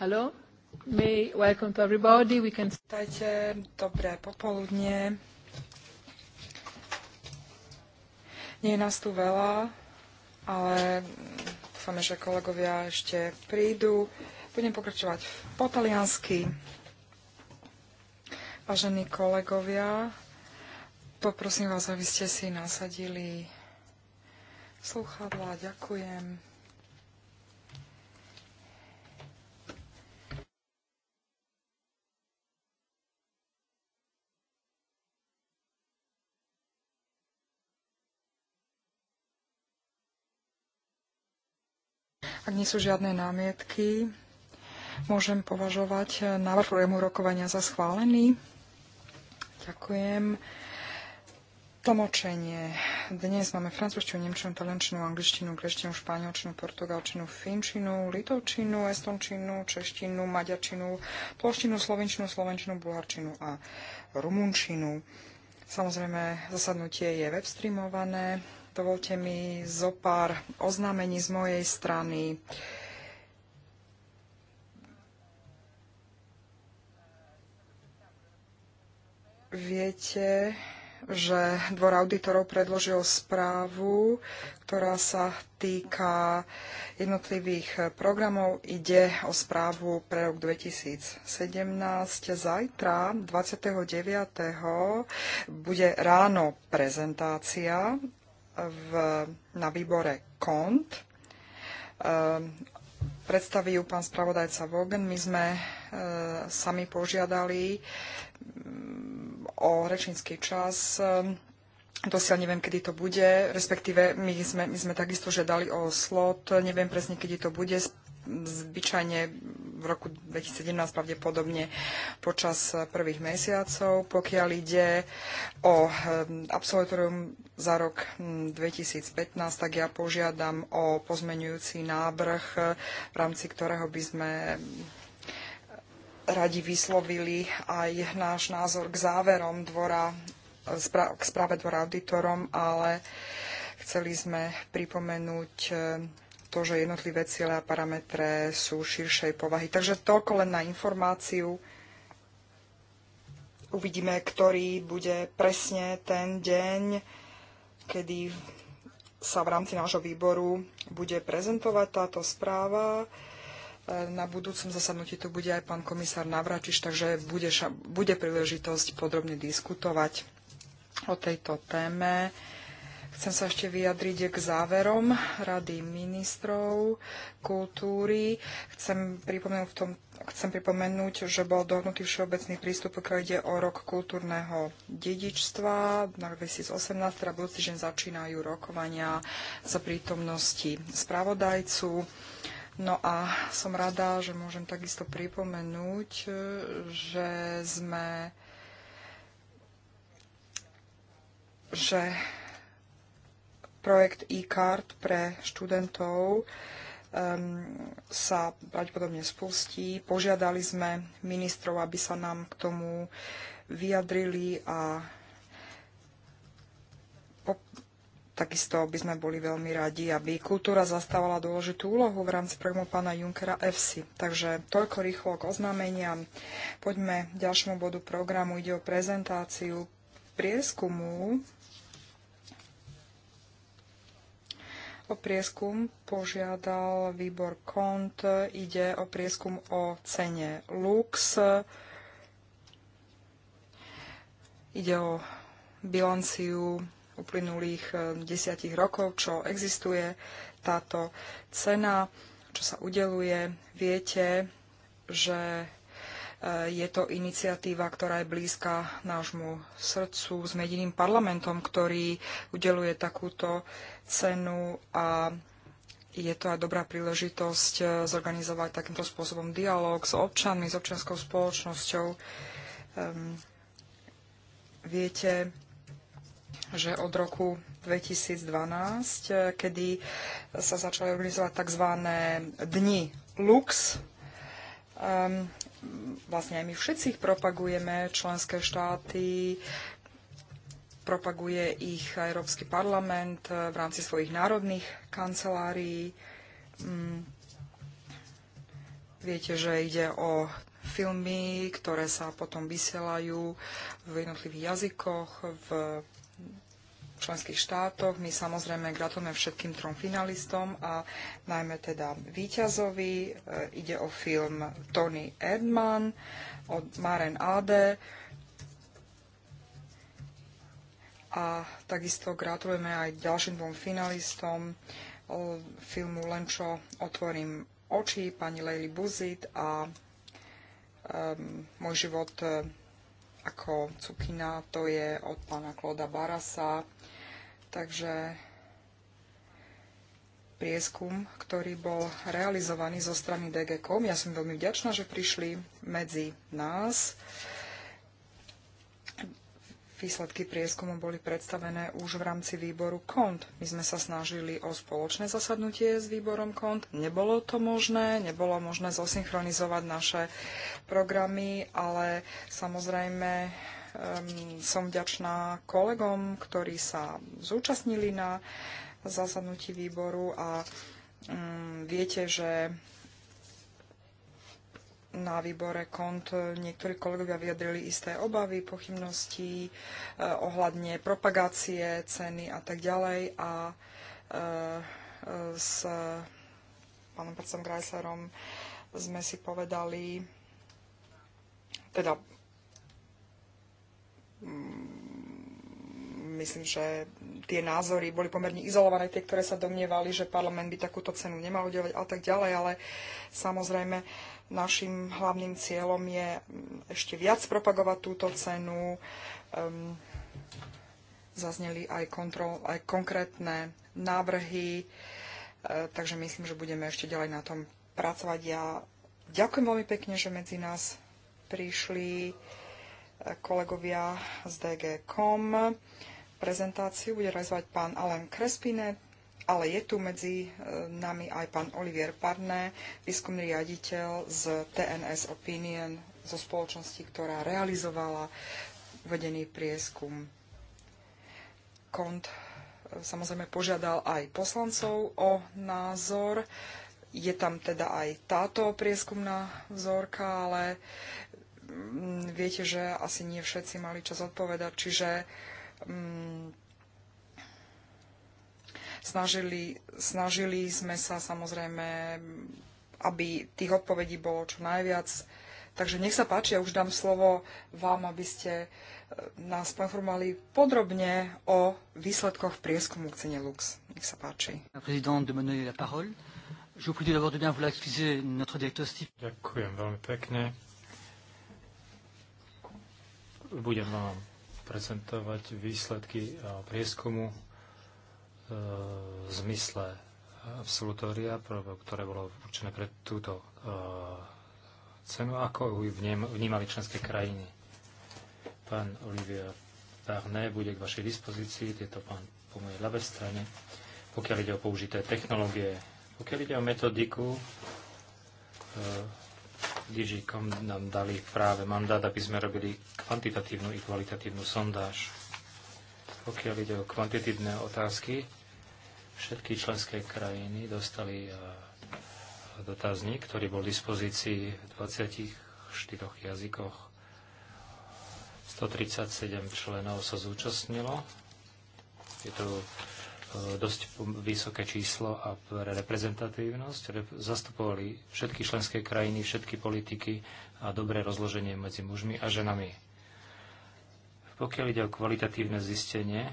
Hello. May welcome to everybody. We can... dobré popoludne. Nie je nás tu veľa, ale dúfame, že kolegovia ešte prídu. Budem pokračovať po taliansky. Vážení kolegovia, poprosím vás, aby ste si nasadili slúchadlá. Ďakujem. nie sú žiadne námietky, môžem považovať eh, návrh programu rokovania za schválený. Ďakujem. Tomočenie. Dnes máme francúzštinu, nemčinu, talenčinu, angličtinu, greštinu, španielčinu, portugalčinu, finčinu, litovčinu, estončinu, češtinu, maďarčinu, ploštinu, slovenčinu, slovenčinu, bulharčinu a rumunčinu. Samozrejme, zasadnutie je webstreamované. Dovolte mi zo pár oznámení z mojej strany. Viete, že Dvor auditorov predložil správu, ktorá sa týka jednotlivých programov. Ide o správu pre rok 2017. Zajtra, 29. bude ráno prezentácia v, na výbore KONT. Ehm, predstaví ju pán spravodajca Vogen. My sme e, sami požiadali mm, o rečnícky čas. Dosiaľ ehm, neviem, kedy to bude, respektíve my sme, my sme takisto žiadali o slot, neviem presne, kedy to bude zvyčajne v roku 2017 pravdepodobne počas prvých mesiacov. Pokiaľ ide o eh, absolutorium za rok 2015, hm, tak ja požiadam o pozmenujúci návrh, v rámci ktorého by sme eh, radi vyslovili aj náš názor k záverom dvora, k správe dvora auditorom, ale chceli sme pripomenúť eh, to, že jednotlivé ciele a parametre sú širšej povahy. Takže toľko len na informáciu. Uvidíme, ktorý bude presne ten deň, kedy sa v rámci nášho výboru bude prezentovať táto správa. Na budúcom zasadnutí tu bude aj pán komisár Navračiš, takže bude, bude príležitosť podrobne diskutovať o tejto téme. Chcem sa ešte vyjadriť k záverom Rady ministrov kultúry. Chcem pripomenúť, v tom, chcem pripomenúť že bol dohnutý všeobecný prístup, pokiaľ ide o rok kultúrneho dedičstva. Na 2018, teda budúci deň začínajú rokovania za prítomnosti spravodajcu. No a som rada, že môžem takisto pripomenúť, že sme že projekt e-card pre študentov um, sa pravdepodobne spustí. Požiadali sme ministrov, aby sa nám k tomu vyjadrili a po, takisto by sme boli veľmi radi, aby kultúra zastávala dôležitú úlohu v rámci programu pána Junkera EFSI. Takže toľko rýchlo k oznámeniam. Poďme k ďalšiemu bodu programu. Ide o prezentáciu prieskumu O prieskum požiadal výbor KONT, ide o prieskum o cene Lux, ide o bilanciu uplynulých eh, desiatich rokov, čo existuje táto cena, čo sa udeluje. Viete, že Eh, je to iniciatíva, ktorá je blízka nášmu srdcu s mediným parlamentom, ktorý udeluje takúto cenu a je to aj dobrá príležitosť eh, zorganizovať takýmto spôsobom dialog s občanmi, s občianskou spoločnosťou. Um, viete, že od roku 2012, eh, kedy sa začali organizovať tzv. dni Lux. Um, vlastne aj my všetci ich propagujeme, členské štáty, propaguje ich Európsky parlament eh, v rámci svojich národných kancelárií. Mm. Viete, že ide o filmy, ktoré sa potom vysielajú v jednotlivých jazykoch, v členských štátoch. My samozrejme gratulujeme všetkým trom finalistom a najmä teda víťazovi. E, ide o film Tony Edman od Maren Ade. A takisto gratulujeme aj ďalším dvom finalistom filmu Len čo otvorím oči, pani Leili Buzit a um, Môj život e, ako cukina, to je od pána Kloda Barasa. Takže prieskum, ktorý bol realizovaný zo strany DGCOM. Ja som veľmi vďačná, že prišli medzi nás. Uh, Výsledky prieskumu boli predstavené už v rámci výboru KONT. My sme sa snažili o spoločné zasadnutie s výborom KONT. Nebolo to možné, nebolo možné zosynchronizovať naše programy, ale samozrejme um, som vďačná kolegom, ktorí sa zúčastnili na zasadnutí výboru a um, viete, že na výbore KONT niektorí kolegovia vyjadrili isté obavy, pochybnosti eh, ohľadne propagácie ceny a tak ďalej. A eh, s pánom predsedom Grajserom sme si povedali, teda mm, myslím, že tie názory boli pomerne izolované, tie, ktoré sa domnievali, že parlament by takúto cenu nemal udelovať a tak ďalej, ale samozrejme Našim hlavným cieľom je mm, ešte viac propagovať túto cenu. Um, zazneli aj, kontrol, aj konkrétne návrhy, e, takže myslím, že budeme ešte ďalej na tom pracovať. Ja ďakujem veľmi pekne, že medzi nás prišli e, kolegovia z DG.com. Prezentáciu bude realizovať pán Alan Krespinet, ale je tu medzi e, nami aj pán Olivier Parné, výskumný riaditeľ z TNS Opinion, zo spoločnosti, ktorá realizovala vedený prieskum. Kont e, samozrejme požiadal aj poslancov o názor. Je tam teda aj táto prieskumná vzorka, ale mm, viete, že asi nie všetci mali čas odpovedať, čiže mm, Snažili, snažili sme sa samozrejme, aby tých odpovedí bolo čo najviac. Takže nech sa páči, ja už dám slovo vám, aby ste e, nás poinformovali podrobne o výsledkoch prieskumu k cene Lux. Nech sa páči. Ďakujem veľmi pekne. Budem vám prezentovať výsledky e, prieskumu v zmysle absolutória, ktoré bolo určené pre túto e, cenu, ako ju vnímali členské krajiny. Pán Olivier Parné, bude k vašej dispozícii, tieto pán po mojej ľavej strane, pokiaľ ide o použité technológie. Pokiaľ ide o metodiku, e, DigiCom nám dali práve mandát, aby sme robili kvantitatívnu i kvalitatívnu sondáž. Pokiaľ ide o kvantitívne otázky, Všetky členské krajiny dostali e, dotazník, ktorý bol v dispozícii v 24 jazykoch. 137 členov sa zúčastnilo. Je to e, dosť vysoké číslo a reprezentatívnosť. Zastupovali všetky členské krajiny, všetky politiky a dobré rozloženie medzi mužmi a ženami. Pokiaľ ide o kvalitatívne zistenie,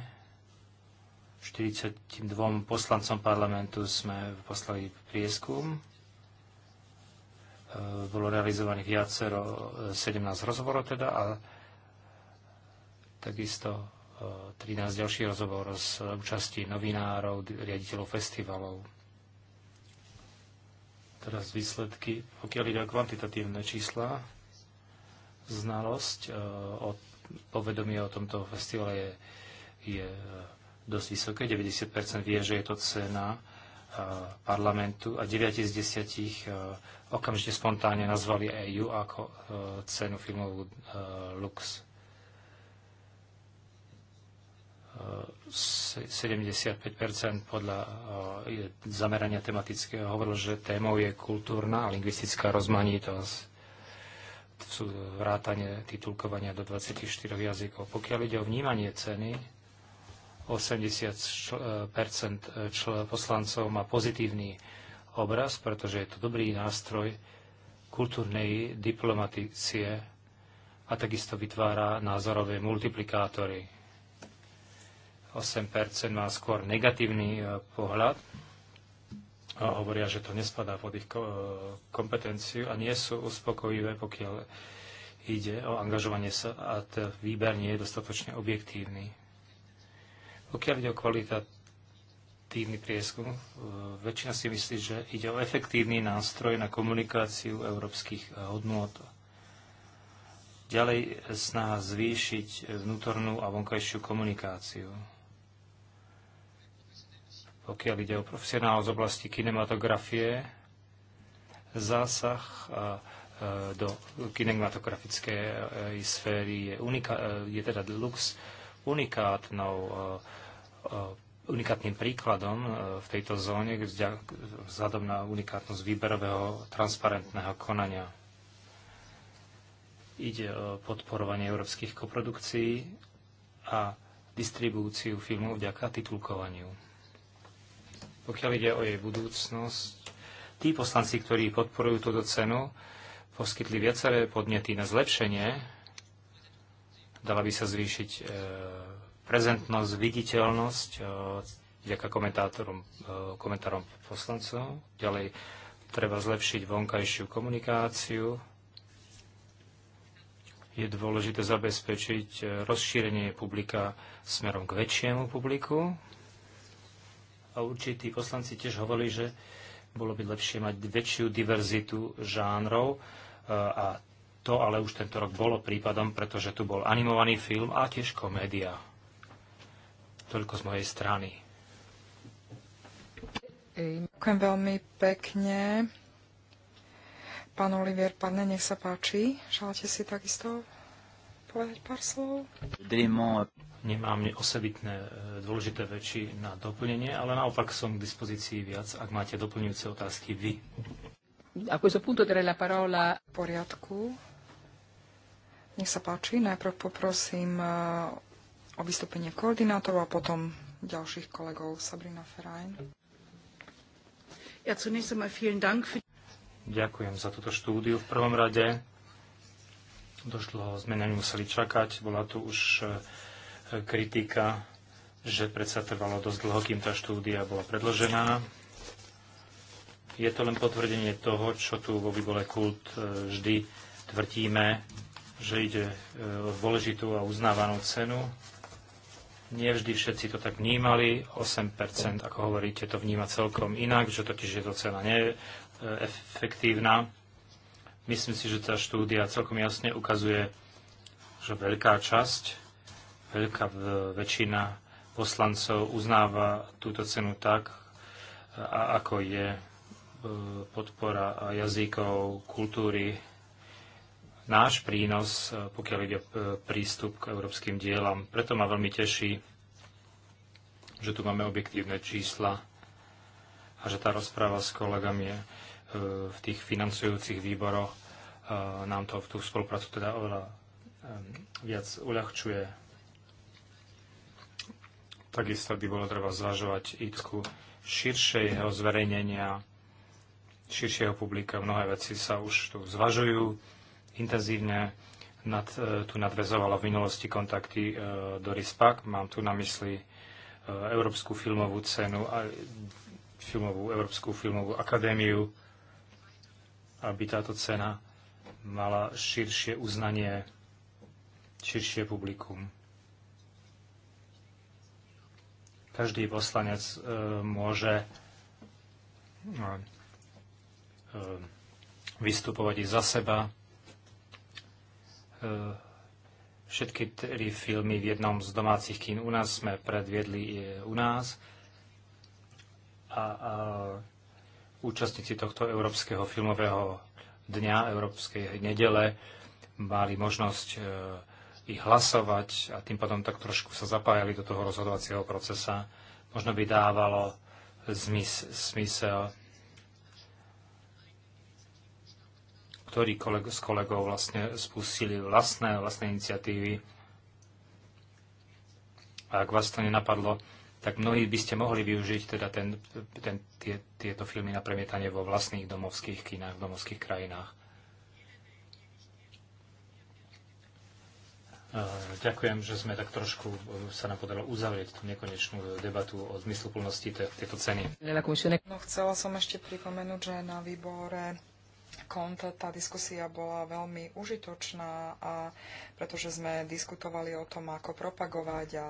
42 poslancom parlamentu sme poslali prieskum. E, bolo realizovaných viacero, 17 e, rozhovorov teda a takisto 13 e, ďalších rozhovorov s účastí novinárov, riaditeľov festivalov. Teraz výsledky, pokiaľ ide o kvantitatívne čísla, znalosť o povedomie o tomto festivale je, je dosť vysoké. 90% vie, že je to cena e, parlamentu a 9 z 10 e, okamžite spontánne nazvali EU ako e, cenu filmovú Lux. 75% podľa zamerania tematického hovorilo, že témou je kultúrna a lingvistická rozmanitosť vrátanie titulkovania do 24 jazykov. Pokiaľ ide o vnímanie ceny, 80 eh, eh, poslancov má pozitívny obraz, pretože je to dobrý nástroj kultúrnej diplomaticie a takisto vytvára názorové multiplikátory. 8 má skôr negatívny eh, pohľad a hovoria, že to nespadá pod ich kompetenciu a nie sú uspokojivé, pokiaľ ide o angažovanie sa a ten výber nie je dostatočne objektívny. Pokiaľ ide o kvalitatívny prieskum, e, väčšina si myslí, že ide o efektívny nástroj na komunikáciu európskych e, hodnôt. Ďalej e, snaha zvýšiť vnútornú a vonkajšiu komunikáciu. Pokiaľ ide o profesionál z oblasti kinematografie, zásah a do kinematografickej sféry je, unika- je teda lux unikátnou, e, e, unikátnym príkladom e, v tejto zóne vzhľadom na unikátnosť výberového transparentného konania. Ide o podporovanie európskych koprodukcií a distribúciu filmov vďaka titulkovaniu. Pokiaľ ide o jej budúcnosť, tí poslanci, ktorí podporujú túto cenu, poskytli viaceré podnety na zlepšenie Dala by sa zvýšiť e, prezentnosť, viditeľnosť e, vďaka komentátorom, e, komentárom poslancov. Ďalej treba zlepšiť vonkajšiu komunikáciu. Je dôležité zabezpečiť rozšírenie publika smerom k väčšiemu publiku. A určití poslanci tiež hovorili, že bolo by lepšie mať väčšiu diverzitu žánrov a to ale už tento rok bolo prípadom, pretože tu bol animovaný film a tiež komédia. Toľko z mojej strany. Ďakujem veľmi pekne. Pán Olivier, pane, nech sa páči. Želáte si takisto povedať pár slov? Nemám osobitné e, dôležité veci na doplnenie, ale naopak som k dispozícii viac, ak máte doplňujúce otázky vy. A questo punto darei la parola... V poriadku. Nech sa páči, najprv poprosím e, o vystúpenie koordinátorov a potom ďalších kolegov. Sabrina Ferajn. Ďakujem za túto štúdiu. V prvom rade došlo, sme na ňu museli čakať. Bola tu už e, kritika, že predsa trvalo dosť dlho, kým tá štúdia bola predložená. Je to len potvrdenie toho, čo tu vo výbole kult e, vždy tvrdíme, že ide e, o dôležitú a uznávanú cenu. Nie vždy všetci to tak vnímali. 8%, ako hovoríte, to vníma celkom inak, že totiž je to cena neefektívna. Myslím si, že tá štúdia celkom jasne ukazuje, že veľká časť, veľká väčšina poslancov uznáva túto cenu tak, e, ako je e, podpora jazykov, kultúry, náš prínos, e, pokiaľ ide o e, prístup k európskym dielam. Preto ma veľmi teší, že tu máme objektívne čísla a že tá rozpráva s kolegami je v tých financujúcich výboroch e, nám to v tú spoluprácu teda oveľa viac uľahčuje. Takisto by bolo treba zvažovať itku širšieho zverejnenia, širšieho publika. Mnohé veci sa už tu zvažujú Intenzívne nad, e, tu nadvezovalo v minulosti kontakty e, Doris Pak. Mám tu na mysli e, Európsku filmovú cenu a filmovú, Európsku filmovú akadémiu, aby táto cena mala širšie uznanie, širšie publikum. Každý poslanec e, môže e, vystupovať i za seba, E, všetky tri filmy v jednom z domácich kín u nás sme predviedli e, u nás a, a účastníci tohto Európskeho filmového dňa, Európskej nedele mali možnosť e, ich hlasovať a tým pádom tak trošku sa zapájali do toho rozhodovacieho procesa. Možno by dávalo zmys, zmysel ktorí koleg- s kolegou vlastne spustili vlastné, vlastné iniciatívy. A ak vás to nenapadlo, tak mnohí by ste mohli využiť teda ten, ten, tie, tieto filmy na premietanie vo vlastných domovských kinách, v domovských krajinách. E, ďakujem, že sme tak trošku e, sa nám podarilo uzavrieť tú nekonečnú debatu o zmysluplnosti tejto ceny. No, chcela som ešte pripomenúť, že na výbore kont tá diskusia bola veľmi užitočná a pretože sme diskutovali o tom, ako propagovať a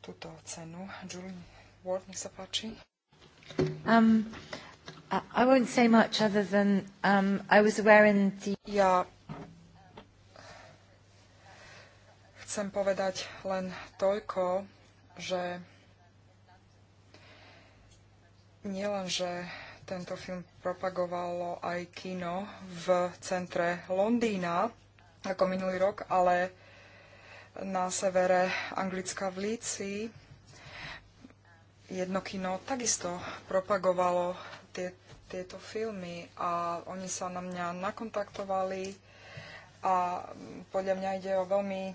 túto cenu. Julie Ward, nech sa páči. Um, I won't say much other than um, I was aware in the... Ja chcem povedať len toľko, že nielen, že tento film propagovalo aj kino v centre Londýna, ako minulý rok, ale na severe Anglicka v Líci jedno kino takisto propagovalo tie, tieto filmy a oni sa na mňa nakontaktovali a podľa mňa ide o veľmi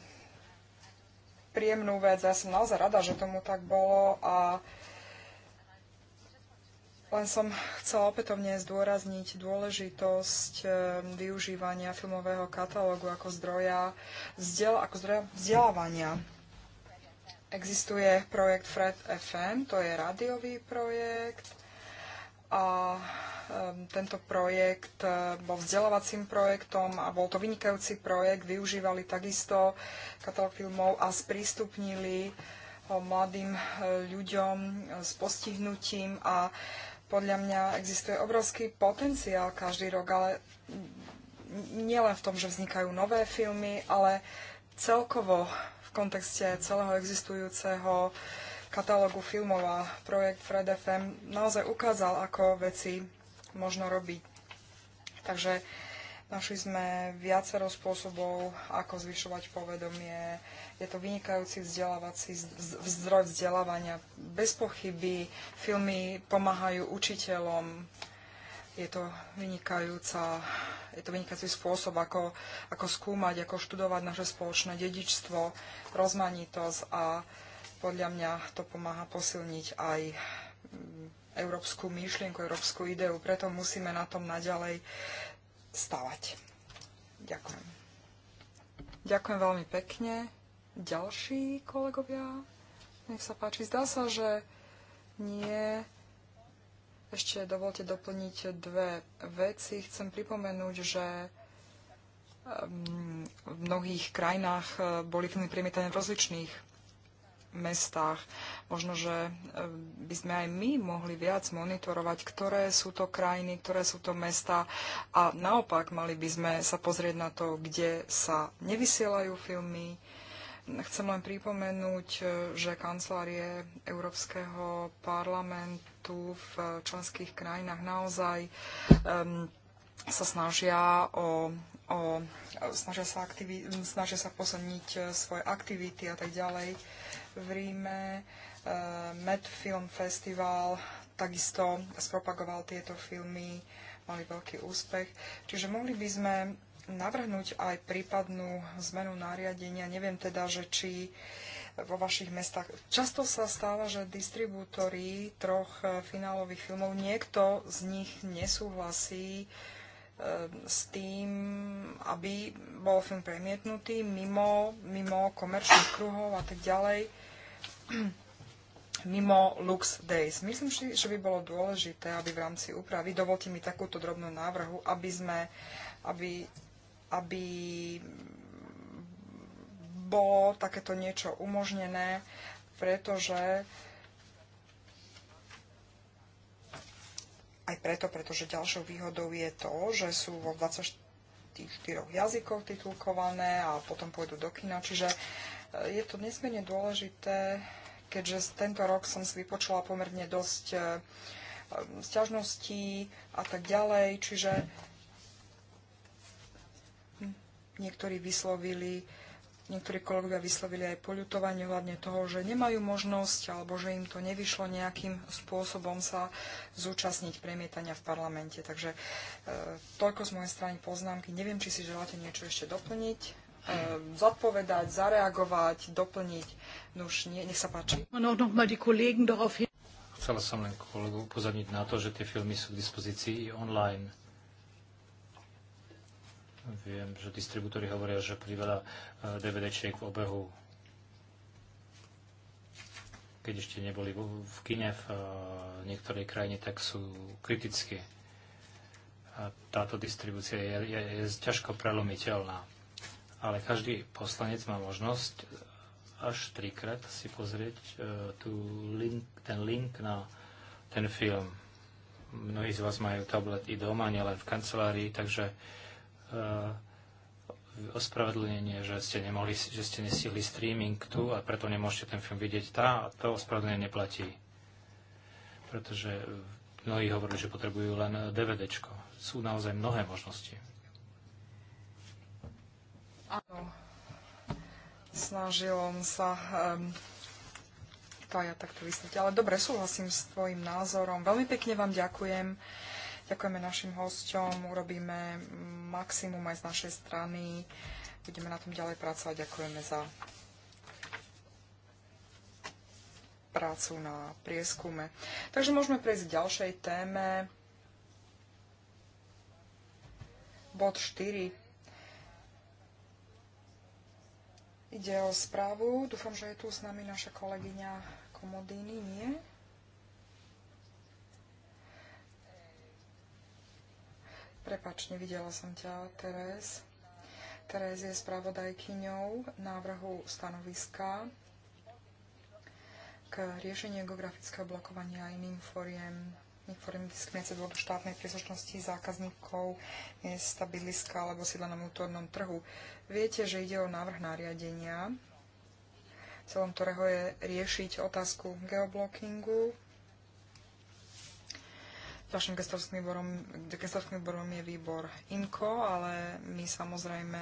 príjemnú vec. Ja som naozaj rada, že tomu tak bolo a len som chcela opätovne zdôrazniť dôležitosť eh, využívania filmového katalógu ako zdroja, ako zdroja vzdelávania. Existuje projekt Fred FM, to je rádiový projekt a eh, tento projekt eh, bol vzdelávacím projektom a bol to vynikajúci projekt. Využívali takisto katalóg filmov a sprístupnili ho mladým ľuďom s postihnutím a podľa mňa existuje obrovský potenciál každý rok, ale nielen v tom, že vznikajú nové filmy, ale celkovo v kontexte celého existujúceho katalógu filmov a projekt Fred FM naozaj ukázal, ako veci možno robiť. Takže Našli sme viacero spôsobov, ako zvyšovať povedomie. Je to vynikajúci vzdelávací zdroj vzdelávania. Bez pochyby filmy pomáhajú učiteľom. Je to, vynikajúca, je to vynikajúci spôsob, ako, ako skúmať, ako študovať naše spoločné dedičstvo, rozmanitosť a podľa mňa to pomáha posilniť aj mm, európsku myšlienku, európsku ideu. Preto musíme na tom naďalej stavať. Ďakujem. Ďakujem veľmi pekne. Ďalší kolegovia, nech sa páči. Zdá sa, že nie. Ešte dovolte doplniť dve veci. Chcem pripomenúť, že ehm, v mnohých krajinách eh, boli filmy premietané v rozličných mestách. Možno, že e, by sme aj my mohli viac monitorovať, ktoré sú to krajiny, ktoré sú to mesta a naopak mali by sme sa pozrieť na to, kde sa nevysielajú filmy. Chcem len pripomenúť, e, že kancelárie Európskeho parlamentu v e, členských krajinách naozaj um, sa snažia o o, snažia, sa aktivi- snažia sa posilniť svoje aktivity a tak ďalej v Ríme, eh, Med Film Festival takisto spropagoval tieto filmy, mali veľký úspech. Čiže mohli by sme navrhnúť aj prípadnú zmenu nariadenia. Neviem teda, že či vo vašich mestách. Často sa stáva, že distribútori troch eh, finálových filmov, niekto z nich nesúhlasí eh, s tým, aby bol film premietnutý mimo, mimo komerčných kruhov a tak ďalej mimo Lux Days. Myslím si, že by bolo dôležité, aby v rámci úpravy, dovolte mi takúto drobnú návrhu, aby sme, aby, aby bolo takéto niečo umožnené, pretože aj preto, pretože ďalšou výhodou je to, že sú vo 24 jazykoch titulkované a potom pôjdu do kina, čiže e, je to nesmierne dôležité keďže tento rok som si vypočula pomerne dosť e, e, sťažností a tak ďalej, čiže hm, niektorí vyslovili Niektorí kolegovia vyslovili aj poľutovanie hľadne toho, že nemajú možnosť alebo že im to nevyšlo nejakým spôsobom sa zúčastniť premietania v parlamente. Takže e, toľko z mojej strany poznámky. Neviem, či si želáte niečo ešte doplniť. Eh, zodpovedať, zareagovať, doplniť. No už nie, nech sa páči. Chcela som len kolegu upozorniť na to, že tie filmy sú k dispozícii i online. Viem, že distribútory hovoria, že priveľa eh, čiek v obehu keď ešte neboli v kine v eh, niektorej krajine, tak sú kritické. A táto distribúcia je, je, je ťažko prelomiteľná ale každý poslanec má možnosť až trikrát si pozrieť e, tú link, ten link na ten film. Mnohí z vás majú tablet i doma, nielen v kancelárii, takže uh, ospravedlnenie, že ste, nemohli, že ste nestihli streaming tu a preto nemôžete ten film vidieť tá, a to ospravedlnenie neplatí. Pretože mnohí hovorili, že potrebujú len DVDčko. Sú naozaj mnohé možnosti. Snažil sa um, to ja takto vysvetliť. Ale dobre, súhlasím s tvojim názorom. Veľmi pekne vám ďakujem. Ďakujeme našim hosťom, urobíme maximum aj z našej strany. Budeme na tom ďalej pracovať. Ďakujeme za prácu na prieskume. Takže môžeme prejsť k ďalšej téme. Bod 4 Ide o správu. Dúfam, že je tu s nami naša kolegyňa Komodíny. Nie? Prepač, nevidela som ťa, Teres. Teres je spravodajkyňou návrhu stanoviska k riešeniu geografického blokovania a iným foriem niektorým diskriminácie dôvodu štátnej príslušnosti zákazníkov, miesta, bydliska alebo sídla na vnútornom trhu. Viete, že ide o návrh nariadenia, celom ktorého je riešiť otázku geoblockingu. Ďalším gestorským výborom, gestorským výborom je výbor INCO, ale my samozrejme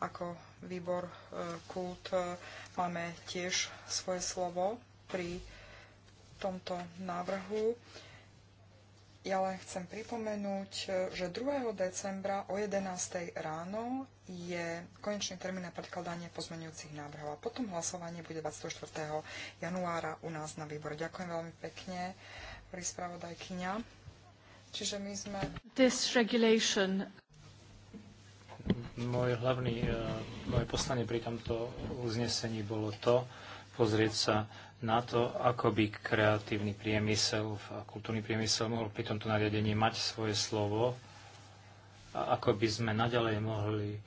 ako výbor e, kult e, máme tiež svoje slovo pri tomto návrhu. Ja len chcem pripomenúť, že 2. decembra o 11. ráno je konečný termín na predkladanie pozmenujúcich návrhov a potom hlasovanie bude 24. januára u nás na výbor. Ďakujem veľmi pekne, pri spravodajkyňa. Čiže my sme... This regulation... Môj hlavný, e, moje poslanie pri tomto uznesení bolo to, pozrieť sa na to, ako by kreatívny priemysel a kultúrny priemysel mohol pri tomto nariadení mať svoje slovo a ako by sme naďalej mohli e,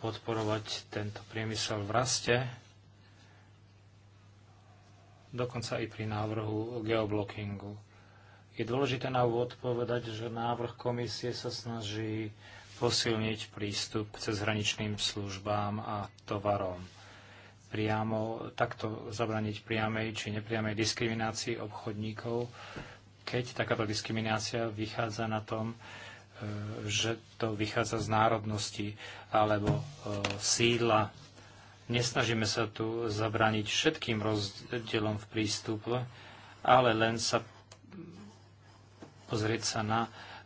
podporovať tento priemysel v raste, dokonca i pri návrhu geoblockingu. Je dôležité na úvod povedať, že návrh komisie sa snaží posilniť prístup k cezhraničným službám a tovarom priamo takto zabraniť priamej či nepriamej diskriminácii obchodníkov, keď takáto diskriminácia vychádza na tom, e, že to vychádza z národnosti alebo e, sídla. Nesnažíme sa tu zabraniť všetkým rozdielom v prístupe, ale len sa pozrieť sa na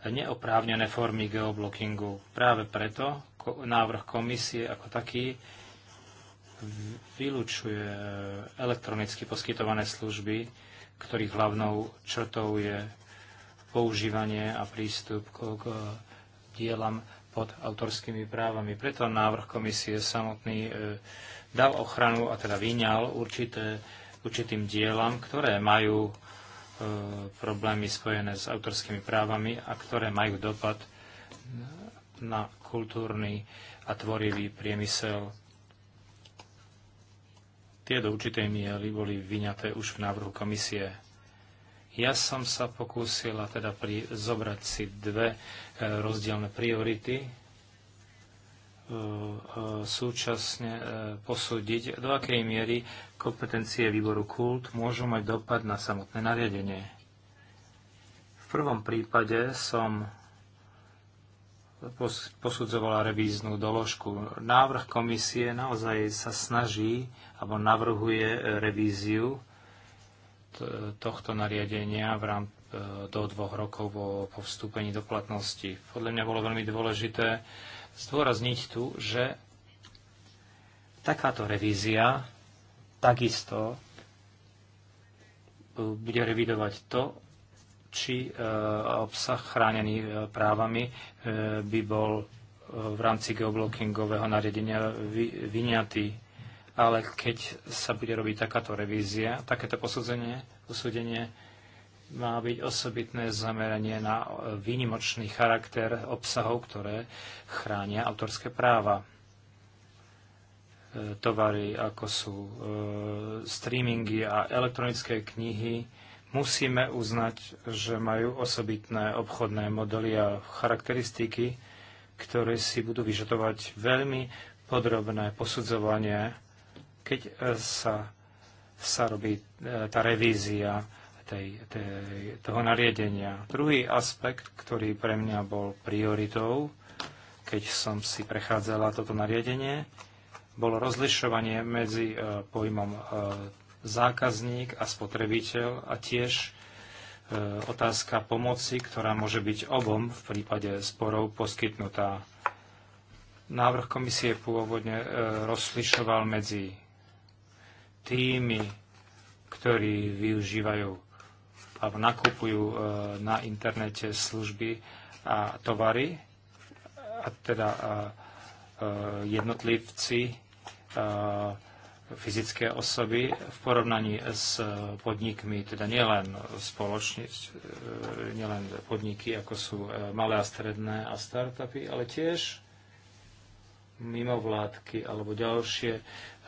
neoprávnené formy geoblockingu. Práve preto návrh komisie ako taký vylúčuje e, elektronicky poskytované služby, ktorých hlavnou črtou je používanie a prístup k, dielam pod autorskými právami. Preto návrh komisie samotný e, dal ochranu a teda vyňal určité, určitým dielam, ktoré majú e, problémy spojené s autorskými právami a ktoré majú dopad na kultúrny a tvorivý priemysel Tie do určitej miery boli vyňaté už v návrhu komisie. Ja som sa pokúsila teda pri, zobrať si dve e, rozdielne priority, e, e, súčasne e, posúdiť, do akej miery kompetencie výboru kult môžu mať dopad na samotné nariadenie. V prvom prípade som posudzovala revíznu doložku. Návrh komisie naozaj sa snaží alebo navrhuje e, revíziu tohto nariadenia v rám, e, do dvoch rokov po vstúpení do platnosti. Podľa mňa bolo veľmi dôležité zdôrazniť tu, že takáto revízia takisto e, bude revidovať to, či obsah chránený právami by bol v rámci geoblockingového nariadenia vyňatý ale keď sa bude robiť takáto revízia, takéto posúdenie, posúdenie má byť osobitné zameranie na e, výnimočný charakter obsahov, ktoré chránia autorské práva. E, tovary ako sú e, streamingy a elektronické knihy musíme uznať, že majú osobitné obchodné modely a charakteristiky, ktoré si budú vyžadovať veľmi podrobné posudzovanie keď e, sa, sa robí e, tá revízia tej, tej, toho nariadenia. Druhý aspekt, ktorý pre mňa bol prioritou, keď som si prechádzala toto nariadenie, bolo rozlišovanie medzi e, pojmom zákazník a spotrebiteľ a tiež otázka pomoci, ktorá môže byť obom v prípade sporov poskytnutá. Návrh komisie pôvodne rozlišoval medzi tými, ktorí využívajú alebo nakupujú e, na internete služby a tovary, a teda e, e, jednotlivci, fyzické osoby v porovnaní s podnikmi, teda nielen spoločnosť, nielen podniky, ako sú malé a stredné a startupy, ale tiež mimovládky alebo ďalšie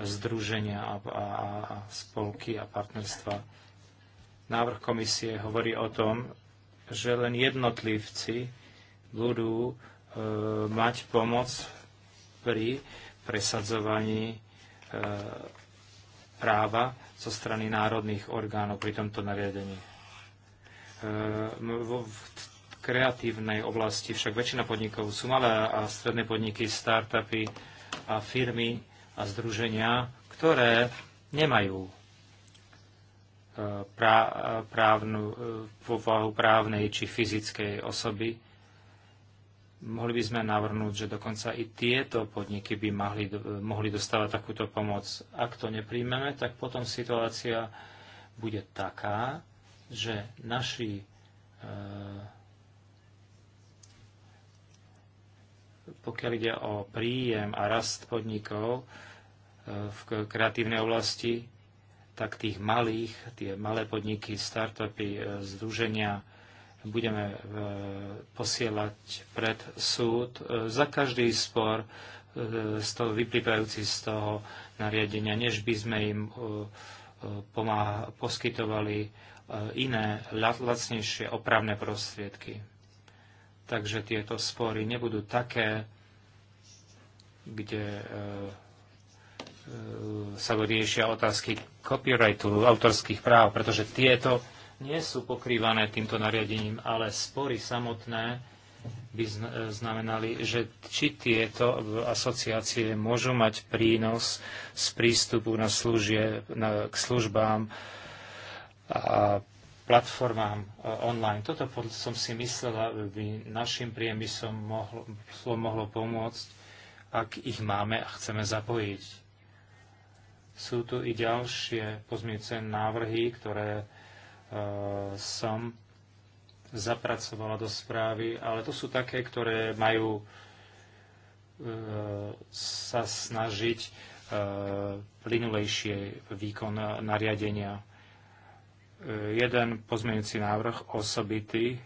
združenia a, a, a spolky a partnerstva. Návrh komisie hovorí o tom, že len jednotlivci budú e, mať pomoc pri presadzovaní e, práva zo strany národných orgánov pri tomto nariadení. E, vo, v kreatívnej oblasti však väčšina podnikov sú malé a stredné podniky, startupy a firmy, a združenia, ktoré nemajú e, e, právnu, povahu e, právnej či fyzickej osoby. Mohli by sme navrhnúť, že dokonca i tieto podniky by mohli, mohli dostávať takúto pomoc. Ak to nepríjmeme, tak potom situácia bude taká, že naši pokiaľ ide o príjem a rast podnikov, v kreatívnej oblasti, tak tých malých, tie malé podniky, startupy, e, združenia budeme e, posielať pred súd e, za každý spor z toho, vyplývajúci z toho nariadenia, než by sme im pomáha, poskytovali iné, lacnejšie opravné prostriedky. Takže tieto spory nebudú také, kde E, sa riešia otázky copyrightu, autorských práv, pretože tieto nie sú pokrývané týmto nariadením, ale spory samotné by e, znamenali, že či tieto asociácie môžu mať prínos z prístupu na služie, na, k službám a platformám e, online. Toto som si myslela, by našim priemyslom mohlo, mohlo pomôcť, ak ich máme a chceme zapojiť sú tu i ďalšie pozmiece návrhy, ktoré e, som zapracovala do správy, ale to sú také, ktoré majú e, sa snažiť e, plynulejšie výkon nariadenia. E, jeden pozmenujúci návrh osobitý,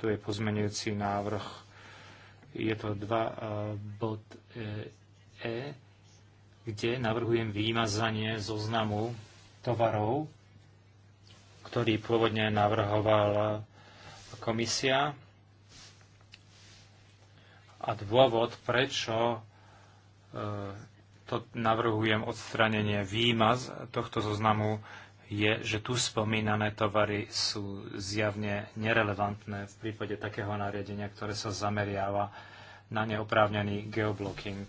tu je pozmenujúci návrh, je to 2 e, bod e, e kde navrhujem vymazanie zoznamu tovarov, ktorý pôvodne navrhovala komisia. A dôvod, prečo e, to navrhujem odstranenie výmaz tohto zoznamu, je, že tu spomínané tovary sú zjavne nerelevantné v prípade takého nariadenia, ktoré sa zameriava na neoprávnený geoblocking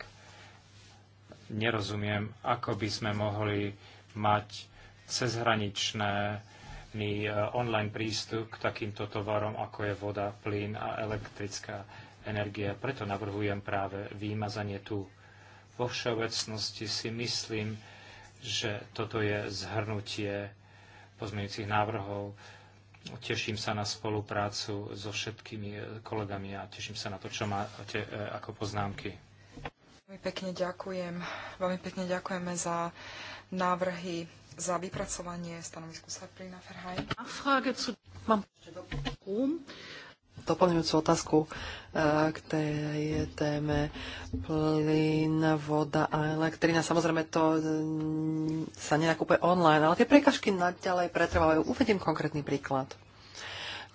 nerozumiem, ako by sme mohli mať cezhraničný e, online prístup k takýmto tovarom, ako je voda, plyn a elektrická energia. Preto navrhujem práve výmazanie tu. Vo všeobecnosti si myslím, že toto je zhrnutie pozmeňujúcich návrhov. Teším sa na spoluprácu so všetkými e, kolegami a teším sa na to, čo máte e, ako poznámky. Veľmi pekne ďakujem. Veľmi pekne ďakujeme za návrhy za vypracovanie stanovisku Sabrina Ferhaj. Mám doplňujúcu otázku eh, k tej téme plyn, voda a elektrina. Samozrejme, to mm, sa nenakúpe online, ale tie prekažky naďalej pretrvávajú. Uvediem konkrétny príklad.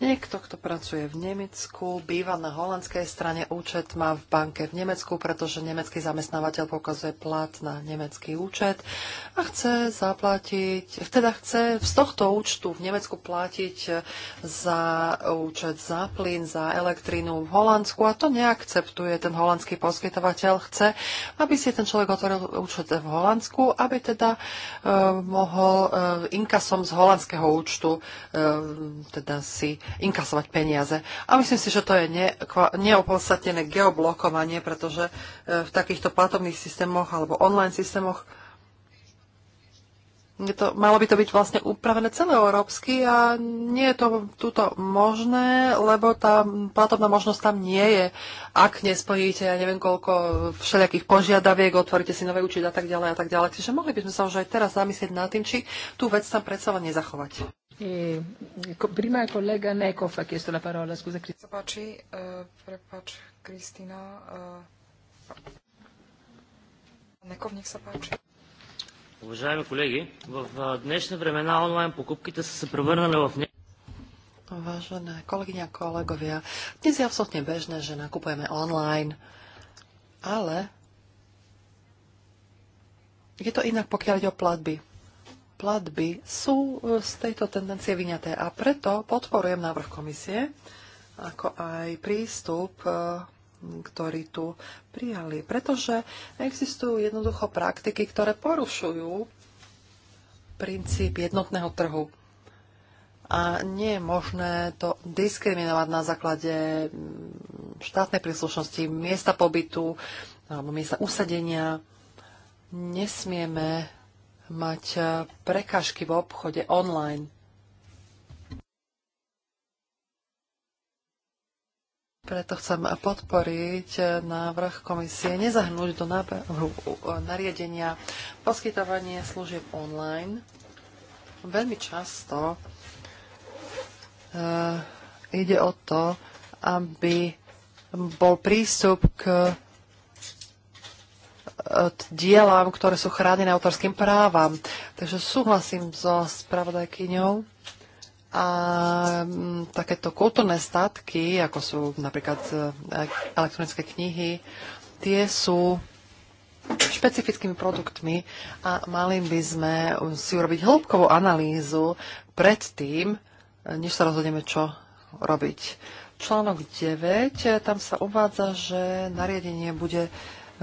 Niekto, kto pracuje v Nemecku, býva na holandskej strane účet, má v banke v Nemecku, pretože nemecký zamestnávateľ pokazuje plat na nemecký účet a chce zaplatiť, teda chce z tohto účtu v Nemecku platiť za účet za plyn, za elektrínu v Holandsku a to neakceptuje ten holandský poskytovateľ. Chce, aby si ten človek otvoril účet v Holandsku, aby teda e, mohol e, inkasom z holandského účtu e, teda si inkasovať peniaze. A myslím si, že to je ne, neopodstatnené geoblokovanie, pretože e, v takýchto platobných systémoch alebo online systémoch je to, malo by to byť vlastne upravené celoeurópsky a nie je to túto možné, lebo tá platobná možnosť tam nie je. Ak nesplníte, ja neviem koľko všelijakých požiadaviek, otvoríte si nové účet a tak ďalej a tak ďalej. Čiže mohli by sme sa už aj teraz zamyslieť nad tým, či tú vec tam predsa len nezachovať. E, prima il collega Nekov ha chiesto la parola, scusa Cristina. Páči, eh, prepáč, Kristina. Eh, Неков, нech sa páči. Уважаеми колеги, в днешни времена онлайн покупките са се превърнали в не... Vážené kolegyňa, kolegovia, dnes je absolútne bežné, že nakupujeme online, ale je to inak, pokiaľ ide o platby platby sú e, z tejto tendencie vyňaté a preto podporujem návrh komisie, ako aj prístup, e, ktorý tu prijali. Pretože existujú jednoducho praktiky, ktoré porušujú princíp jednotného trhu. A nie je možné to diskriminovať na základe mm, štátnej príslušnosti, miesta pobytu alebo miesta usadenia. Nesmieme mať e, prekážky v obchode online. Preto chcem podporiť e, návrh komisie nezahnúť do návrhu e, nariadenia poskytovanie služieb online. Veľmi často ide o to, aby bol prístup k dielam, ktoré sú chránené autorským právam. Takže súhlasím so spravodajkyňou a mm, takéto kultúrne statky, ako sú napríklad e, elektronické knihy, tie sú špecifickými produktmi a mali by sme si urobiť hĺbkovú analýzu pred tým, než sa rozhodneme, čo robiť. Článok 9, e, tam sa uvádza, že nariadenie bude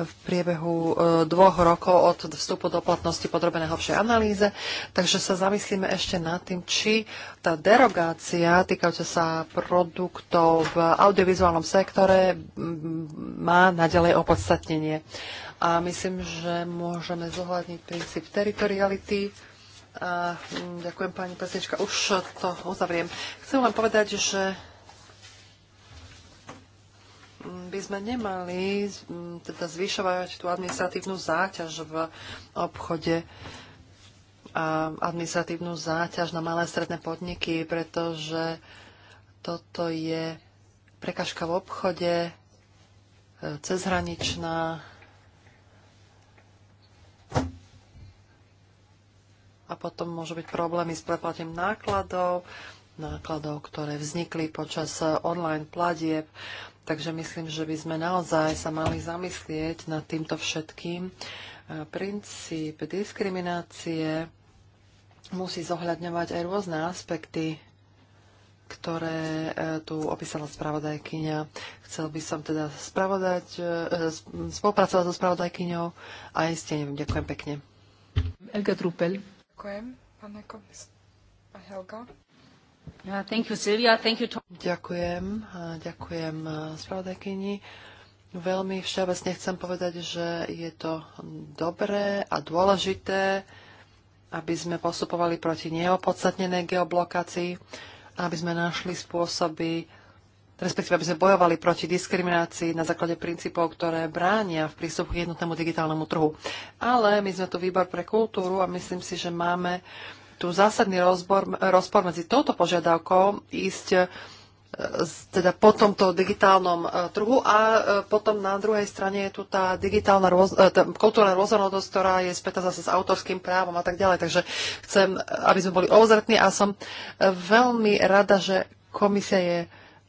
v priebehu e, dvoch rokov od vstupu do platnosti podrobené hlbšej analýze. Takže sa zamyslíme ešte nad tým, či tá derogácia týkajúca sa produktov v audiovizuálnom sektore má naďalej opodstatnenie. A myslím, že môžeme zohľadniť princíp teritoriality. A, hm, ďakujem pani prezidentka. už to uzavriem. Chcem len povedať, že by sme nemali mm, teda zvyšovať tú administratívnu záťaž v obchode a administratívnu záťaž na malé a stredné podniky, pretože toto je prekažka v obchode, e, cezhraničná a potom môžu byť problémy s preplatením nákladov, nákladov, ktoré vznikli počas online platieb. Takže myslím, že by sme naozaj sa mali zamyslieť nad týmto všetkým. E, princíp diskriminácie musí zohľadňovať aj rôzne aspekty, ktoré e, tu opísala spravodajkyňa. Chcel by som teda spravodať, e, spolupracovať so spravodajkyňou a aj s tým. Ďakujem pekne. Elga Trupel. Ďakujem, pán Helga. Uh, thank you, Silvia. Thank you, ďakujem. Ďakujem uh, spravodajkyni. Veľmi všeobecne chcem povedať, že je to dobré a dôležité, aby sme postupovali proti neopodstatnenej geoblokácii, aby sme našli spôsoby, respektíve aby sme bojovali proti diskriminácii na základe princípov, ktoré bránia v prístupu k jednotnému digitálnemu trhu. Ale my sme tu výbor pre kultúru a myslím si, že máme tu zásadný rozbor, rozpor medzi touto požiadavkou ísť e, teda po tomto digitálnom e, trhu a e, potom na druhej strane je tu tá digitálna rôz, tá kultúrna rôznorodosť, ktorá je spätá zase s autorským právom a tak ďalej. Takže chcem, aby sme boli obozretní a som veľmi rada, že komisia je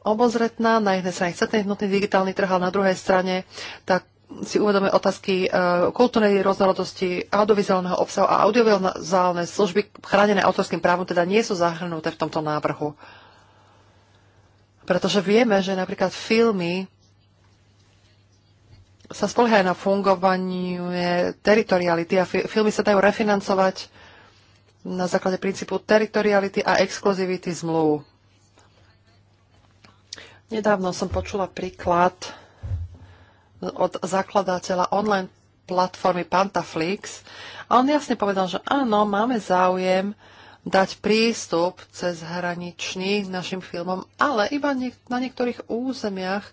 obozretná. Na jednej strane chce ten jednotný digitálny trh, ale na druhej strane tá si uvedome otázky e, kultúrnej rôznorodosti, audiovizuálneho obsahu a audiovizuálne služby chránené autorským právom teda nie sú zahrnuté v tomto návrhu. Pretože vieme, že napríklad filmy sa spoliehajú na fungovanie teritoriality a filmy sa dajú refinancovať na základe princípu teritoriality a exkluzivity zmluv. Nedávno som počula príklad od zakladateľa online platformy Pantaflix a on jasne povedal, že áno, máme záujem dať prístup cez hraničný našim filmom, ale iba niek- na niektorých územiach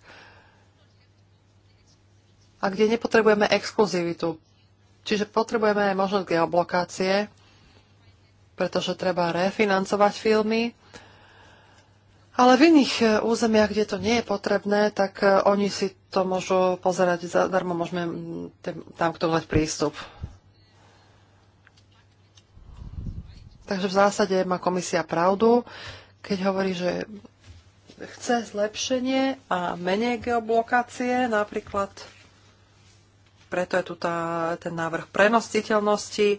a kde nepotrebujeme exkluzivitu. Čiže potrebujeme aj možnosť geoblokácie, pretože treba refinancovať filmy ale v iných e, územiach, kde to nie je potrebné, tak e, oni si to môžu pozerať zadarmo, môžeme tam k tomu mať prístup. Takže v zásade má komisia pravdu, keď hovorí, že chce zlepšenie a menej geoblokácie, napríklad preto je tu tá, ten návrh prenositeľnosti.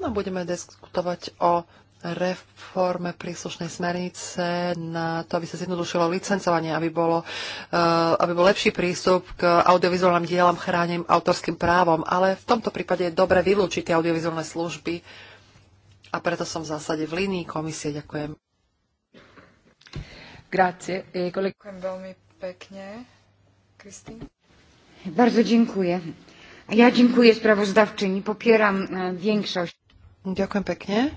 No budeme diskutovať o reforme príslušnej smernice na to, aby sa zjednodušilo licencovanie, aby, bolo, eh, aby bol lepší prístup k audiovizuálnym dielam chráneným autorským právom. Ale v tomto prípade je dobre vylúčiť tie audiovizuálne služby a preto som v zásade v línii komisie. Ďakujem. Grazie. E, Ďakujem veľmi pekne. Kristýn? Bardzo dziękuję. Ja dziękuję sprawozdawczyni. Popieram e, większość. Ďakujem pekne.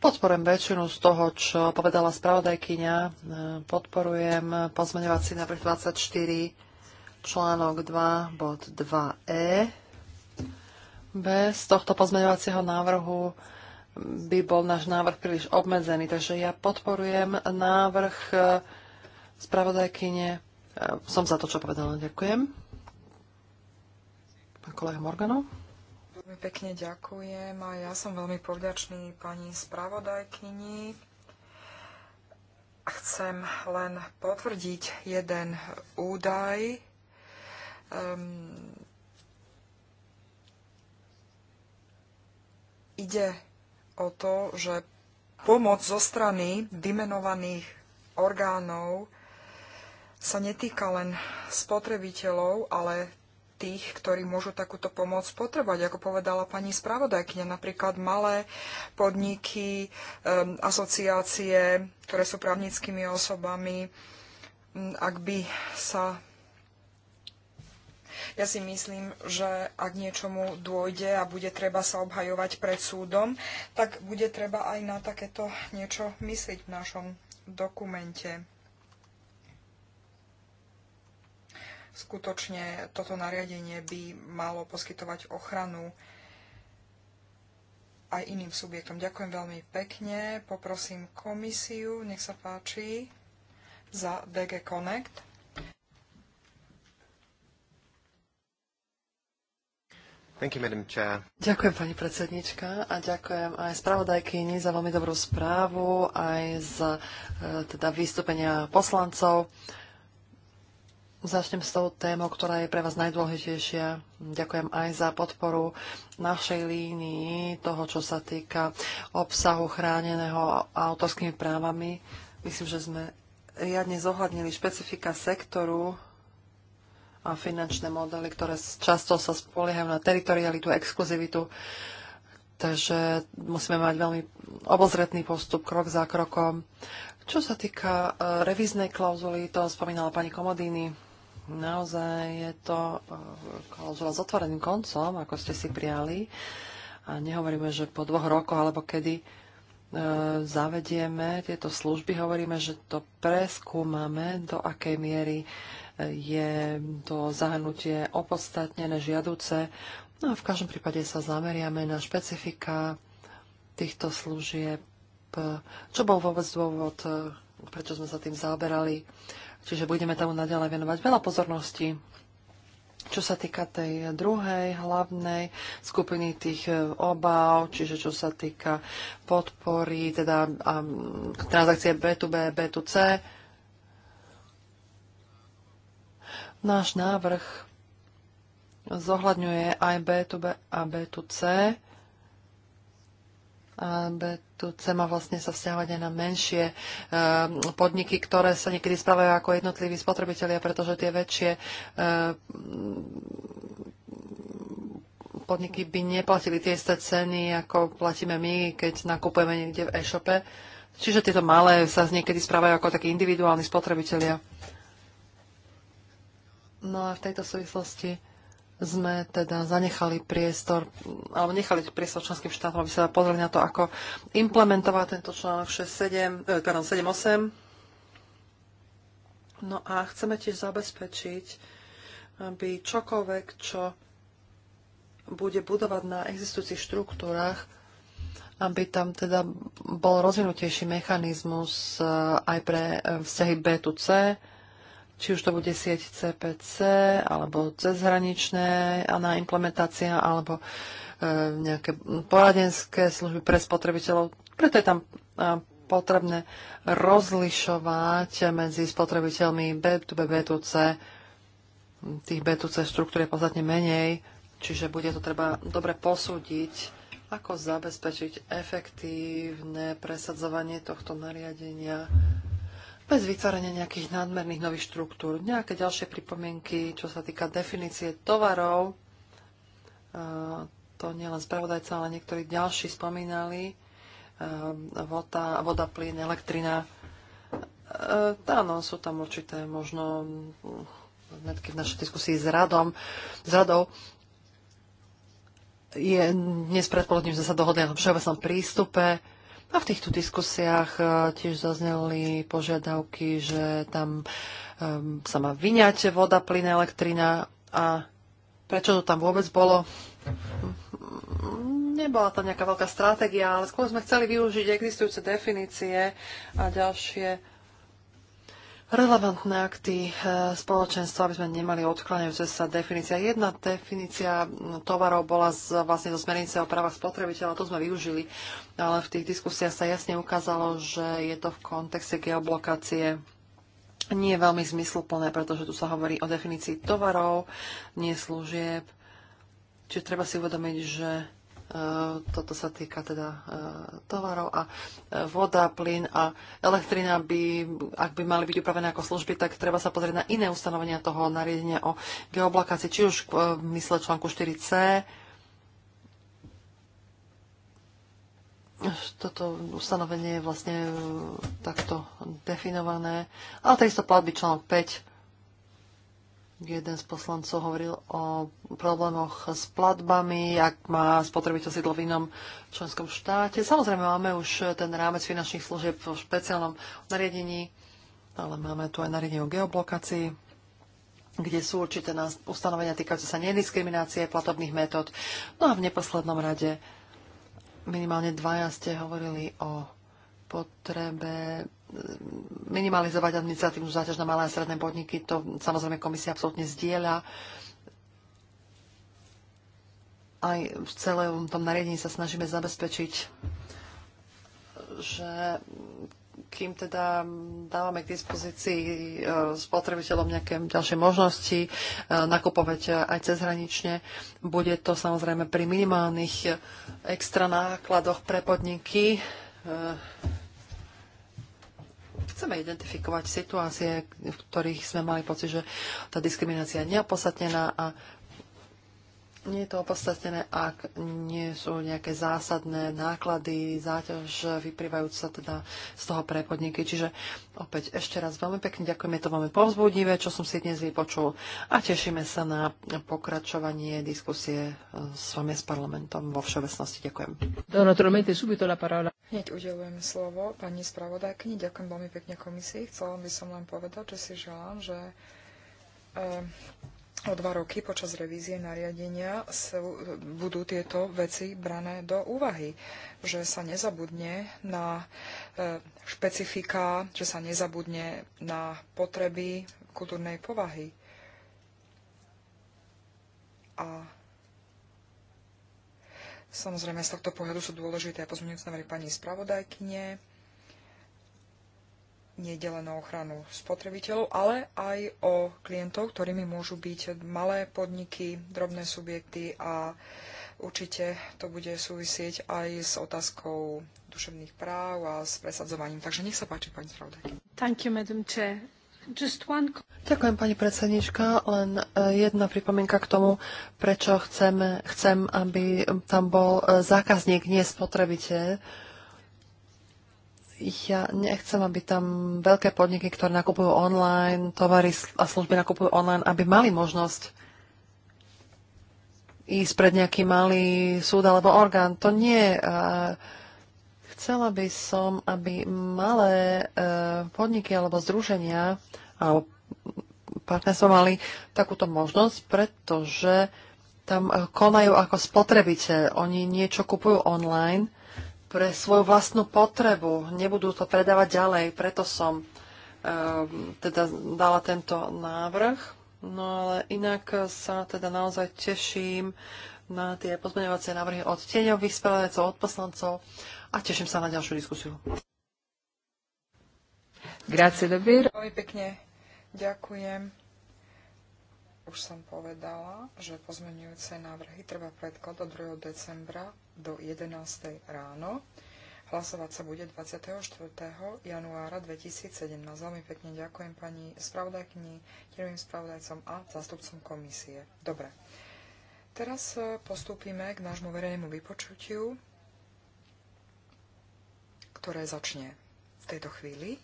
Podporujem väčšinu z toho, čo povedala spravodajkyňa. E, podporujem pozmeňovací návrh 24, článok 2, bod 2e. Bez tohto pozmeňovacieho návrhu by bol náš návrh príliš obmedzený, takže ja podporujem návrh e, spravodajkyne. E, som za to, čo povedala. Ďakujem. Pán kolega Morganov. Veľmi pekne ďakujem a ja som veľmi povďačný pani spravodajkyni. Chcem len potvrdiť jeden údaj. Um, ide o to, že pomoc zo strany vymenovaných orgánov sa netýka len spotrebiteľov, ale tých, ktorí môžu takúto pomoc potrebovať. Ako povedala pani spravodajkňa, napríklad malé podniky, asociácie, ktoré sú právnickými osobami, ak by sa ja si myslím, že ak niečomu dôjde a bude treba sa obhajovať pred súdom, tak bude treba aj na takéto niečo myslieť v našom dokumente. Skutočne toto nariadenie by malo poskytovať ochranu aj iným subjektom. Ďakujem veľmi pekne. Poprosím komisiu, nech sa páči, za DG Connect. You, ďakujem pani predsednička a ďakujem aj spravodajkyni za veľmi dobrú správu, aj za e, teda vystúpenia poslancov. E, Začnem s tou témou, ktorá je pre vás najdôležitejšia. Ďakujem aj za podporu našej línii toho, čo sa týka obsahu chráneného autorskými právami. Myslím, že sme riadne zohľadnili špecifika sektoru a finančné modely, ktoré často sa spoliehajú na teritorialitu, exkluzivitu. Takže musíme mať veľmi obozretný postup, krok za krokom. Čo sa týka eh, revíznej klauzuly, to spomínala pani Komodíny, Naozaj je to eh, klauzula s otvoreným koncom, ako ste si prijali. A nehovoríme, že po dvoch rokoch alebo kedy eh, zavedieme tieto služby, hovoríme, že to preskúmame, do akej miery eh, je to zahrnutie opodstatnené, žiaduce. No a v každom prípade sa zameriame na špecifika týchto služieb, čo bol vôbec dôvod, prečo sme sa tým zaoberali. Čiže budeme tomu naďalej venovať veľa pozornosti. Čo sa týka tej druhej hlavnej skupiny tých e, obav, čiže čo sa týka podpory, teda um, transakcie B2B, B2C, náš návrh zohľadňuje aj B2B a B2C tu má vlastne sa vzťahovať aj na menšie eh, podniky, ktoré sa niekedy správajú ako jednotliví spotrebitelia, pretože tie väčšie eh, podniky by neplatili tie isté ceny, ako platíme my, keď nakupujeme niekde v e-shope. Čiže tieto malé sa niekedy správajú ako takí individuálni spotrebitelia. No a v tejto súvislosti sme teda zanechali priestor, alebo nechali priestor členským štátom, aby sa pozreli na to, ako implementovať tento článok 6.7, e, pardon, 7.8. No a chceme tiež zabezpečiť, aby čokoľvek, čo bude budovať na existujúcich štruktúrach, aby tam teda bol rozvinutejší mechanizmus e, aj pre e, vzťahy B tu C, či už to bude sieť CPC, alebo cezhraničné na implementácia, alebo e, nejaké poradenské služby pre spotrebiteľov. Preto je tam e, potrebné rozlišovať medzi spotrebiteľmi B2B, B2C. Tých B2C štruktúr je podstatne menej, čiže bude to treba dobre posúdiť, ako zabezpečiť efektívne presadzovanie tohto nariadenia bez vytvorenia nejakých nadmerných nových štruktúr. Nejaké ďalšie pripomienky, čo sa týka definície tovarov, e, to nielen spravodajca, ale niektorí ďalší spomínali, e, voda, voda plyn, elektrina. E, áno, sú tam určité možno v našej diskusii s, radom, s radou, je dnes predpoludním sa dohodli na všeobecnom prístupe, a v týchto diskusiách eh, tiež zazneli požiadavky, že tam eh, sa má vyňať voda, plyn, elektrina a prečo to tam vôbec bolo? Mm, Nebola tam nejaká veľká stratégia, ale skôr sme chceli využiť existujúce definície a ďalšie relevantné akty eh, spoločenstva, aby sme nemali odkláňajúce sa definícia. Jedna definícia tovarov bola z, vlastne zo smernice o právach spotrebiteľa, to sme využili, ale v tých diskusiách sa jasne ukázalo, že je to v kontexte geoblokácie nie je veľmi zmysluplné, pretože tu sa hovorí o definícii tovarov, nie služieb. Čiže treba si uvedomiť, že E, toto sa týka teda e, tovarov a e, voda, plyn a elektrina by, ak by mali byť upravené ako služby, tak treba sa pozrieť na iné ustanovenia toho nariadenia o geoblokácii, či už v mysle článku 4c, toto ustanovenie je vlastne takto definované. Ale takisto platby článok 5 Jeden z poslancov hovoril o problémoch s platbami, ak má spotrebiteľ sídlo v inom členskom štáte. Samozrejme, máme už ten rámec finančných služieb v špeciálnom nariadení, ale máme tu aj nariadenie o geoblokácii, kde sú určité ustanovenia týkajúce sa nediskriminácie platobných metód. No a v neposlednom rade minimálne dvaja ste hovorili o potrebe minimalizovať administratívnu záťaž na malé a stredné podniky. To samozrejme komisia absolútne zdieľa. Aj v celom tom nariadení sa snažíme zabezpečiť, že kým teda dávame k dispozícii e, spotrebiteľom nejaké ďalšie možnosti e, nakupovať aj cezhranične, bude to samozrejme pri minimálnych e, extra nákladoch pre podniky Chceme identifikovať situácie, v ktorých sme mali pocit, že tá diskriminácia je neopodstatnená a nie je to opodstatnené, ak nie sú nejaké zásadné náklady, záťaž vyprývajúca teda z toho pre podniky. Čiže opäť ešte raz veľmi pekne ďakujem, je to veľmi povzbudivé, čo som si dnes vypočul a tešíme sa na pokračovanie diskusie e, s vami s parlamentom vo všeobecnosti. Ďakujem. Hneď udelujem slovo pani spravodajkyni, ďakujem veľmi pekne komisii. Chcela by som len povedať, že si želám, že eh, o dva roky počas revízie nariadenia budú tieto veci brané do úvahy, že sa nezabudne na e, špecifika, že sa nezabudne na potreby kultúrnej povahy. A samozrejme z tohto pohľadu sú dôležité aj pozmeňujúce návrhy pani spravodajkyne nejde len o ochranu spotrebiteľov, ale aj o klientov, ktorými môžu byť malé podniky, drobné subjekty a určite to bude súvisieť aj s otázkou duševných práv a s presadzovaním. Takže nech sa páči, pani spravodajka. Thank you, Madam Chair. One... Ďakujem, pani predsednička. Len e, jedna pripomienka k tomu, prečo chcem, chcem aby tam bol e, zákazník, nie spotrebiteľ ja nechcem, aby tam veľké podniky, ktoré nakupujú online, tovary a služby nakupujú online, aby mali možnosť ísť pred nejaký malý súd alebo orgán. To nie. Eh, chcela by som, aby malé eh, podniky alebo združenia alebo partnerstvo mali takúto možnosť, pretože tam eh, konajú ako spotrebiteľ. Oni niečo kupujú online, pre svoju vlastnú potrebu. Nebudú to predávať ďalej, preto som e, teda dala tento návrh. No ale inak sa teda naozaj teším na tie pozmeňovacie návrhy od tieňových spravodajcov, od poslancov a teším sa na ďalšiu diskusiu. Grazie, dobrý. Veľmi pekne ďakujem. Už som povedala, že pozmeňujúce návrhy treba predkladať do 2. decembra do 11. ráno. Hlasovať sa bude 24. januára 2017. Veľmi pekne ďakujem pani spravodajkyni, tieňovým spravodajcom a zástupcom komisie. Dobre. Teraz e, postúpime k nášmu verejnému vypočutiu, ktoré začne v tejto chvíli.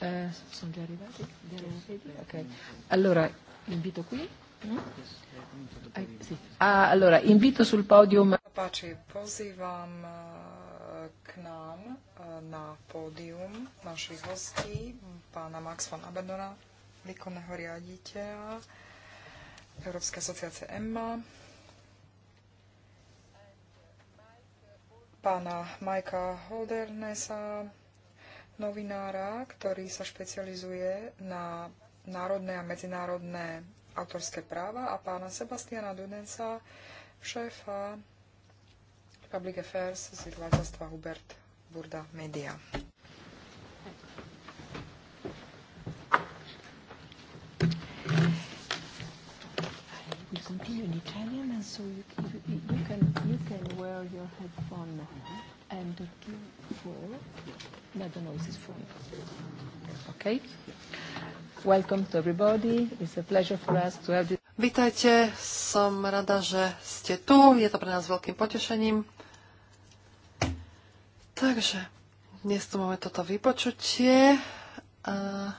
Uh, sono già arrivati? Okay. Allora, invito qui No? A allora, invito sul podium... Páči, pozývam eh, k nám eh, na pódium našich hostí, pána Max von Abedona, výkonného riaditeľa Európskej asociácie EMMA, pána Majka Holdernesa, novinára, ktorý sa špecializuje na národné a medzinárodné autorské práva a pána Sebastiana Dudensa, šéfa Public Affairs z vydavateľstva Hubert Burda Media. will continue in Italian, and so you, you, you can you can wear your headphone. Mm-hmm and the two four. No, the noise is four. Okay. Welcome to everybody. It's a pleasure for us to have this. Vítajte, som rada, že ste tu. Je to pre nás veľkým potešením. Takže, dnes tu máme toto vypočutie. A...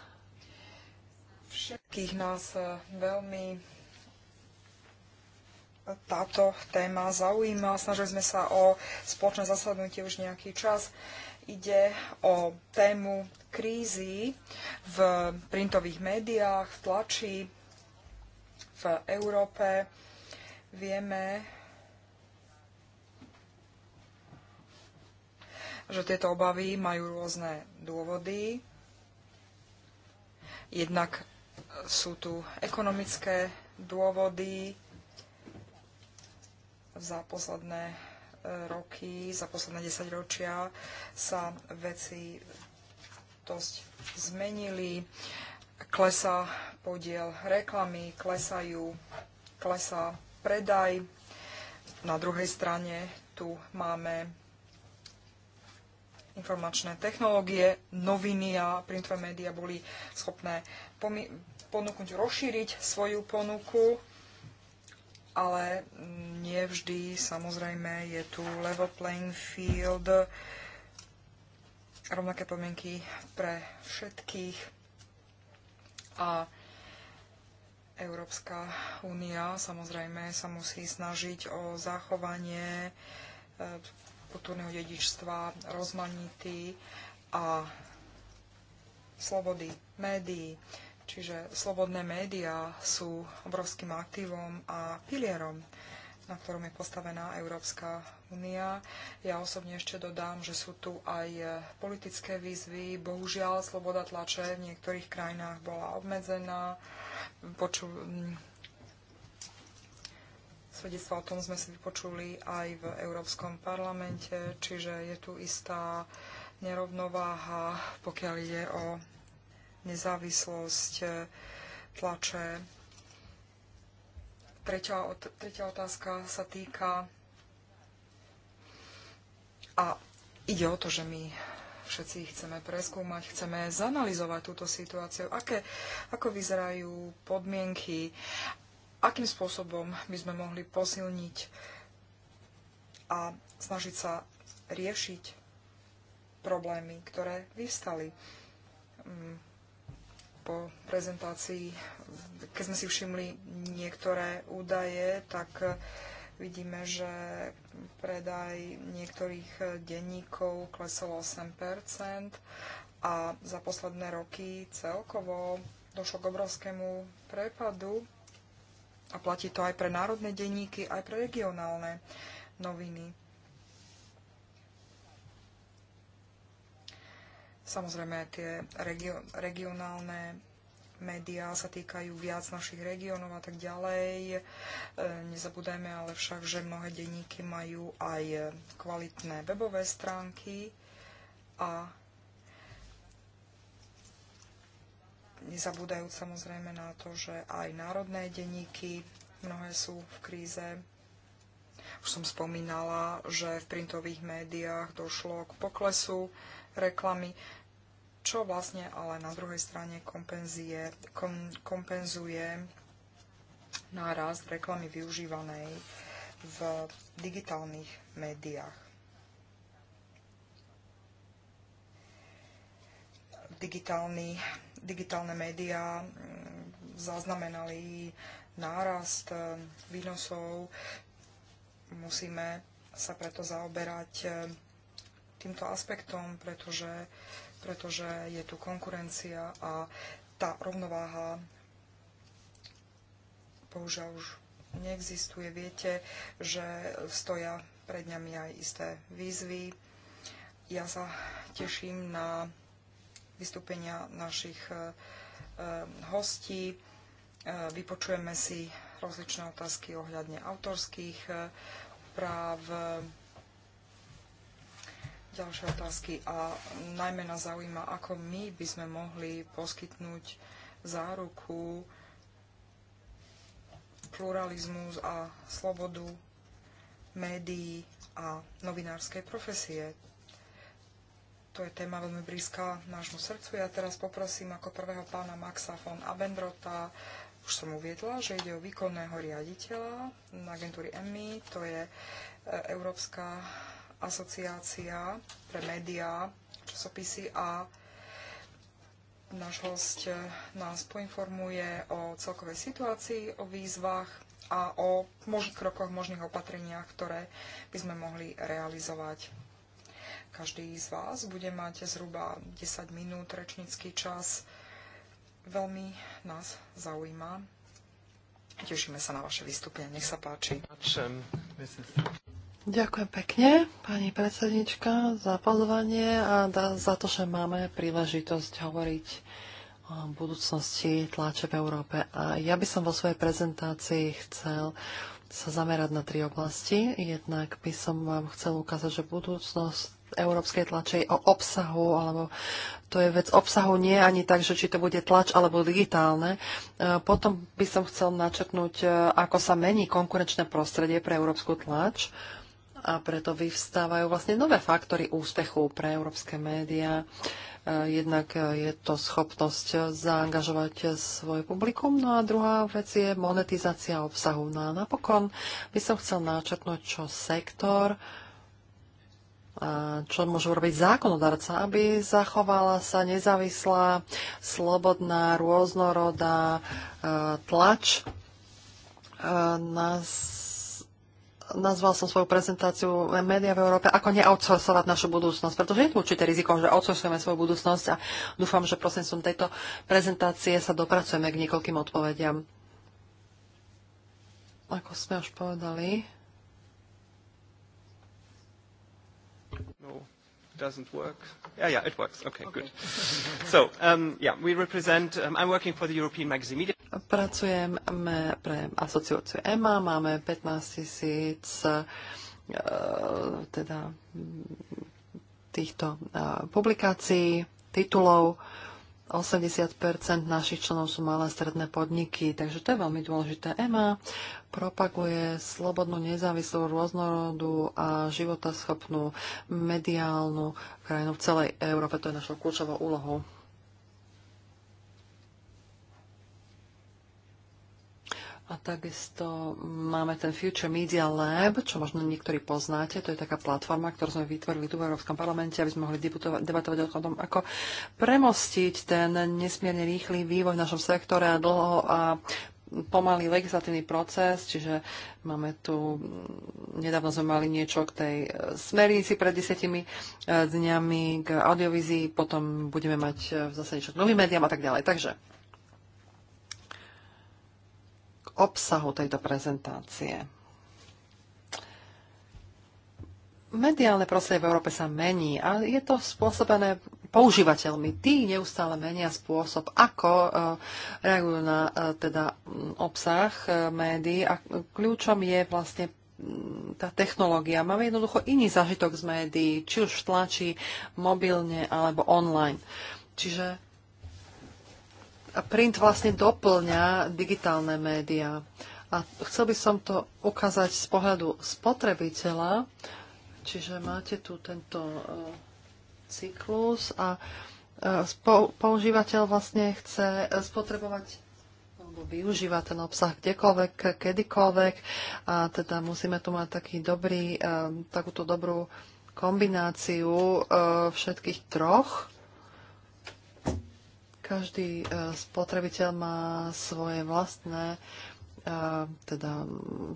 Všetkých nás eh, veľmi táto téma zaujíma. Snažili sme sa o spoločné zasadnutie už nejaký čas. Ide o tému krízy v printových médiách, v tlači v Európe. Vieme, že tieto obavy majú rôzne dôvody. Jednak sú tu ekonomické dôvody, za posledné e, roky, za posledné 10 ročia sa veci dosť zmenili. Klesá podiel reklamy, klesajú, klesá predaj. Na druhej strane tu máme informačné technológie, noviny a printové médiá boli schopné ponúknuť, rozšíriť svoju ponuku ale nie vždy, samozrejme, je tu level playing field, rovnaké podmienky pre všetkých a Európska únia samozrejme sa musí snažiť o zachovanie e, kultúrneho dedičstva, rozmanitý a slobody médií, Čiže slobodné médiá sú obrovským aktívom a pilierom, na ktorom je postavená Európska únia. Ja osobne ešte dodám, že sú tu aj politické výzvy. Bohužiaľ, sloboda tlače v niektorých krajinách bola obmedzená. Poču... Svedectva o tom sme si vypočuli aj v Európskom parlamente, čiže je tu istá nerovnováha, pokiaľ ide o nezávislosť e, tlače. Tretia, tretia otázka sa týka a ide o to, že my všetci chceme preskúmať, chceme zanalizovať túto situáciu, aké, ako vyzerajú podmienky, akým spôsobom by sme mohli posilniť a snažiť sa riešiť problémy, ktoré vyvstali. Mm, po prezentácii, keď sme si všimli niektoré údaje, tak eh, vidíme, že predaj niektorých eh, denníkov klesol 8 a za posledné roky celkovo došlo k obrovskému prepadu a platí to aj pre národné denníky, aj pre regionálne noviny. Samozrejme, tie regio- regionálne médiá sa týkajú viac našich regiónov a tak ďalej. E, nezabúdajme ale však, že mnohé denníky majú aj kvalitné webové stránky a nezabúdajú samozrejme na to, že aj národné denníky mnohé sú v kríze. Už som spomínala, že v printových médiách došlo k poklesu reklamy čo vlastne ale na druhej strane kompenzie, kom, kompenzuje nárast reklamy využívanej v digitálnych médiách. Digitálny, digitálne médiá mm, zaznamenali nárast e, výnosov. Musíme sa preto zaoberať e, týmto aspektom, pretože pretože je tu konkurencia a tá rovnováha bohužiaľ už neexistuje. Viete, že stoja pred nami aj isté výzvy. Ja sa teším na vystúpenia našich eh, eh, hostí. Eh, vypočujeme si rozličné otázky ohľadne autorských práv, ďalšie otázky a najmä nás zaujíma, ako my by sme mohli poskytnúť záruku pluralizmus a slobodu médií a novinárskej profesie. To je téma veľmi blízka nášmu srdcu. Ja teraz poprosím ako prvého pána Maxa von Abendrota, už som uviedla, že ide o výkonného riaditeľa na agentúry EMI, to je e, Európska asociácia pre médiá, časopisy a náš host nás poinformuje o celkovej situácii, o výzvach a o možných krokoch, možných opatreniach, ktoré by sme mohli realizovať. Každý z vás bude mať zhruba 10 minút rečnícky čas. Veľmi nás zaujíma. Tešíme sa na vaše vystúpenie. Nech sa páči. Ďakujem pekne, pani predsednička, za pozvanie a za to, že máme príležitosť hovoriť o budúcnosti tlače v Európe. A ja by som vo svojej prezentácii chcel sa zamerať na tri oblasti. Jednak by som vám chcel ukázať, že budúcnosť európskej tlače je o obsahu, alebo to je vec obsahu, nie ani tak, že či to bude tlač alebo digitálne. E, potom by som chcel načetnúť, e, ako sa mení konkurenčné prostredie pre európsku tlač a preto vyvstávajú vlastne nové faktory úspechu pre európske médiá. E, jednak je to schopnosť zaangažovať svoje publikum, no a druhá vec je monetizácia obsahu. No a napokon by som chcel náčrtnúť, čo sektor, čo môžu robiť zákonodarca, aby zachovala sa nezávislá, slobodná, rôznorodá e, tlač e, na nazval som svoju prezentáciu Média v Európe, ako neoutsourcovať našu budúcnosť, pretože je tu určité riziko, že outsourcujeme svoju budúcnosť a dúfam, že prosím som tejto prezentácie sa dopracujeme k niekoľkým odpovediam. Ako sme už povedali. No doesn't work. Yeah, yeah, it works. Okay, okay. good. So, um, yeah, we represent, um, I'm working for the European Magazine Media. Pracujeme pre asociáciu EMA, máme 15 tisíc uh, teda týchto uh, publikácií, titulov. 80 našich členov sú malé stredné podniky, takže to je veľmi dôležité. EMA uh, propaguje slobodnú, nezávislú, rôznorodú a životaschopnú mediálnu krajinu v celej Európe. To je našou kľúčovou úlohou. A takisto máme ten Future Media Lab, čo možno niektorí poznáte. To je taká platforma, ktorú sme vytvorili tu v Európskom parlamente, aby sme mohli debatovať o tom, ako premostiť ten nesmierne rýchly vývoj v našom sektore a dlho a pomalý legislatívny proces, čiže máme tu, nedávno sme mali niečo k tej e, smernici pred desiatimi e, dňami, k audiovízii, potom budeme mať e, zase niečo k novým médiám a tak ďalej. Takže k obsahu tejto prezentácie. Mediálne prostredie v Európe sa mení a je to spôsobené používateľmi. Tí neustále menia spôsob, ako eh, reagujú na eh, teda mm, obsah eh, médií a kľúčom je vlastne mm, tá technológia. Máme jednoducho iný zažitok z médií, či už v tlači, mobilne alebo online. Čiže print vlastne doplňa digitálne médiá. A chcel by som to ukázať z pohľadu spotrebiteľa, čiže máte tu tento cyklus a e, používateľ vlastne chce spotrebovať alebo využíva ten obsah kdekoľvek, kedykoľvek a teda musíme tu mať taký dobrý, e, takúto dobrú kombináciu e, všetkých troch. Každý spotrebiteľ má svoje vlastné teda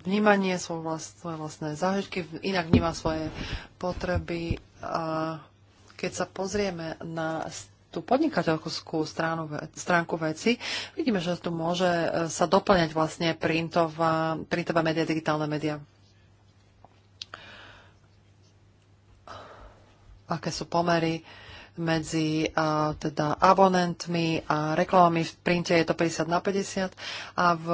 vnímanie, svoje vlastné zážitky, inak vníma svoje potreby a keď sa pozrieme na tú podnikateľskú stránu stránku veci, vidíme, že tu môže e, sa doplňať vlastne printová, printová média, digitálne média. Aké sú pomery medzi a, teda abonentmi a reklamami v printe je to 50 na 50 a v,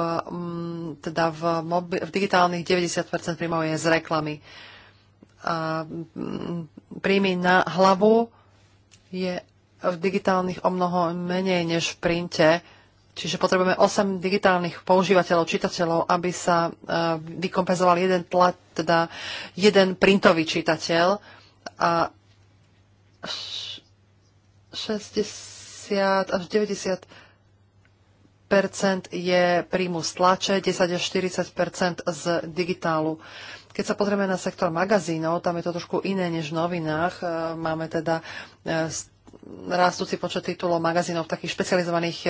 m, teda v, mobi- v digitálnych 90% príjmov je z reklamy. Uh, a príjmy na hlavu je v digitálnych o mnoho menej než v printe. Čiže potrebujeme 8 digitálnych používateľov, čitateľov, aby sa e, vykompenzoval jeden tlač, teda jeden printový čitateľ a 60 až 90 je príjmu z tlače, 10 až 40 z digitálu. Keď sa pozrieme na sektor magazínov, tam je to trošku iné než v novinách. E, máme teda e, rastúci počet titulov magazínov v takých špecializovaných e,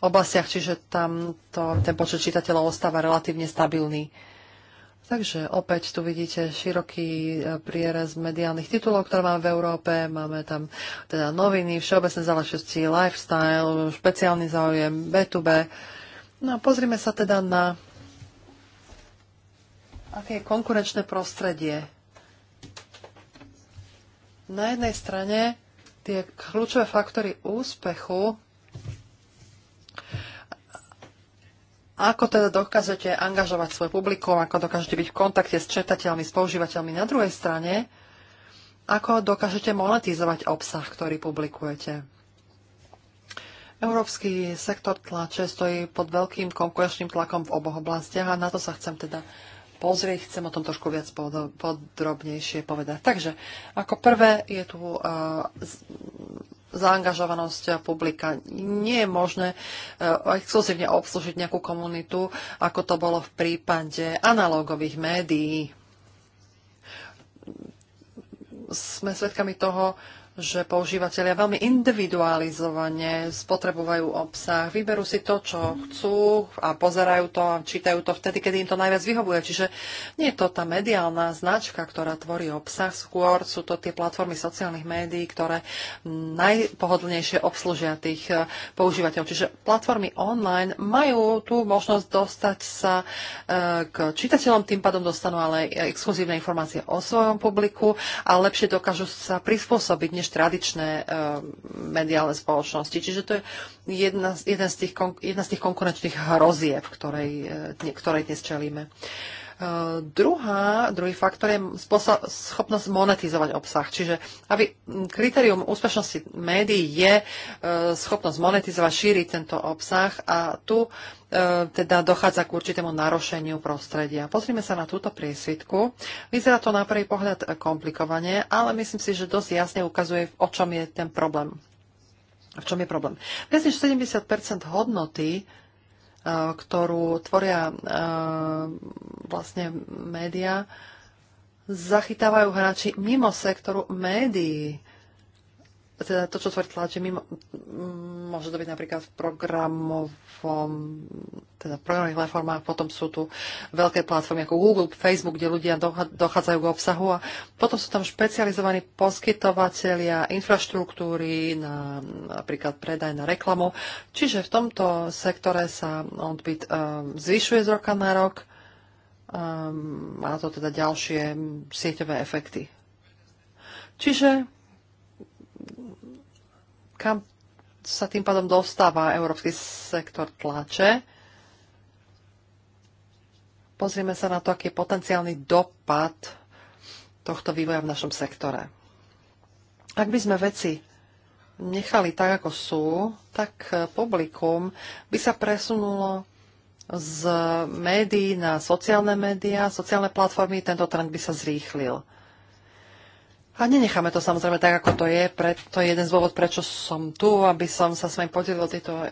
oblastiach, čiže tam to, ten počet čitateľov ostáva relatívne stabilný. Takže opäť tu vidíte široký prierez mediálnych titulov, ktoré máme v Európe. Máme tam teda noviny, všeobecné záležitosti, lifestyle, špeciálny záujem, B2B. No a pozrime sa teda na aké je konkurenčné prostredie. Na jednej strane tie kľúčové faktory úspechu, ako teda dokážete angažovať svoje publikum, ako dokážete byť v kontakte s čitateľmi, s používateľmi. Na druhej strane, ako dokážete monetizovať obsah, ktorý publikujete. Európsky sektor tlače stojí pod veľkým konkurenčným tlakom v oboch oblastiach a na to sa chcem teda Pozrie, Chcem o tom trošku viac podrobnejšie povedať. Takže ako prvé je tu eh, zaangažovanosť publika. Nie je možné eh, exkluzívne obslužiť nejakú komunitu, ako to bolo v prípade analógových médií. Sme svedkami toho, že používateľia veľmi individualizovane spotrebujú obsah, vyberú si to, čo chcú a pozerajú to a čítajú to vtedy, kedy im to najviac vyhovuje. Čiže nie je to tá mediálna značka, ktorá tvorí obsah, skôr sú to tie platformy sociálnych médií, ktoré najpohodlnejšie obslužia tých e, používateľov. Čiže platformy online majú tú možnosť dostať sa e, k čitateľom, tým pádom dostanú ale exkluzívne informácie o svojom publiku a lepšie dokážu sa prispôsobiť, než než tradičné eh, mediálne spoločnosti. Čiže to je jedna, jeden z tých, jedna z tých konkurenčných hrozieb, ktorej, eh, ktorej dnes čelíme. E, E, druhá, druhý faktor je schopnosť monetizovať obsah. Čiže aby kritérium úspešnosti médií je e, schopnosť monetizovať, šíriť tento obsah a tu e, teda dochádza k určitému narušeniu prostredia. Pozrime sa na túto priesvitku. Vyzerá to na prvý pohľad komplikovane, ale myslím si, že dosť jasne ukazuje, o čom je ten problém. V čom je problém? Viac než 70 hodnoty E, ktorú tvoria e, vlastne médiá, zachytávajú hráči mimo sektoru médií teda to, čo tvrdila, že mimo, môže to byť napríklad v programovom, teda v programových reformách, potom sú tu veľké platformy ako Google, Facebook, kde ľudia dochádzajú k obsahu a potom sú tam špecializovaní poskytovateľia infraštruktúry na napríklad predaj na reklamu. Čiže v tomto sektore sa odbyt um, zvyšuje z roka na rok. Um, ehm, má to teda ďalšie sieťové efekty. Čiže kam sa tým pádom dostáva európsky sektor tlače. Pozrieme sa na to, aký je potenciálny dopad tohto vývoja v našom sektore. Ak by sme veci nechali tak, ako sú, tak eh, publikum by sa presunulo z médií na sociálne médiá, sociálne platformy, tento trend by sa zrýchlil. A nenecháme to samozrejme tak, ako to je. Pre, to je jeden z dôvod, prečo som tu, aby som sa s vami podelil tieto um,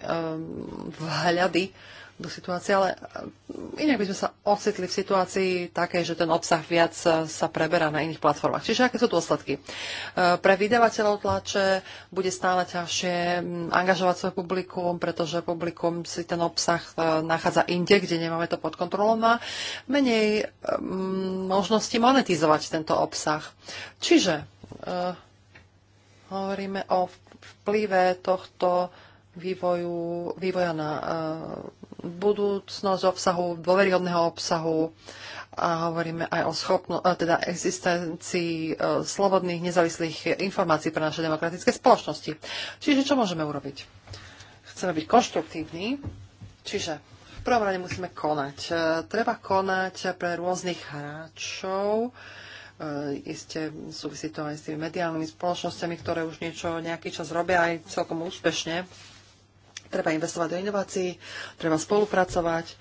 vhľady do situácie, ale eh, inak by sme sa ocitli v situácii také, že ten obsah viac eh, sa preberá na iných platformách. Čiže aké sú dôsledky? Eh, pre vydavateľov tlače bude stále ťažšie hm, angažovať svoje publikum, pretože publikum si ten obsah nachádza inde, kde nemáme to pod kontrolou, má menej hm, možnosti monetizovať tento obsah. Čiže hovoríme o vplyve tohto vývoju, vývoja na budúcnosť obsahu, dôveryhodného obsahu a hovoríme aj o schopno, teda existencii e, slobodných, nezávislých informácií pre naše demokratické spoločnosti. Čiže čo môžeme urobiť? Chceme byť konštruktívni, čiže v prvom rade musíme konať. E, treba konať pre rôznych hráčov, e, Isté súvisí to aj s tými mediálnymi spoločnosťami, ktoré už niečo nejaký čas robia aj celkom úspešne treba investovať do inovácií, treba spolupracovať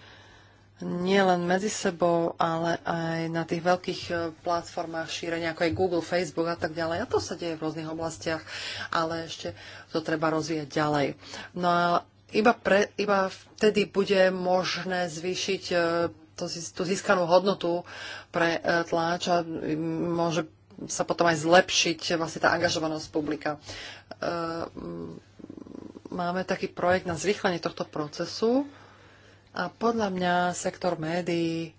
nielen medzi sebou, ale aj na tých veľkých e, platformách šírenia, ako je Google, Facebook a tak ďalej. A to sa deje v rôznych oblastiach, ale ešte to treba rozvíjať ďalej. No a iba, pre, iba vtedy bude možné zvýšiť e, to, tú získanú hodnotu pre e, tlač a môže sa potom aj zlepšiť vlastne tá angažovanosť publika máme taký projekt na zrýchlenie tohto procesu a podľa mňa sektor médií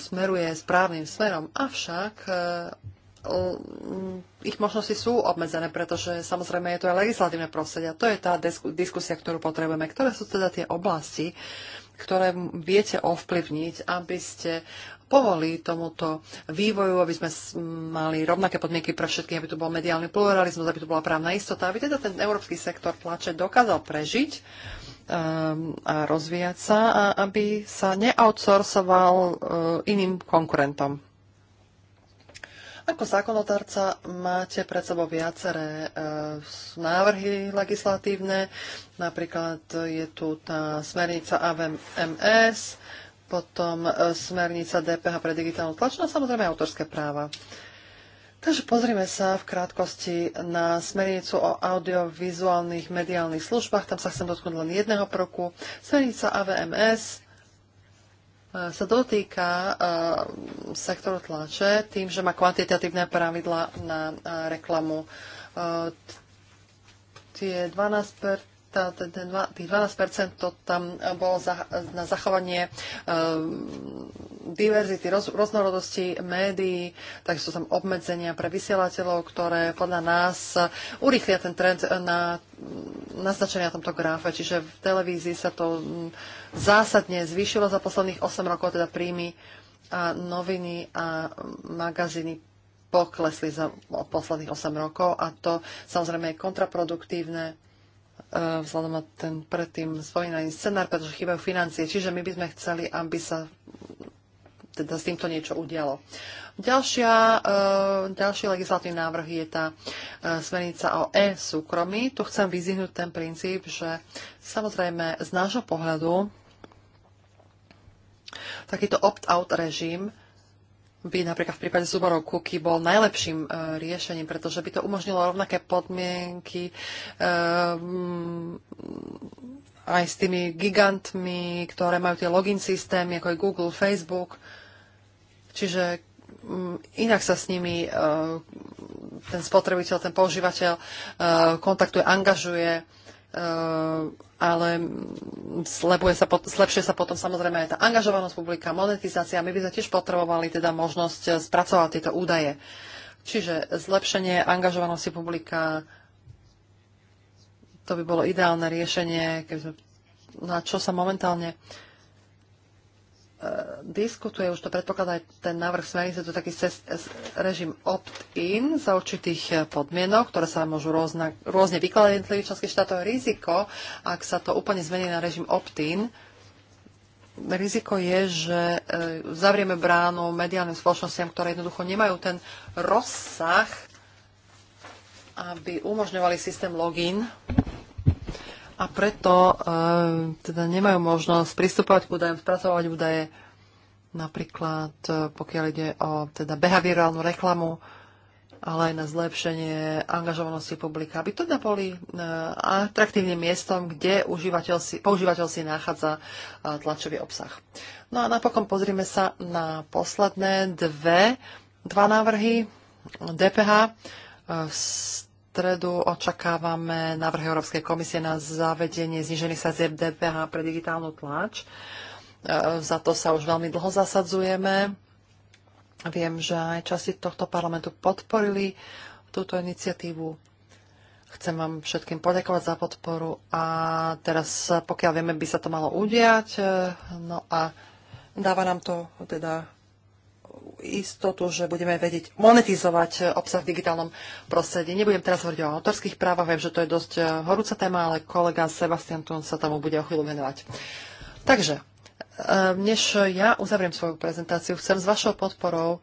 smeruje správnym smerom, avšak e, ich možnosti sú obmedzené, pretože samozrejme je to aj legislatívne prostredie. To je tá diskusia, ktorú potrebujeme. Ktoré sú teda tie oblasti, ktoré viete ovplyvniť, aby ste povolí tomuto vývoju, aby sme mali rovnaké podmienky pre všetkých, aby tu bol mediálny pluralizmus, aby tu bola právna istota, aby teda ten európsky sektor tlače dokázal prežiť ehm, a rozvíjať sa a aby sa neoutsourcoval e, iným konkurentom. Ako zákonodárca máte pred sebou viaceré e, návrhy legislatívne, napríklad je tu tá smernica AVMS, potom e, smernica DPH pre digitálnu tlač no a samozrejme autorské práva. Takže pozrime sa v krátkosti na smernicu o audiovizuálnych mediálnych službách. Tam sa chcem dotknúť len jedného prvku. Smernica AVMS e, sa dotýka uh, sektoru tlače tým, že má kvantitatívne pravidla na uh, reklamu. Uh, tie 12 tá, tých 12 to tam bolo za, na zachovanie ehm, diverzity, roz, médií, takže sú tam obmedzenia pre vysielateľov, ktoré podľa nás urýchlia ten trend na naznačenia tomto gráfe. Čiže v televízii sa to mm, zásadne zvýšilo za posledných 8 rokov, teda príjmy a noviny a magazíny poklesli za posledných 8 rokov a to samozrejme je kontraproduktívne Eh, vzhľadom na ten predtým spomínaný scenár, pretože chýbajú financie. Čiže my by sme chceli, aby sa teda s týmto niečo udialo. Ďalšia, eh, ďalší legislatívny návrh je tá eh, smernica o e-súkromí. Tu chcem vyzihnúť ten princíp, že samozrejme z nášho pohľadu takýto opt-out režim by napríklad v prípade súborov Cookie bol najlepším e, riešením, pretože by to umožnilo rovnaké podmienky e, mm, aj s tými gigantmi, ktoré majú tie login systémy, ako je Google, Facebook. Čiže m, mm, inak sa s nimi e, ten spotrebiteľ, ten používateľ e, kontaktuje, angažuje. E, ale sa, slepšie sa potom samozrejme aj tá angažovanosť publika, monetizácia. My by sme tiež potrebovali teda možnosť eh, spracovať tieto údaje. Čiže zlepšenie angažovanosti publika, to by bolo ideálne riešenie, keby sme, na čo sa momentálne diskutuje, už to predpokladá aj ten návrh smernice, to taký ses, režim opt-in za určitých eh, podmienok, ktoré sa môžu rôzna, rôzne vykladať jednotlivých členských štátov. Riziko, ak sa to úplne zmení na režim opt-in, riziko je, že eh, zavrieme bránu mediálnym spoločnostiam, ktoré jednoducho nemajú ten rozsah, aby umožňovali systém login a preto e, teda nemajú možnosť pristupovať k údajom, spracovať údaje, napríklad e, pokiaľ ide o teda behaviorálnu reklamu, ale aj na zlepšenie angažovanosti publika, aby teda boli e, atraktívnym miestom, kde užívateľ si, používateľ si nachádza e, tlačový obsah. No a napokon pozrime sa na posledné dve, dva návrhy DPH. E, stredu očakávame návrh Európskej komisie na zavedenie znižených sazieb DPH pre digitálnu tlač. E, za to sa už veľmi dlho zasadzujeme. Viem, že aj časti tohto parlamentu podporili túto iniciatívu. Chcem vám všetkým poďakovať za podporu a teraz, pokiaľ vieme, by sa to malo udiať, e, no a dáva nám to teda istotu, že budeme vedieť monetizovať eh, obsah v digitálnom prostredí. Nebudem teraz hovoriť o autorských právach, viem, že to je dosť eh, horúca téma, ale kolega Sebastian Tun sa tomu bude o chvíľu venovať. Takže, eh, než ja uzavriem svoju prezentáciu, chcem s vašou podporou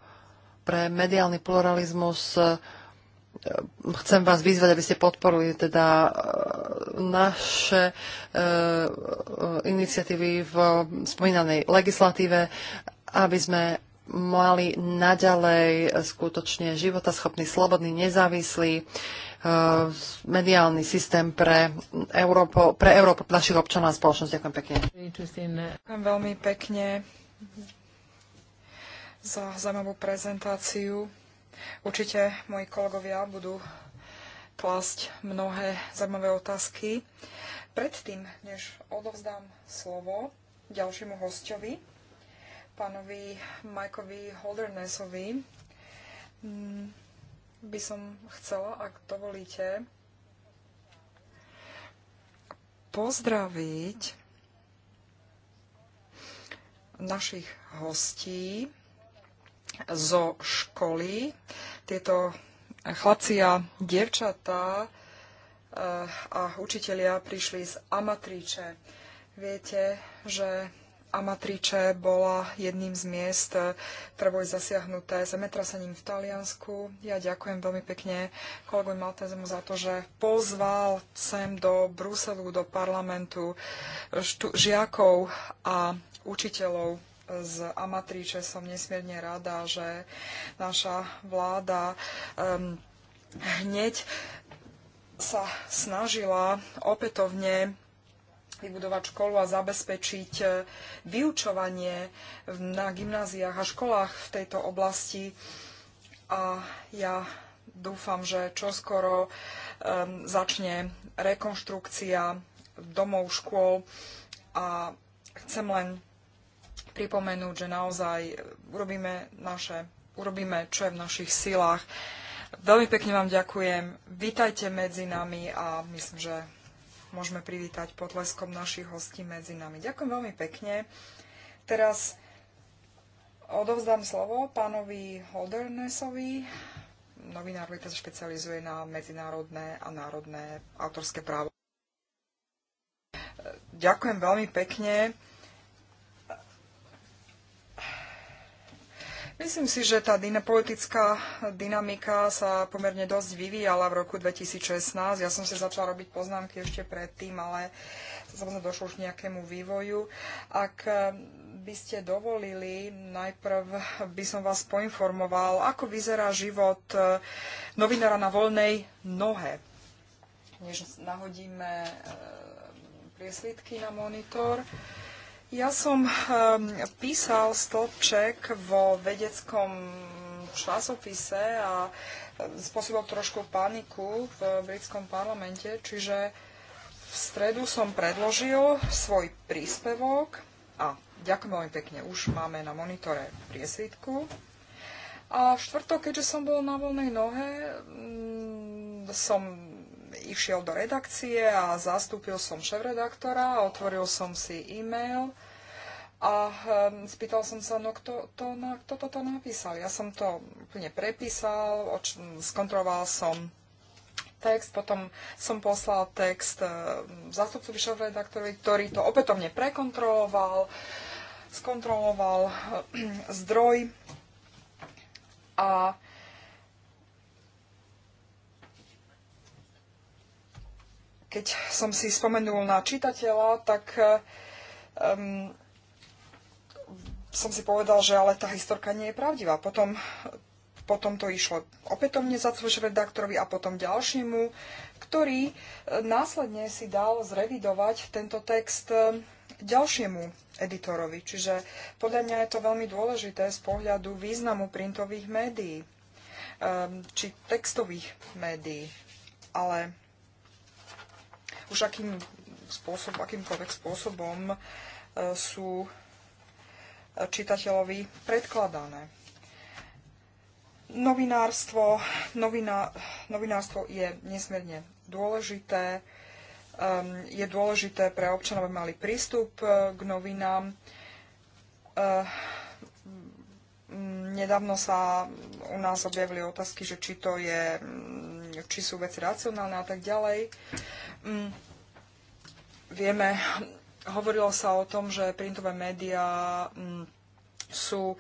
pre mediálny pluralizmus chcem vás vyzvať, aby ste podporili teda naše iniciatívy v spomínanej legislatíve, aby sme mali naďalej skutočne životaschopný, slobodný, nezávislý e, mediálny systém pre Európu, pre Európu našich občanov a spoločnosť. Ďakujem pekne. Ďakujem veľmi pekne za zaujímavú prezentáciu. Určite moji kolegovia budú klásť mnohé zaujímavé otázky. Predtým, než odovzdám slovo ďalšiemu hostovi, pánovi Mikeovi Holdernessovi mm, by som chcela, ak dovolíte, pozdraviť našich hostí zo školy. Tieto chlapci a dievčatá eh, a učitelia prišli z Amatríče. Viete, že Amatrice bola jedným z miest, ktoré e, boli zasiahnuté zemetrasením v Taliansku. Ja ďakujem veľmi pekne kolegovi Maltezemu za to, že pozval sem do Bruselu, do parlamentu e, žiakov a učiteľov z Amatriče. Som nesmierne rada, že naša vláda um, hneď sa snažila opätovne vybudovať školu a zabezpečiť e, vyučovanie na gymnáziách a školách v tejto oblasti. A ja dúfam, že čoskoro um, začne rekonštrukcia domov škôl a chcem len pripomenúť, že naozaj urobíme, naše, urobíme čo je v našich silách. Veľmi pekne vám ďakujem. Vítajte medzi nami a myslím, že môžeme privítať potleskom našich hostí medzi nami. Ďakujem veľmi pekne. Teraz odovzdám slovo pánovi Holdernesovi. Novinár, ktorý sa špecializuje na medzinárodné a národné autorské právo. Ďakujem veľmi pekne. Myslím si, že tá politická dynamika sa pomerne dosť vyvíjala v roku 2016. Ja som si začala robiť poznámky ešte predtým, ale samozrejme došlo už k nejakému vývoju. Ak eh, by ste dovolili, najprv by som vás poinformoval, ako vyzerá život eh, novinára na voľnej nohe. Než nahodíme eh, priesvitky na monitor. Ja som um, písal stĺpček vo vedeckom časopise a ehm, spôsobil trošku paniku v britskom parlamente, čiže v stredu som predložil svoj príspevok a ďakujem veľmi pekne, už máme na monitore priesvitku. A v štvrtok, keďže som bol na voľnej nohe, mm, som išiel do redakcie a zastúpil som šéf-redaktora, otvoril som si e-mail a hm, spýtal som sa, no kto, to, na, kto toto napísal. Ja som to úplne prepísal, oč, skontroloval som text, potom som poslal text hm, zástupcovi šéf-redaktorovi, ktorý to opätovne prekontroloval, skontroloval hm, zdroj a keď som si spomenul na čitateľa, tak um, som si povedal, že ale tá historka nie je pravdivá. Potom, potom to išlo opätovne za redaktorovi a potom ďalšiemu, ktorý e, následne si dal zrevidovať tento text e, ďalšiemu editorovi. Čiže podľa mňa je to veľmi dôležité z pohľadu významu printových médií či textových médií. Ale už akým spôsob, akýmkoľvek spôsobom e, sú čitateľovi predkladané. Novinárstvo, novina, novinárstvo je nesmierne dôležité. Ehm, je dôležité pre občanov, aby mali prístup e, k novinám. Ehm, nedávno sa u nás objavili otázky, že či to je či sú veci racionálne a tak ďalej. Mm, vieme, hovorilo sa o tom, že printové médiá mm, sú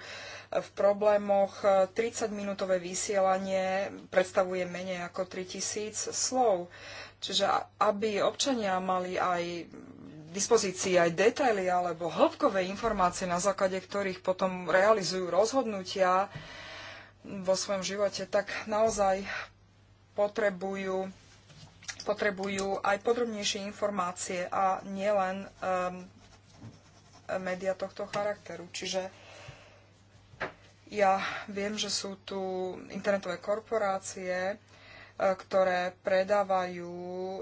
v problémoch. 30-minútové vysielanie predstavuje menej ako 3000 slov. Čiže aby občania mali aj dispozícii aj detaily alebo hĺbkové informácie, na základe ktorých potom realizujú rozhodnutia vo svojom živote, tak naozaj potrebujú, potrebujú aj podrobnejšie informácie a nielen um, ehm, média tohto charakteru. Čiže ja viem, že sú tu internetové korporácie, e, ktoré predávajú ehm,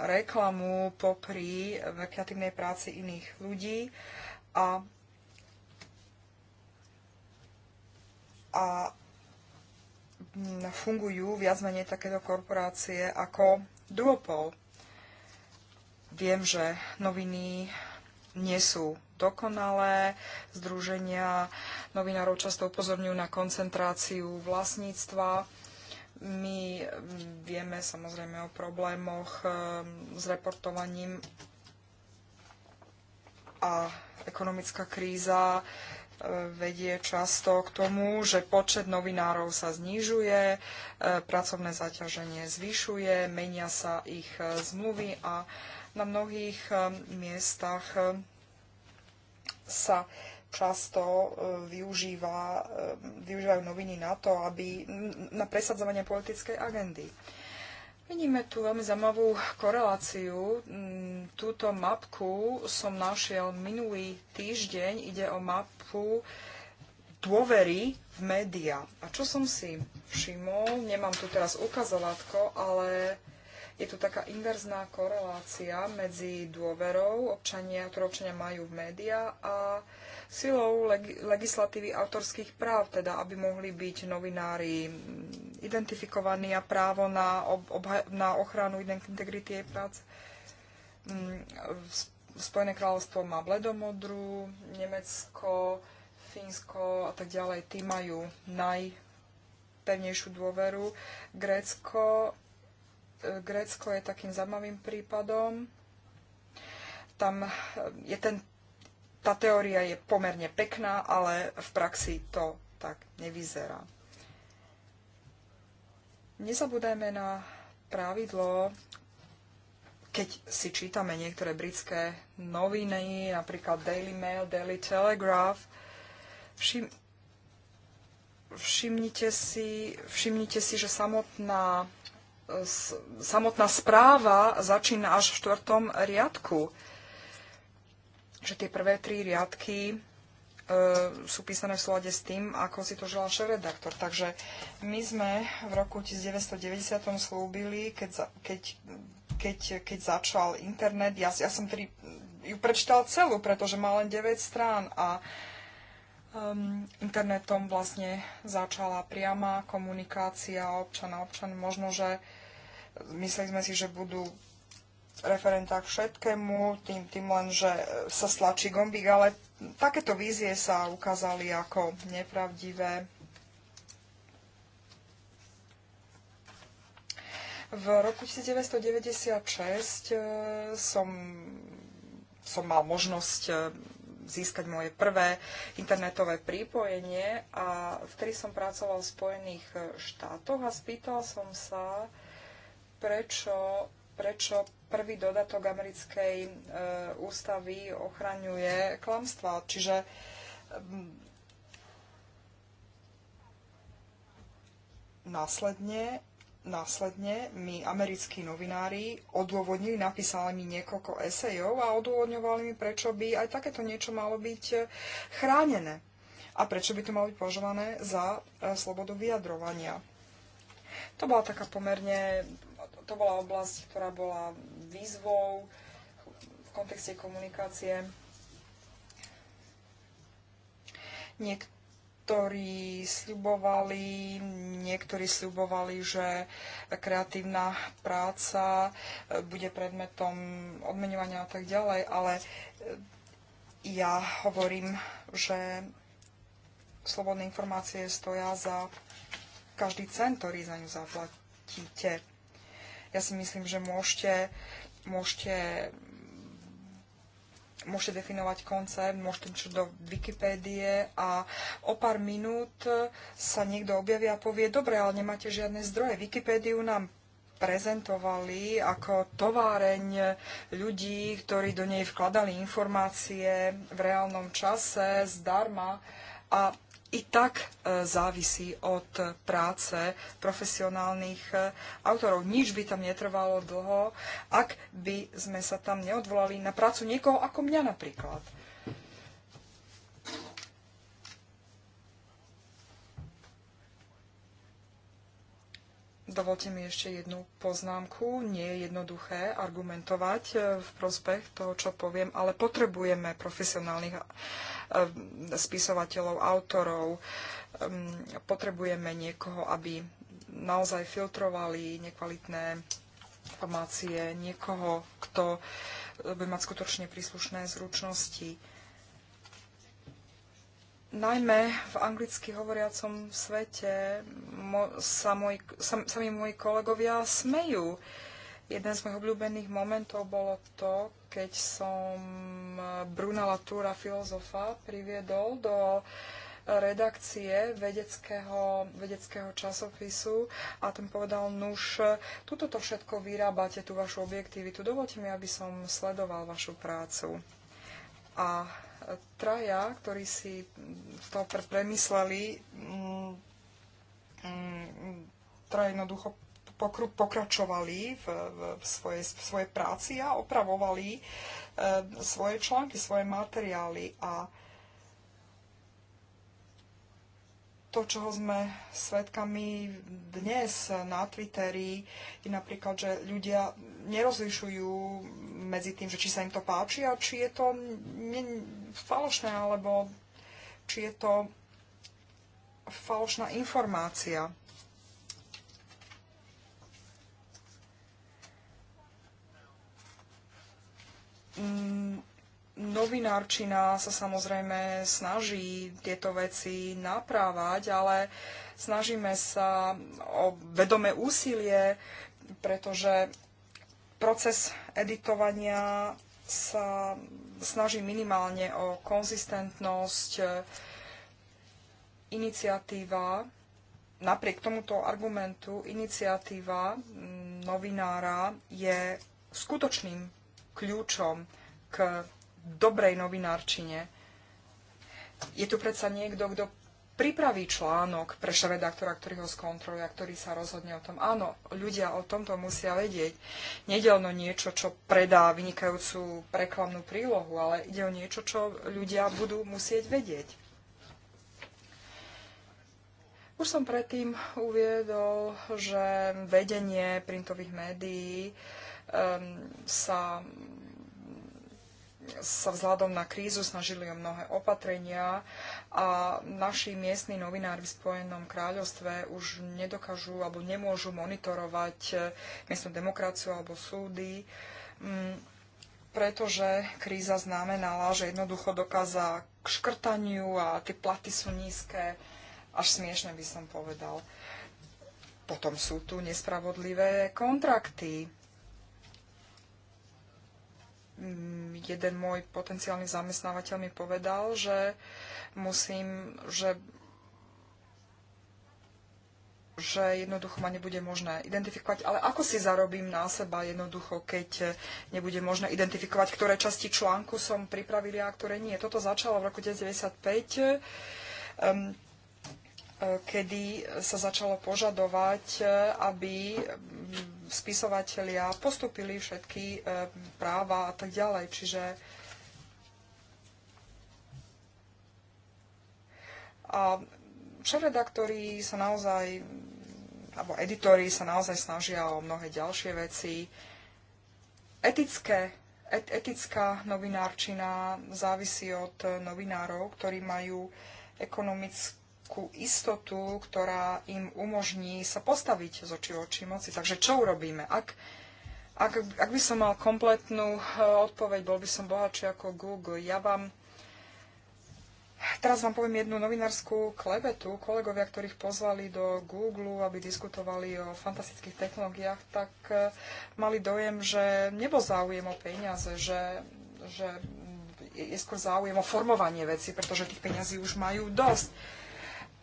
reklamu popri kreatívnej práci iných ľudí a, a fungujú viac menej takéto korporácie ako duopol. Viem, že noviny nie sú dokonalé. Združenia novinárov často upozorňujú na koncentráciu vlastníctva. My vieme samozrejme o problémoch s reportovaním a ekonomická kríza vedie často k tomu, že počet novinárov sa znižuje, e, pracovné zaťaženie zvyšuje, menia sa ich e, zmluvy a na mnohých e, miestach sa často využíva, využívajú noviny na to, aby na presadzovanie politickej agendy. Vidíme tu veľmi zaujímavú koreláciu. Mm, túto mapku som našiel minulý týždeň. Ide o mapu dôvery v médiá. A čo som si všimol, nemám tu teraz ukazovatko, ale je tu taká inverzná korelácia medzi dôverou, občania, ktorú občania majú v médiá a silou leg- legislatívy autorských práv, teda aby mohli byť novinári identifikovaní a právo na, ob- na ochranu integrity jej práce. Mm, Spojené kráľovstvo má bledomodru, Nemecko, Fínsko a tak ďalej, tí majú najpevnejšiu dôveru. Grécko Grécko je takým zaujímavým prípadom. Tam eh, je ten, tá teória je pomerne pekná, ale v praxi to tak nevyzerá. Nezabúdajme na pravidlo, keď si čítame niektoré britské noviny, napríklad Daily Mail, Daily Telegraph, všim, všimnite, si, všimnite si, že samotná samotná správa začína až v štvrtom riadku. Že tie prvé tri riadky e, sú písané v súlade s tým, ako si to želal šéf-redaktor. Takže my sme v roku 1990 slúbili, keď, za, keď, keď, keď začal internet, ja, ja som tedy ju prečítal celú, pretože má len 9 strán a um, internetom vlastne začala priama komunikácia občana občan. Možno, že uh, Mysleli sme si, že budú referenta k všetkému, tým, tým len, že e, sa stlačí gombík, ale takéto vízie sa ukázali ako nepravdivé. V roku 1996 e, som, som mal možnosť e, získať moje prvé internetové prípojenie a vtedy som pracoval v Spojených štátoch a spýtal som sa, prečo, prečo prvý dodatok americkej e, ústavy ochraňuje klamstva. Čiže mm, následne, následne mi americkí novinári odôvodnili, napísali mi niekoľko esejov a odôvodňovali mi, prečo by aj takéto niečo malo byť e, chránené a prečo by to malo byť považované za e, slobodu vyjadrovania. To bola taká pomerne to bola oblasť, ktorá bola výzvou v kontexte komunikácie. Niektorí sľubovali, niektorí sľubovali, že kreatívna práca e, bude predmetom odmenovania a tak ďalej, ale e, ja hovorím, že slobodné informácie stoja za každý cent, ktorý za ňu zaplatíte. Ja si myslím, že môžete, môžete, môžete definovať koncept, môžete čo do Wikipédie a o pár minút sa niekto objaví a povie, dobre, ale nemáte žiadne zdroje. Wikipédiu nám prezentovali ako továreň ľudí, ktorí do nej vkladali informácie v reálnom čase zdarma. A i tak e, závisí od práce profesionálnych e, autorov. Nič by tam netrvalo dlho, ak by sme sa tam neodvolali na prácu niekoho ako mňa napríklad. Dovolte mi ešte jednu poznámku. Nie je jednoduché argumentovať e, v prospech toho, čo poviem, ale potrebujeme profesionálnych e, spisovateľov, autorov. Potrebujeme niekoho, aby naozaj filtrovali nekvalitné informácie, niekoho, kto e, bude mať skutočne príslušné zručnosti najmä v anglicky hovoriacom svete mo, sa, môj, sa, sami moji kolegovia smejú. Jeden z mojich obľúbených momentov bolo to, keď som Bruna Latúra, filozofa, priviedol do redakcie vedeckého, vedeckého časopisu a ten povedal, nuž, tuto to všetko vyrábate, tú vašu objektivitu, dovolte mi, aby som sledoval vašu prácu. A traja, ktorí si to premysleli, mm, mm, traja jednoducho pokračovali v, v, v, svojej, v svojej práci a opravovali e, svoje články, svoje materiály a e, to, čoho sme svedkami dnes na Twitteri, je napríklad, že ľudia nerozlišujú medzi tým, že či sa im to páči a či je to ne- falošné, alebo či je to falošná informácia. Mm novinárčina sa samozrejme snaží tieto veci naprávať, ale snažíme sa o vedomé úsilie, pretože proces editovania sa snaží minimálne o konzistentnosť e, iniciatíva, napriek tomuto argumentu, iniciatíva novinára je skutočným kľúčom k dobrej novinárčine. Je tu predsa niekto, kto pripraví článok pre redaktora, ktorý ho skontroluje a ktorý sa rozhodne o tom. Áno, ľudia o tomto musia vedieť. Nejde o niečo, čo predá vynikajúcu reklamnú prílohu, ale ide o niečo, čo ľudia budú musieť vedieť. Už som predtým uviedol, že vedenie printových médií um, sa sa vzhľadom na krízu snažili o mnohé opatrenia a naši miestni novinári v Spojenom kráľovstve už nedokážu alebo nemôžu monitorovať eh, miestnu demokraciu alebo súdy, mm, pretože kríza znamenala, že jednoducho dokáza k škrtaniu a tie platy sú nízke, až smiešne by som povedal. Potom sú tu nespravodlivé kontrakty, Mm, jeden môj potenciálny zamestnávateľ mi povedal, že musím, že že jednoducho ma nebude možné identifikovať. Ale ako si zarobím na seba jednoducho, keď nebude možné identifikovať, ktoré časti článku som pripravili a ktoré nie. Toto začalo v roku 1995. Um, kedy sa začalo požadovať, e, aby mm, spisovatelia postupili všetky e, práva a tak ďalej. Čiže a šeredaktori sa naozaj, alebo editori sa naozaj snažia o mnohé ďalšie veci. Etické, et, etická novinárčina závisí od novinárov, ktorí majú ekonomickú takú istotu, ktorá im umožní sa postaviť z očí oči moci. Takže čo urobíme? Ak, ak, ak by som mal kompletnú eh, odpoveď, bol by som bohatší ako Google. Ja vám Teraz vám poviem jednu novinárskú klebetu. Kolegovia, ktorých pozvali do Google, aby diskutovali o fantastických technológiách, tak eh, mali dojem, že nebol záujem o peniaze, že, že je skôr záujem o formovanie veci, pretože tých peňazí už majú dosť.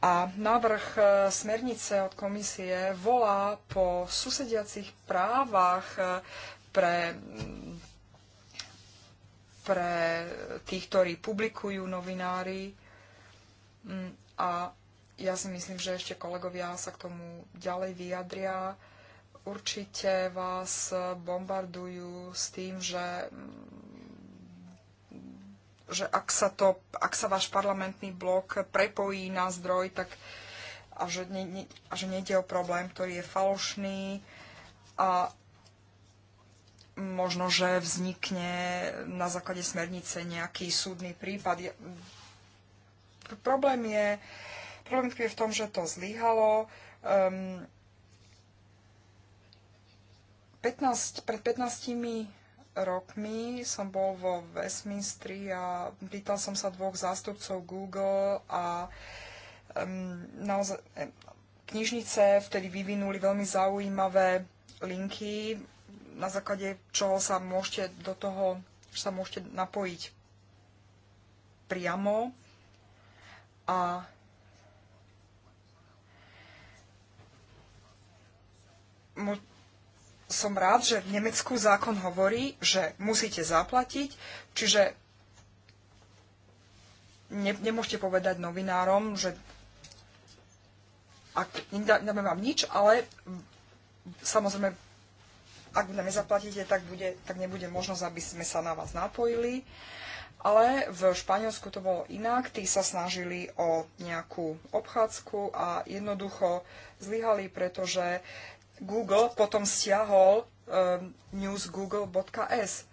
A návrh e, smernice od komisie volá po susediacich právach e, pre, pre tých, ktorí publikujú novinári. Mm, a ja si myslím, že ešte kolegovia sa k tomu ďalej vyjadria. Určite vás bombardujú s tým, že mm, že ak sa, to, ak sa váš parlamentný blok prepojí na zdroj, tak a že, ne, ne, a že nejde o problém, ktorý je falošný a možno, že vznikne na základe smernice nejaký súdny prípad. Problém je, problém je v tom, že to zlyhalo. Um, ehm, 15, pred 15 rokmi som bol vo Westminstri a pýtal som sa dvoch zástupcov Google a um, naozaj, knižnice vtedy vyvinuli veľmi zaujímavé linky, na základe čoho sa môžete do toho sa môžete napojiť priamo a som rád, že v Nemecku zákon hovorí, že musíte zaplatiť, čiže ne, nemôžete povedať novinárom, že ak nedáme vám nič, ale samozrejme, ak nám nezaplatíte, tak, bude, tak nebude možnosť, aby sme sa na vás napojili. Ale v Španielsku to bolo inak. Tí sa snažili o nejakú obchádzku a jednoducho zlyhali, pretože Google potom stiahol eh, newsgoogle.s.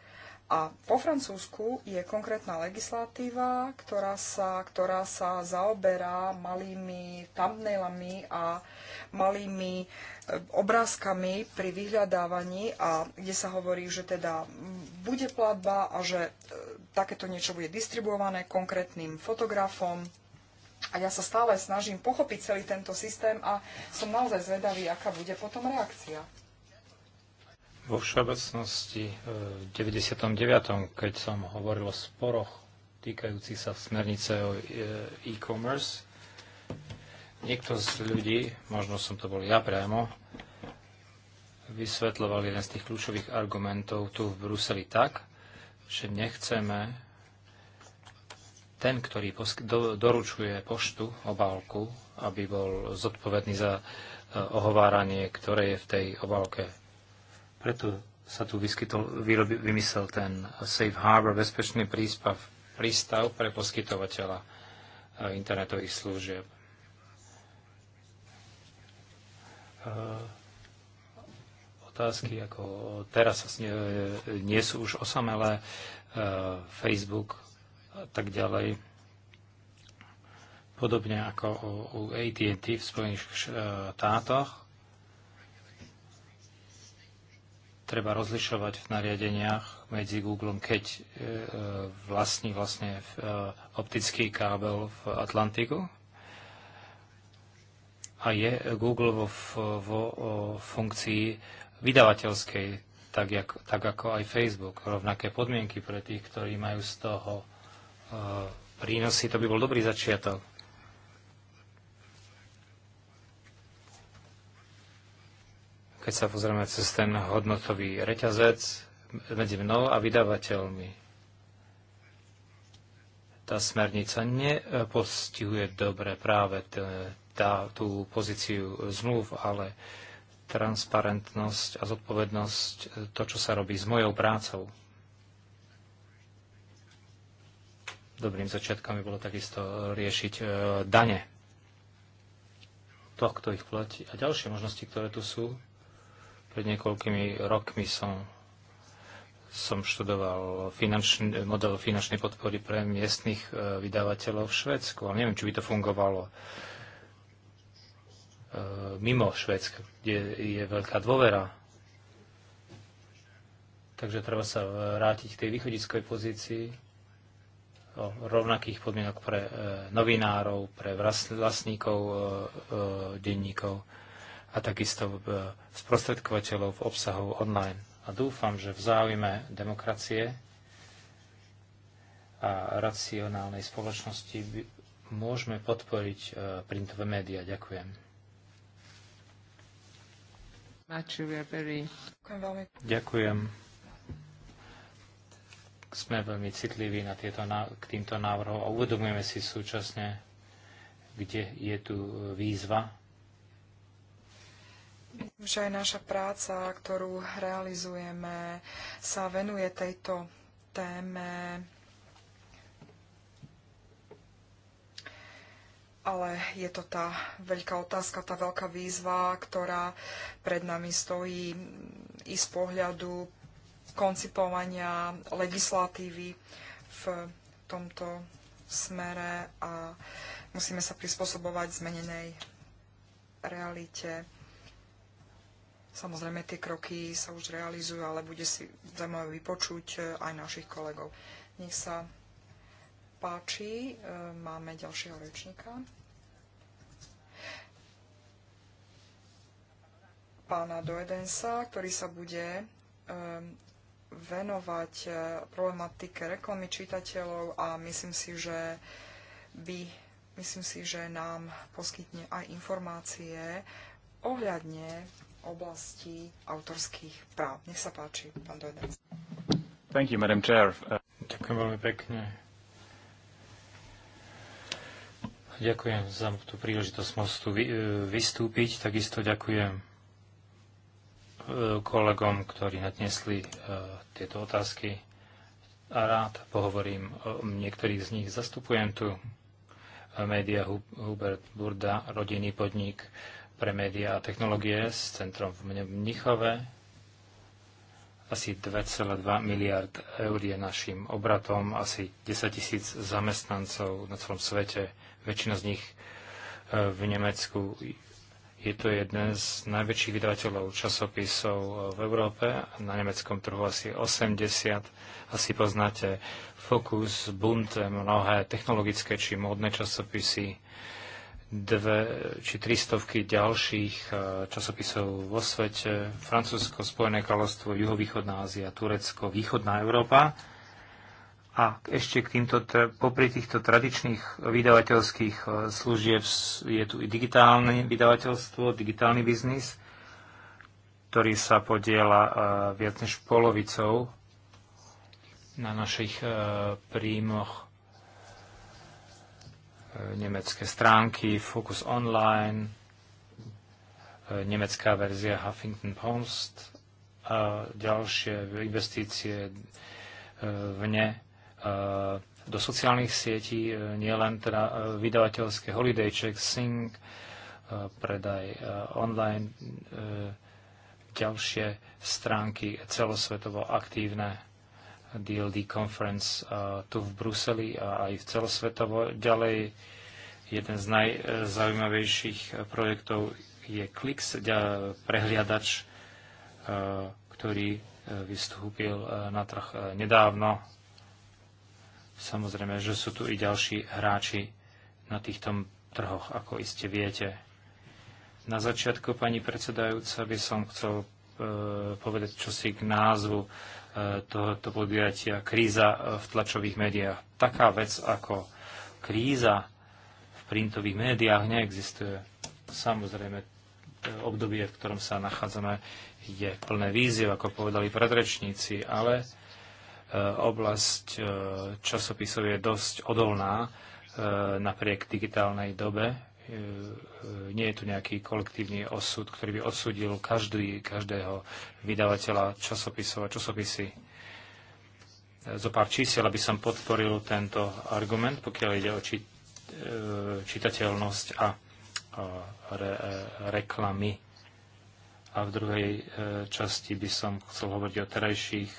A po Francúzsku je konkrétna legislatíva, ktorá sa, ktorá sa zaoberá malými thumbnailami a malými eh, obrázkami pri vyhľadávaní a kde sa hovorí, že teda bude platba a že eh, takéto niečo bude distribuované konkrétnym fotografom a ja sa stále snažím pochopiť celý tento systém a som naozaj zvedavý, aká bude potom reakcia. Vo všeobecnosti eh, v 99. keď som hovoril o sporoch týkajúcich sa smernice o eh, e-commerce, niekto z ľudí, možno som to bol ja priamo, vysvetľoval jeden z tých kľúčových argumentov tu v Bruseli tak, že nechceme ten, ktorý do, doručuje poštu, obálku, aby bol zodpovedný za e, ohováranie, ktoré je v tej obálke. Preto sa tu vyskytol, vyrobi, vymyslel ten Safe Harbor, bezpečný prístav, prístav pre poskytovateľa e, internetových služieb. E, otázky ako teraz nie sú už osamelé. Facebook a tak ďalej. Podobne ako u AT&T v Spojených štátoch. E, treba rozlišovať v nariadeniach medzi Googlem, keď e, vlastní vlastne e, optický kábel v Atlantiku, a je Google vo, vo funkcii vydavateľskej, tak, jak, tak ako aj Facebook. Rovnaké podmienky pre tých, ktorí majú z toho prínosy, to by bol dobrý začiatok. Keď sa pozrieme cez ten hodnotový reťazec medzi mnou a vydavateľmi. Tá smernica nepostihuje dobre práve tá, tú pozíciu zmluv, ale transparentnosť a zodpovednosť to, čo sa robí s mojou prácou. Dobrým začiatkom by bolo takisto riešiť e, dane. To, kto ich platí. A ďalšie možnosti, ktoré tu sú. Pred niekoľkými rokmi som, som študoval finančný, e, model finančnej podpory pre miestnych e, vydavateľov v Švedsku, ale neviem, či by to fungovalo e, mimo Švedska, kde je veľká dôvera Takže treba sa vrátiť k tej východiskovej pozícii o rovnakých podmienok pre e, novinárov, pre vlastníkov e, e, denníkov a takisto sprostredkovateľov obsahov online. A dúfam, že v záujme demokracie a racionálnej spoločnosti môžeme podporiť printové médiá. Ďakujem. Ďakujem sme veľmi citliví na tieto, k týmto návrhom a uvedomujeme si súčasne, kde je tu e, výzva. Myslím, že aj naša práca, ktorú realizujeme, sa venuje tejto téme. Ale je to tá veľká otázka, tá veľká výzva, ktorá pred nami stojí i z pohľadu koncipovania legislatívy v tomto smere a musíme sa prispôsobovať zmenenej realite. Samozrejme, tie kroky sa už realizujú, ale bude si zaujímavé vypočuť e, aj našich kolegov. Nech sa páči, e, máme ďalšieho rečníka. Pána Doedensa, ktorý sa bude e, venovať e, problematike reklamy čitateľov a myslím si, že by, myslím si, že nám poskytne aj informácie ohľadne oblasti autorských práv. Nech sa páči, pán Dojdec. Thank you, Madam Chair. Ďakujem veľmi pekne. Ďakujem za tú príležitosť môcť tu e, vystúpiť. Takisto ďakujem kolegom, ktorí nadnesli e, tieto otázky a rád pohovorím o niektorých z nich. Zastupujem tu e, média Hubert Burda, rodinný podnik pre média a technológie s centrom v Mnichove. Asi 2,2 miliard eur je našim obratom, asi 10 tisíc zamestnancov na celom svete, väčšina z nich e, v Nemecku, je to jeden z najväčších vydavateľov časopisov e, v Európe, na nemeckom trhu asi 80. Asi poznáte Focus, Bund, e, mnohé technologické či módne časopisy, dve či tri stovky ďalších e, časopisov vo svete, Francúzsko, Spojené kráľovstvo, Juhovýchodná Ázia, Turecko, Východná Európa a ešte k týmto, popri týchto tradičných vydavateľských e, služieb je tu i digitálne vydavateľstvo, digitálny biznis, ktorý sa podiela e, viac než polovicou na našich e, príjmoch nemecké stránky, Focus Online, nemecká verzia Huffington Post a ďalšie investície vne E, do sociálnych sietí, e, nielen teda e, vydavateľské Holiday Check, Sync, predaj online, ďalšie stránky celosvetovo aktívne DLD Conference tu v Bruseli a aj v celosvetovo. Ďalej jeden z najzaujímavejších projektov je Klix, prehliadač, ktorý vystúpil na trh nedávno Samozrejme, že sú tu i ďalší hráči na týchto trhoch, ako iste viete. Na začiatku, pani predsedajúca, by som chcel e, povedať čosi k názvu e, tohoto podujatia kríza v tlačových médiách. Taká vec ako kríza v printových médiách neexistuje. Samozrejme, e, obdobie, v ktorom sa nachádzame, je plné víziev, ako povedali predrečníci, ale Eh, oblasť eh, časopisov je dosť odolná eh, napriek digitálnej dobe. Nie je tu nejaký kolektívny osud, ktorý by odsudil každý, každého vydavateľa časopisov a časopisy. Zo pár čísel, aby som podporil tento argument, pokiaľ ide o či, čitateľnosť a re, reklamy. A v druhej časti by som chcel hovoriť o terajších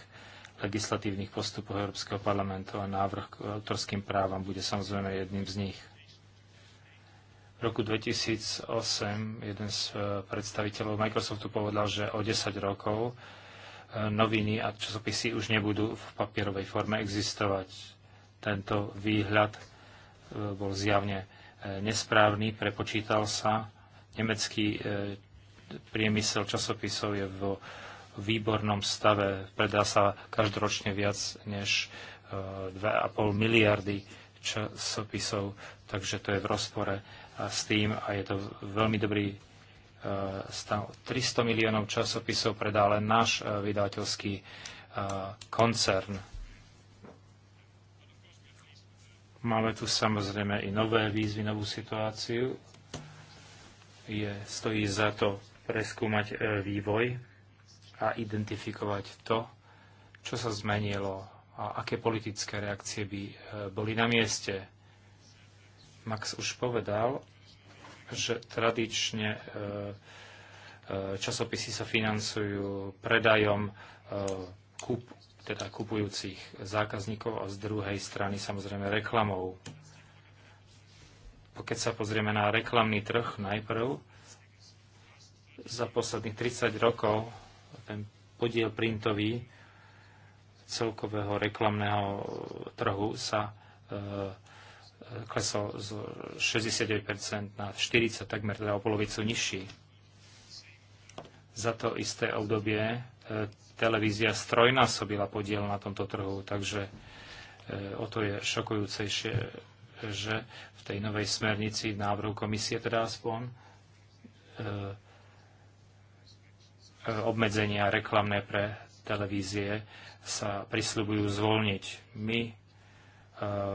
legislatívnych postupov Európskeho parlamentu a návrh k autorským právam bude samozrejme jedným z nich. V roku 2008 jeden z eh, predstaviteľov Microsoftu povedal, že o 10 rokov eh, noviny a časopisy už nebudú v papierovej forme existovať. Tento výhľad eh, bol zjavne nesprávny, prepočítal sa. Nemecký priemysel časopisov je vo výbornom stave. Predá sa každoročne viac než 2,5 eh, miliardy časopisov, takže to je v rozpore eh, s tým a je to veľmi dobrý eh, stav. 300 miliónov časopisov predá len náš vydateľský koncern. Máme tu samozrejme i nové výzvy, novú situáciu. Je, stojí za to preskúmať vývoj a identifikovať to, čo sa zmenilo a aké politické reakcie by e, boli na mieste. Max už povedal, že tradične e, e, časopisy sa financujú predajom kúp, teda kupujúcich zákazníkov a z druhej strany samozrejme reklamou. Keď sa pozrieme na reklamný trh najprv, za posledných 30 rokov ten podiel printový celkového reklamného trhu sa e, e klesol z 69% na 40, takmer teda o polovicu nižší. Za to isté obdobie e, televízia strojnásobila podiel na tomto trhu, takže e, o to je šokujúcejšie, že v tej novej smernici návrhu komisie teda aspoň e, obmedzenia reklamné pre televízie sa prisľubujú zvolniť. My e,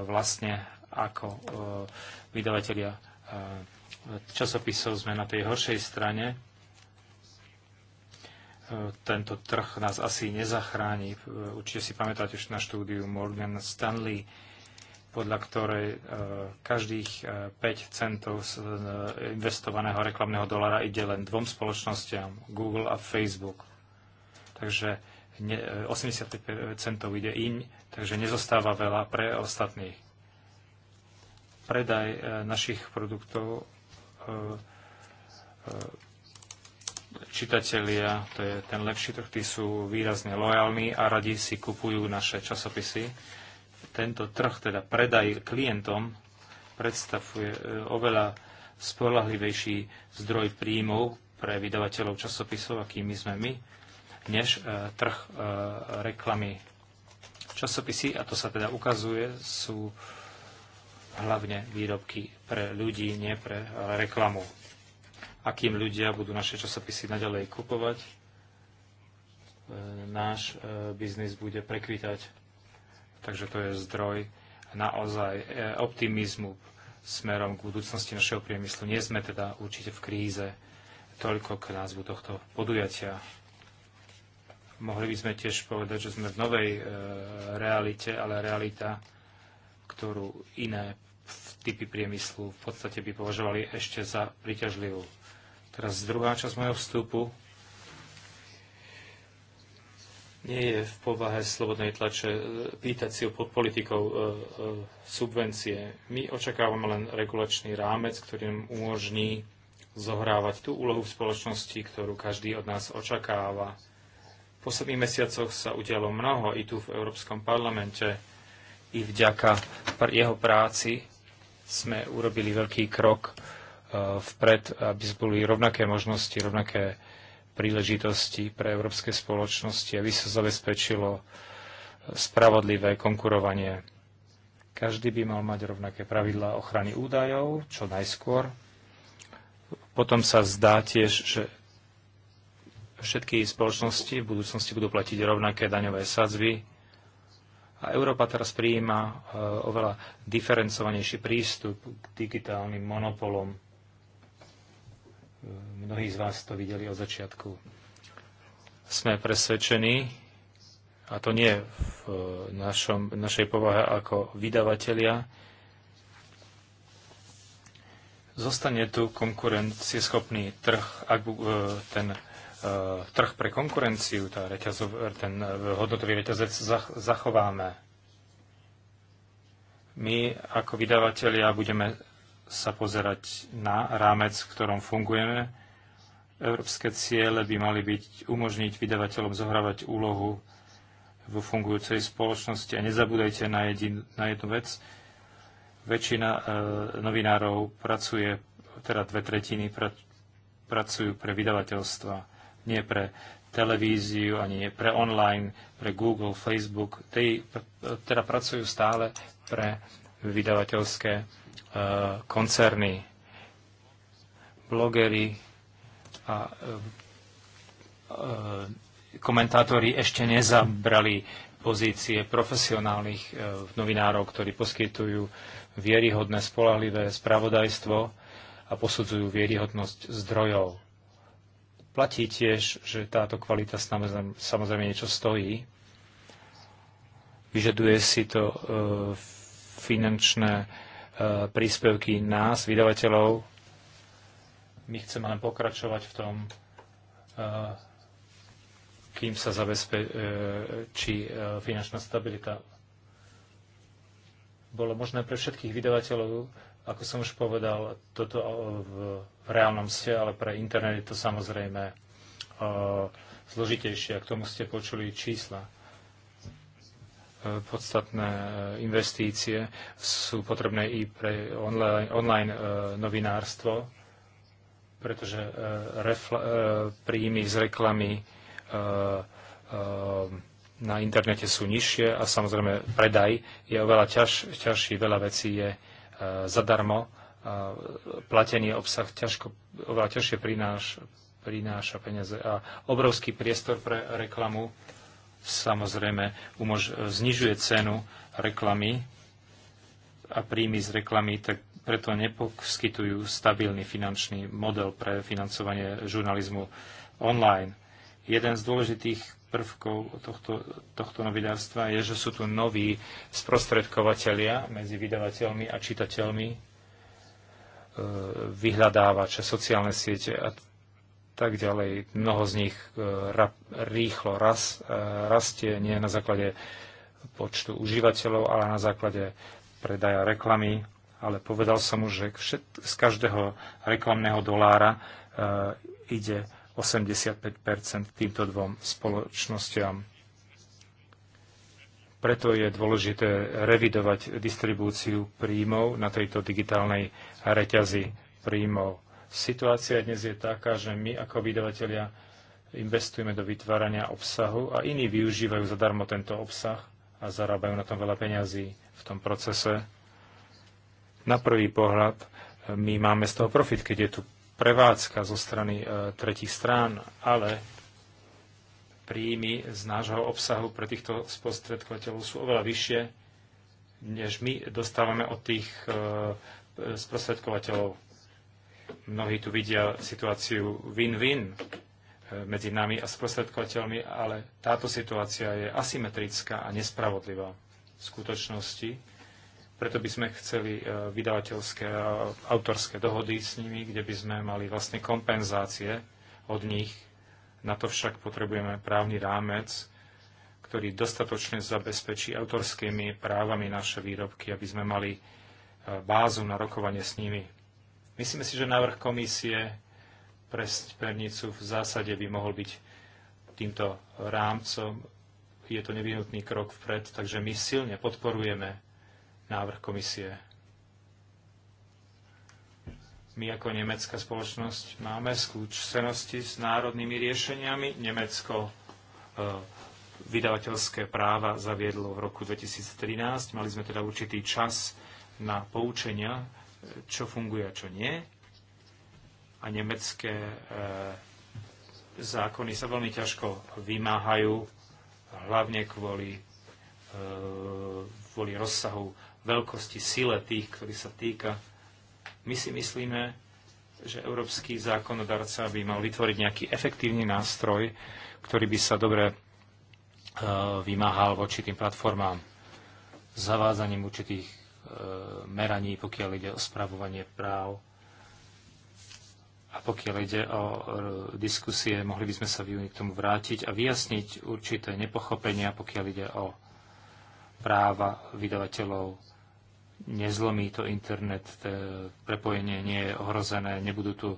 vlastne ako e, vydavatelia e, časopisov sme na tej horšej strane. Tento trh nás asi nezachráni. Určite si pamätáte na štúdiu Morgan Stanley, podľa ktorej e, každých 5 e, centov z e, investovaného reklamného dolara ide len dvom spoločnostiam, Google a Facebook. Takže 85 centov ide im, takže nezostáva veľa pre ostatných. Predaj našich produktov čitatelia, to je ten lepší trh, tí sú výrazne lojálni a radi si kupujú naše časopisy tento trh, teda predaj klientom, predstavuje e, oveľa spolahlivejší zdroj príjmov pre vydavateľov časopisov, akými sme my, než e, trh e, reklamy. Časopisy, a to sa teda ukazuje, sú hlavne výrobky pre ľudí, nie pre reklamu. Akým ľudia budú naše časopisy naďalej kupovať, náš biznis bude prekvitať Takže to je zdroj naozaj e, optimizmu smerom k budúcnosti našeho priemyslu. Nie sme teda určite v kríze. Toľko k názvu tohto podujatia. Mohli by sme tiež povedať, že sme v novej e, realite, ale realita, ktorú iné typy priemyslu v podstate by považovali ešte za priťažlivú. Teraz druhá časť mojho vstupu nie je v povahe slobodnej tlače e, pýtať si pod politikou e, e, subvencie. My očakávame len regulačný rámec, ktorý nám umožní zohrávať tú úlohu v spoločnosti, ktorú každý od nás očakáva. V posledných mesiacoch sa udialo mnoho i tu v Európskom parlamente. I vďaka jeho práci sme urobili veľký krok vpred, aby boli rovnaké možnosti, rovnaké príležitosti pre európske spoločnosti, aby sa zabezpečilo spravodlivé konkurovanie. Každý by mal mať rovnaké pravidlá ochrany údajov, čo najskôr. Potom sa zdá tiež, že všetky spoločnosti v budúcnosti budú platiť rovnaké daňové sadzby. A Európa teraz prijíma e, oveľa diferencovanejší prístup k digitálnym monopolom Mnohí z vás to videli od začiatku. Sme presvedčení, a to nie v e, našom, našej povahe ako vydavatelia, zostane tu konkurencieschopný trh, ak e, ten e, trh pre konkurenciu, tá reťazov, ten hodnotový reťazec zachováme. My ako vydavatelia budeme sa pozerať na rámec, v ktorom fungujeme. Európske ciele by mali byť umožniť vydavateľom zohrávať úlohu vo fungujúcej spoločnosti. A nezabúdajte na, jedin, na jednu vec. Väčšina e, novinárov pracuje, teda dve tretiny pra, pracujú pre vydavateľstva, nie pre televíziu, ani nie pre online, pre Google, Facebook. Tej, e, e, teda pracujú stále pre vydavateľské E, koncerny, blogery a e, e, komentátori ešte nezabrali pozície profesionálnych novinárov, ktorí poskytujú vieryhodné, spolahlivé spravodajstvo a posudzujú vieryhodnosť zdrojov. Platí tiež, že táto kvalita samozrejme niečo stojí. Vyžaduje si to finančné Eh, príspevky nás, vydavateľov. My chceme len pokračovať v tom, eh, kým sa zabezpečí eh, finančná stabilita. Bolo možné pre všetkých vydavateľov, ako som už povedal, toto v, reálnom ste, ale pre internet je to samozrejme zložitejšie. A k tomu ste počuli čísla podstatné eh, investície sú potrebné i pre online, online eh, novinárstvo, pretože eh, príjmy z reklamy na internete sú nižšie a samozrejme predaj je oveľa ťaž, ťažší, veľa vecí je zadarmo, platenie obsah ťažko, oveľa ťažšie prináš, prináša peniaze a obrovský priestor pre reklamu samozrejme umož- znižuje cenu reklamy a príjmy z reklamy, tak preto neposkytujú stabilný finančný model pre financovanie žurnalizmu online. Jeden z dôležitých prvkov tohto, tohto novinárstva je, že sú tu noví sprostredkovateľia medzi vydavateľmi a čitateľmi, e, vyhľadávače, sociálne siete a tak ďalej. Mnoho z nich e, rýchlo ras, e, rastie, nie na základe počtu užívateľov, ale na základe predaja reklamy. Ale povedal som mu, že všet, z každého reklamného dolára e, ide 85 týmto dvom spoločnosťam. Preto je dôležité revidovať distribúciu príjmov na tejto digitálnej reťazi príjmov. Situácia dnes je taká, že my ako vydavatelia investujeme do vytvárania obsahu a iní využívajú zadarmo tento obsah a zarábajú na tom veľa peňazí v tom procese. Na prvý pohľad e, my máme z toho profit, keď je tu prevádzka zo strany e, tretich strán, ale príjmy z nášho obsahu pre týchto spostredkovateľov sú oveľa vyššie, než my dostávame od tých e, e sprostredkovateľov. Mnohí tu vidia situáciu win-win e, medzi nami a sprostredkovateľmi, ale táto situácia je asymetrická a nespravodlivá v skutočnosti. Preto by sme chceli e, vydavateľské a autorské dohody s nimi, kde by sme mali vlastne kompenzácie od nich. Na to však potrebujeme právny rámec, ktorý dostatočne zabezpečí autorskými právami naše výrobky, aby sme mali e, bázu na rokovanie s nimi. Myslíme si, že návrh komisie pre smernicu v zásade by mohol byť týmto rámcom. Je to nevyhnutný krok vpred, takže my silne podporujeme návrh komisie. My ako nemecká spoločnosť máme skúsenosti s národnými riešeniami. Nemecko e, vydavateľské práva zaviedlo v roku 2013. Mali sme teda určitý čas na poučenia čo funguje a čo nie. A nemecké e, zákony sa veľmi ťažko vymáhajú, hlavne kvôli, e, kvôli rozsahu veľkosti sile tých, ktorí sa týka. My si myslíme, že európsky zákonodarca by mal vytvoriť nejaký efektívny nástroj, ktorý by sa dobre e, vymáhal voči tým platformám zavádzaním určitých E, meraní, pokiaľ ide o spravovanie práv a pokiaľ ide o diskusie, mohli by sme sa v júni k tomu vrátiť a vyjasniť určité nepochopenia, pokiaľ ide o práva vydavateľov. Nezlomí to internet, prepojenie nie je ohrozené, nebudú tu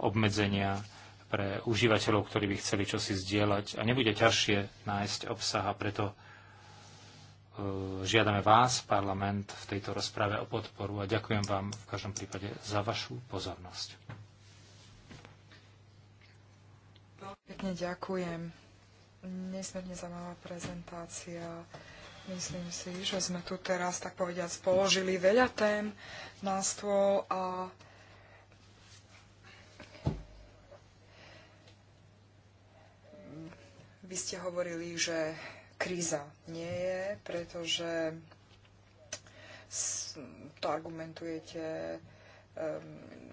obmedzenia pre užívateľov, ktorí by chceli čosi zdieľať a nebude ťažšie nájsť obsah a preto E, žiadame vás, parlament, v tejto rozprave o podporu a ďakujem vám v každom prípade za vašu pozornosť. Pekne ďakujem. Nesmierne zaujímavá prezentácia. Myslím si, že sme tu teraz, tak povediať, položili veľa tém na stôl a vy ste hovorili, že kríza nie je, pretože to argumentujete um,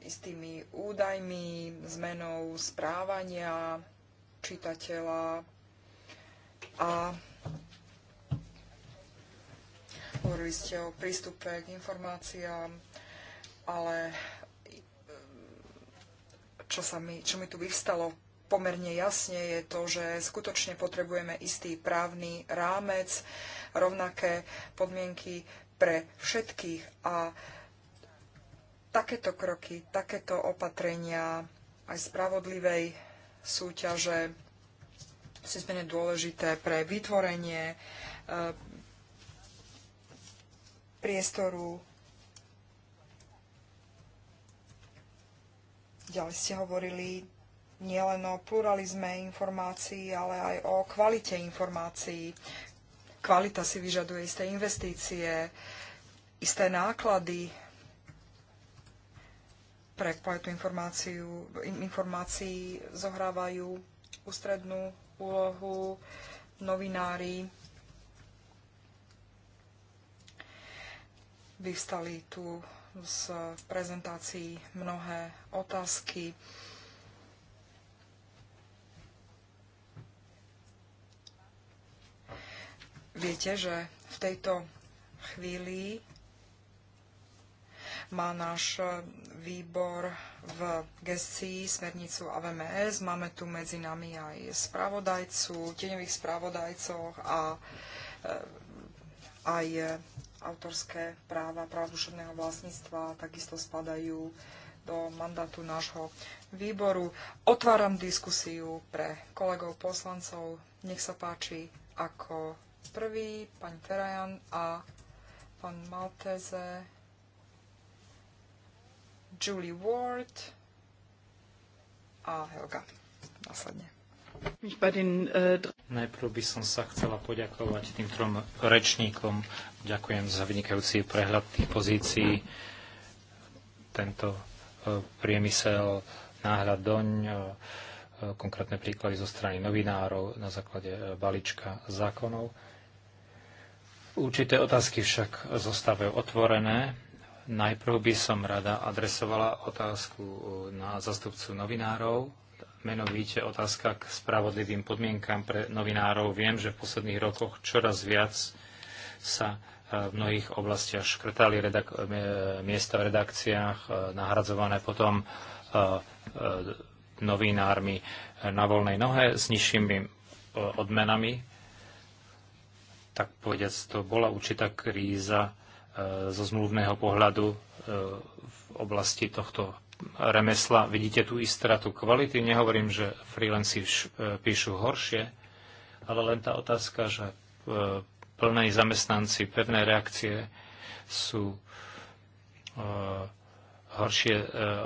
istými údajmi, zmenou správania čitateľa a hovorili ste o prístupe k informáciám, ale um, čo, sa mi, čo mi tu vyvstalo pomerne jasne, je to, že skutočne potrebujeme istý právny rámec, rovnaké podmienky pre všetkých a takéto kroky, takéto opatrenia aj spravodlivej súťaže sú zmene dôležité pre vytvorenie e, priestoru Ďalej ste hovorili nielen o pluralizme informácií, ale aj o kvalite informácií. Kvalita si vyžaduje isté investície, isté náklady pre kvalitu informáciu, informácií zohrávajú ústrednú úlohu novinári. Vyvstali tu z prezentácií mnohé otázky. Viete, že v tejto chvíli má náš e, výbor v gestii smernicu AVMS. Máme tu medzi nami aj spravodajcu, tieňových spravodajcov a e, aj e, autorské práva, práva duševného vlastníctva takisto spadajú do mandátu nášho výboru. Otváram diskusiu pre kolegov poslancov. Nech sa páči, ako prvý, pán Ferajan a pán Malteze, Julie Ward a Helga následne. Najprv by som sa chcela poďakovať tým trom rečníkom. Ďakujem za vynikajúci prehľad tých pozícií. Tento e, priemysel, náhľad doň, e, e, konkrétne príklady zo strany novinárov na základe balíčka zákonov. Určité otázky však zostávajú otvorené. Najprv by som rada adresovala otázku e, na zastupcu novinárov, Menovíte otázka k spravodlivým podmienkám pre novinárov. Viem, že v posledných rokoch čoraz viac sa e, v mnohých oblastiach škrtali redak- e, miesta v redakciách, nahradzované potom novinármi na voľnej nohe s nižšími odmenami tak povediac, to bola určitá kríza e, zo zmluvného pohľadu e, v oblasti tohto remesla. Vidíte tú istratu kvality. Nehovorím, že freelanci e, píšu horšie, ale len tá otázka, že plnej zamestnanci, pevné reakcie sú horšie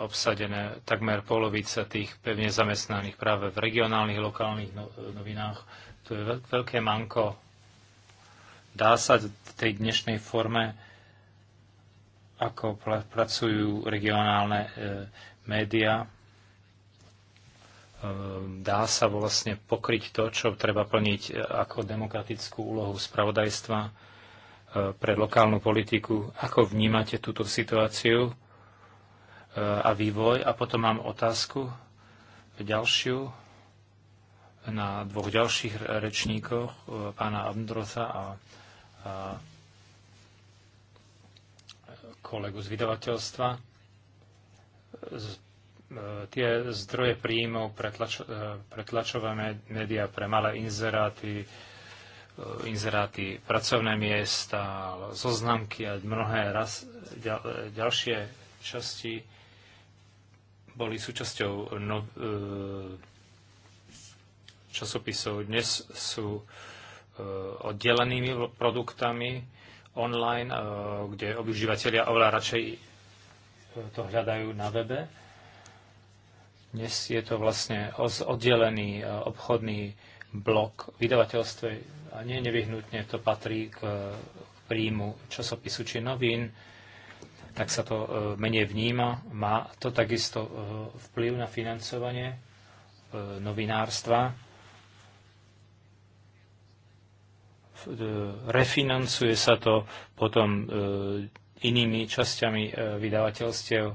obsadené. Takmer polovica tých pevne zamestnaných práve v regionálnych, lokálnych no-, novinách. To je veľké manko Dá sa v tej dnešnej forme, ako pracujú regionálne e, médiá, e, dá sa vlastne pokryť to, čo treba plniť e, ako demokratickú úlohu spravodajstva e, pre lokálnu politiku. Ako vnímate túto situáciu e, a vývoj? A potom mám otázku ďalšiu na dvoch ďalších rečníkoch, e, pána Androsa a kolegu z vydavateľstva. E, tie zdroje príjmov pretlač, e, pretlačované médiá pre malé inzeráty, e, inzeráty, pracovné miesta, zoznamky a mnohé raz, ďal, ďalšie časti boli súčasťou no, časopisov. Dnes sú E, oddelenými produktami online, e, kde obyvateľia oveľa radšej e, to hľadajú na webe. Dnes je to vlastne oddelený obchodný blok vydavateľstve a nie nevyhnutne to patrí k príjmu časopisu či novín, tak sa to menej vníma. Má to takisto vplyv na financovanie novinárstva E, refinancuje sa to potom e, inými časťami e, vydavateľstiev.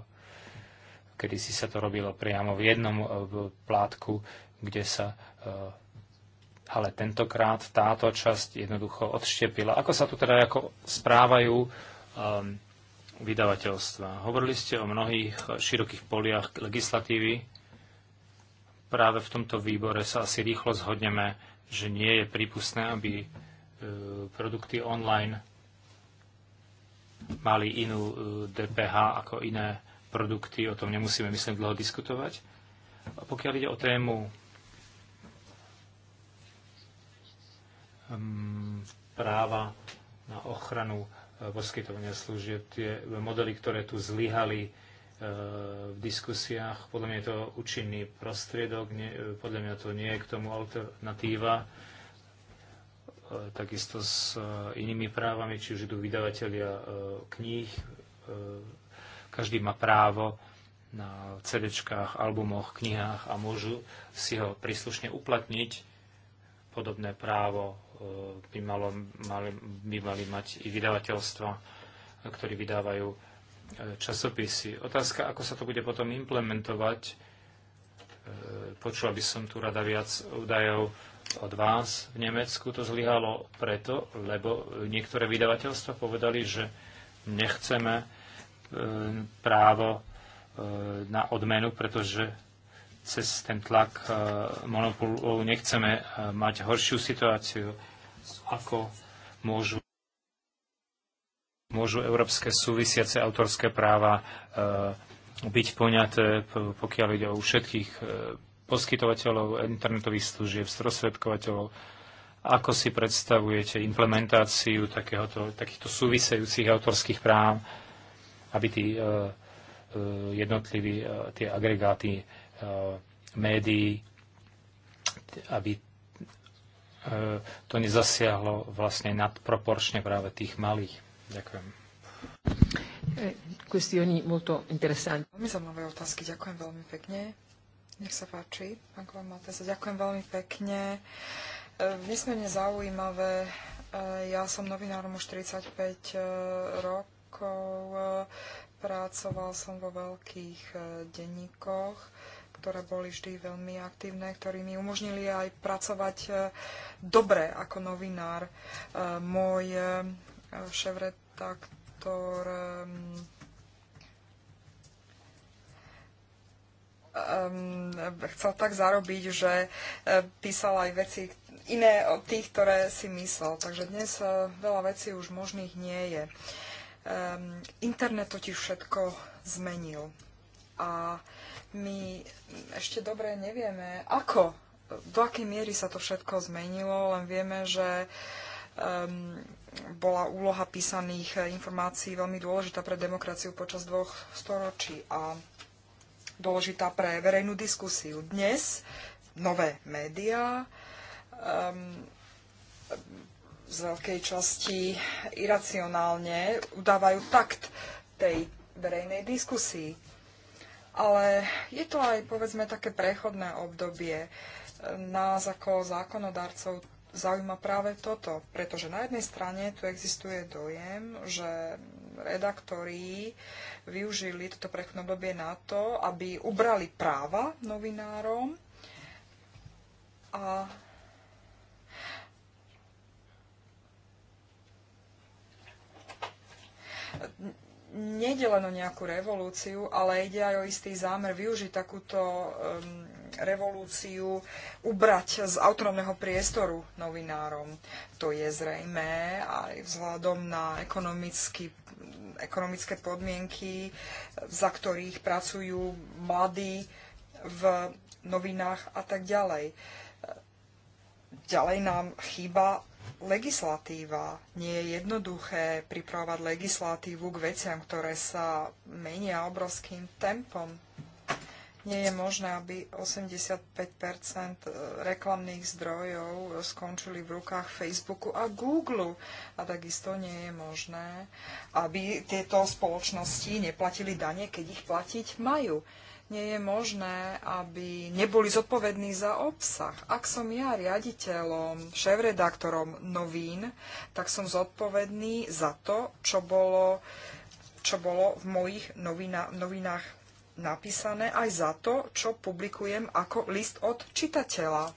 Kedy si sa to robilo priamo v jednom plátku, kde sa ale tentokrát táto časť jednoducho odštepila. Ako sa tu teda ako správajú um, vydavateľstva? Hovorili ste o mnohých širokých poliach legislatívy. Práve v tomto výbore sa asi rýchlo zhodneme, že nie je prípustné, aby E, produkty online mali inú e, DPH ako iné produkty, o tom nemusíme, myslím, dlho diskutovať. A pokiaľ ide o tému práva na ochranu e, poskytovania služieb, tie modely, ktoré tu zlyhali v diskusiách, podľa mňa je to účinný prostriedok, podľa mňa to nie je k tomu alternatíva takisto s e, inými právami, či už idú vydavatelia e, kníh. E, každý má právo na cd albumoch, knihách a môžu si ho príslušne uplatniť. Podobné právo by, malo, mali, by mali mať i vydavateľstva, ktorí vydávajú časopisy. Otázka, ako sa to bude potom implementovať, počula by som tu rada viac údajov od vás v Nemecku to zlyhalo preto, lebo niektoré vydavateľstva povedali, že nechceme e, právo e, na odmenu, pretože cez ten tlak e, monopolu nechceme mať horšiu situáciu, ako môžu, môžu európske súvisiace autorské práva byť poňaté, pokiaľ ide o všetkých poskytovateľov internetových služieb, strosvedkovateľov. Ako si predstavujete implementáciu takéhoto, takýchto súvisejúcich autorských práv, aby tí e, e jednotliví e, tie agregáty e, médií, aby e, to nezasiahlo vlastne nadproporčne práve tých malých. Ďakujem. E, questioni molto interessanti. Veľmi zaujímavé otázky, ďakujem veľmi pekne. Nech sa páči, pán Kovamatesa. Ďakujem veľmi pekne. E, nesmierne zaujímavé. E, ja som novinárom už 35 e, rokov. Pracoval som vo veľkých denníkoch, ktoré boli vždy veľmi aktívne, ktorí mi umožnili aj pracovať dobre ako novinár. Môj šéf-redaktor um, chcel tak zarobiť, že eh, písal aj veci iné od tých, ktoré si myslel. Takže dnes eh, veľa vecí už možných nie je. Um, internet totiž všetko zmenil. A my ešte dobre nevieme, ako, do akej miery sa to všetko zmenilo, len vieme, že um, bola úloha písaných informácií veľmi dôležitá pre demokraciu počas dvoch storočí. A dôležitá pre verejnú diskusiu. Dnes nové médiá um, z veľkej časti iracionálne udávajú takt tej verejnej diskusii. Ale je to aj, povedzme, také prechodné obdobie. Nás ako zákonodarcov zaujíma práve toto, pretože na jednej strane tu existuje dojem, že redaktori využili toto prechodné na to, aby ubrali práva novinárom a nejde len o nejakú revolúciu, ale ide aj o istý zámer využiť takúto um, revolúciu ubrať z autonómneho priestoru novinárom. To je zrejmé aj vzhľadom na ekonomický, ekonomické podmienky, za ktorých pracujú mladí v novinách a tak ďalej. Ďalej nám chýba legislatíva. Nie je jednoduché pripravovať legislatívu k veciam, ktoré sa menia obrovským tempom nie je možné, aby 85 e, reklamných zdrojov skončili v rukách Facebooku a Google. A takisto nie je možné, aby tieto spoločnosti neplatili dane, keď ich platiť majú nie je možné, aby neboli zodpovední za obsah. Ak som ja riaditeľom, šéf-redaktorom novín, tak som zodpovedný za to, čo bolo, čo bolo v mojich novina, novinách napísané aj za to, čo publikujem ako list od čitateľa.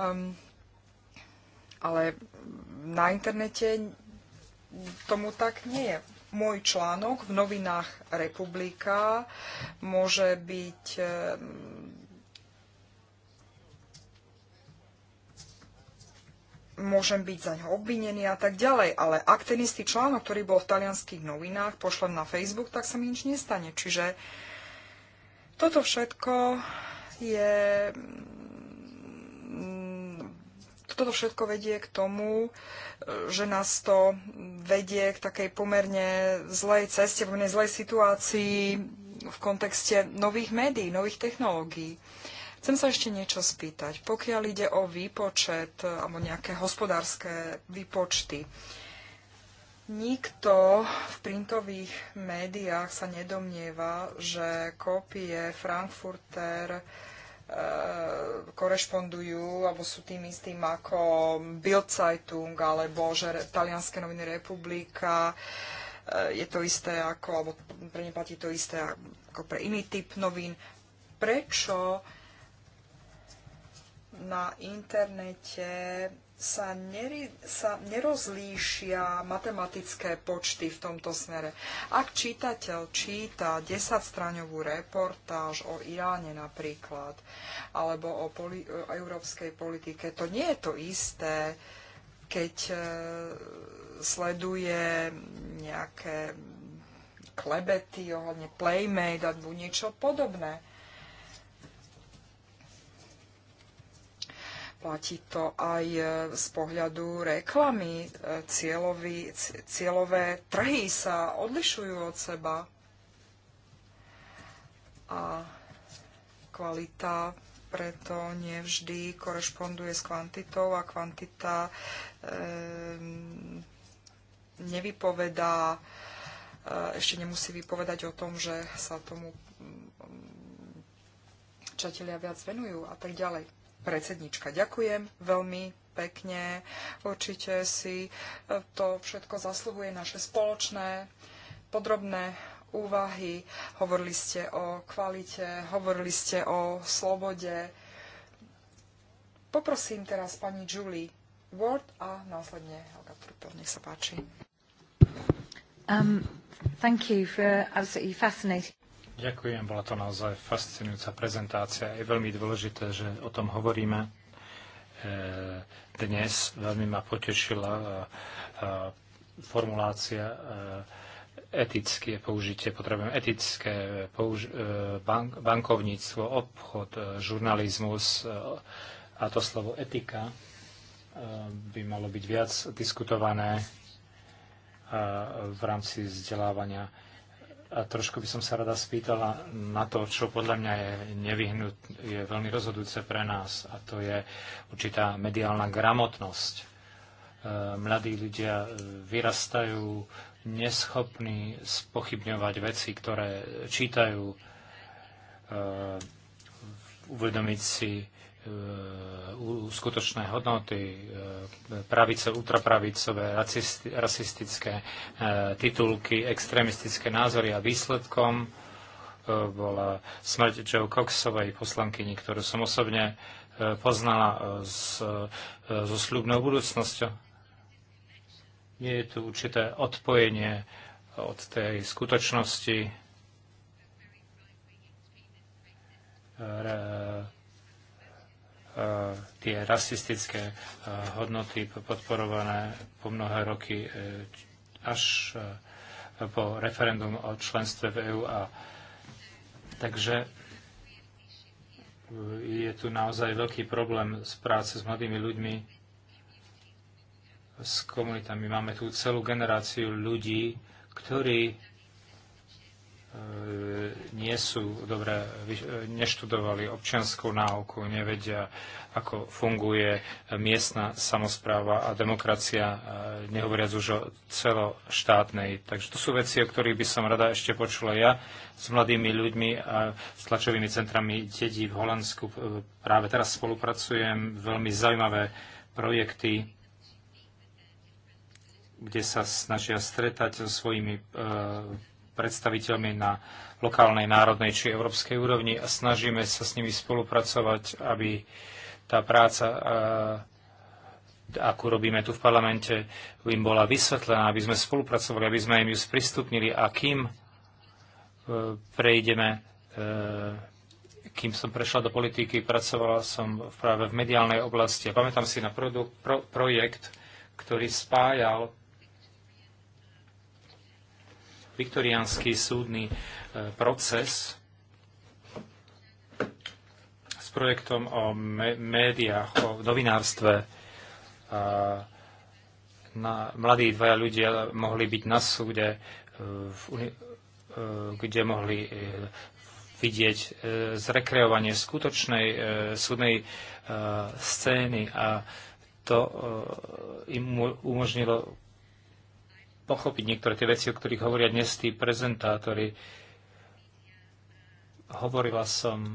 Um, ale na internete tomu tak nie je. Môj článok v novinách Republika môže byť ehm, môžem byť za ňo obvinený a tak ďalej, ale ak ten istý článok, ktorý bol v talianských novinách, pošlem na Facebook, tak sa mi nič nestane. Čiže toto všetko je... Mm, toto všetko vedie k tomu, že nás to vedie k takej pomerne zlej ceste, pomerne zlej situácii v kontexte nových médií, nových technológií. Chcem sa ešte niečo spýtať. Pokiaľ ide o výpočet alebo nejaké hospodárske výpočty, Nikto v printových médiách sa nedomnieva, že kópie Frankfurter e, korešpondujú alebo sú tým istým ako Bildzeitung alebo že talianské noviny Republika e, je to isté ako, alebo pre ne platí to isté ako pre iný typ novín. Prečo na internete sa, neri, sa nerozlíšia matematické počty v tomto smere. Ak čítateľ číta 10-straňovú reportáž o Iráne napríklad, alebo o, poli, o e, európskej politike, to nie je to isté, keď e, sleduje nejaké klebety ohľadne Playmate alebo niečo podobné. Platí to aj e, z pohľadu reklamy. E, Cieľový, cieľové trhy sa odlišujú od seba a kvalita preto nevždy korešponduje s kvantitou a kvantita e, nevypovedá, e, ešte nemusí vypovedať o tom, že sa tomu čatelia viac venujú a tak ďalej. Predsednička, ďakujem veľmi pekne. Určite si e, to všetko zasluhuje naše spoločné podrobné úvahy. Hovorili ste o kvalite, hovorili ste o slobode. Poprosím teraz pani Julie Ward a následne Helga Trupel. Nech sa páči. Um, thank you for absolutely fascinating. Ďakujem, bola to naozaj fascinujúca prezentácia. Je veľmi dôležité, že o tom hovoríme e, dnes. Veľmi ma potešila e, e, formulácia etické použitie. Potrebujeme etické použ- bank- bankovníctvo, obchod, žurnalizmus a to slovo etika by malo byť viac diskutované v rámci vzdelávania a trošku by som sa rada spýtala na to, čo podľa mňa je nevyhnut, je veľmi rozhodujúce pre nás, a to je určitá mediálna gramotnosť. E, mladí ľudia e, vyrastajú neschopní spochybňovať veci, ktoré čítajú, e, uvedomiť si E, skutočné hodnoty, e, pravice, ultrapravicové, rasistické e, titulky, extrémistické názory a výsledkom bola smrť Joe Coxovej poslankyni, ktorú som osobne poznala s, so sľubnou budúcnosťou. Nie je tu určité odpojenie od tej skutočnosti, E, tie rasistické e, hodnoty podporované po mnohé roky e, až po referendum o členstve v EÚ. A takže je tu naozaj veľký problém s práce s mladými ľuďmi, s komunitami. Máme tu celú generáciu ľudí, ktorí E, nie sú dobre, e, neštudovali občianskú náuku, nevedia, ako funguje miestna samozpráva a demokracia, e, nehovoriac už o celoštátnej. Takže to sú veci, o ktorých by som rada ešte počula ja s mladými ľuďmi a s tlačovými centrami detí v Holandsku. Práve teraz spolupracujem, veľmi zaujímavé projekty, kde sa snažia stretať so svojimi predstaviteľmi na lokálnej, národnej či európskej úrovni a snažíme sa s nimi spolupracovať, aby tá práca, e, akú robíme tu v parlamente, im bola vysvetlená, aby sme spolupracovali, aby sme im ju sprístupnili a kým e, prejdeme, e, kým som prešla do politiky, pracovala som práve v mediálnej oblasti a pamätám si na pro, projekt, ktorý spájal viktoriánsky súdny e, proces s projektom o médiách, o novinárstve. E, na, mladí dvaja ľudia mohli byť na súde, e, v, kde mohli vidieť zrekreovanie skutočnej súdnej scény a to im umožnilo pochopiť niektoré tie veci, o ktorých hovoria dnes tí prezentátori. Hovorila som e,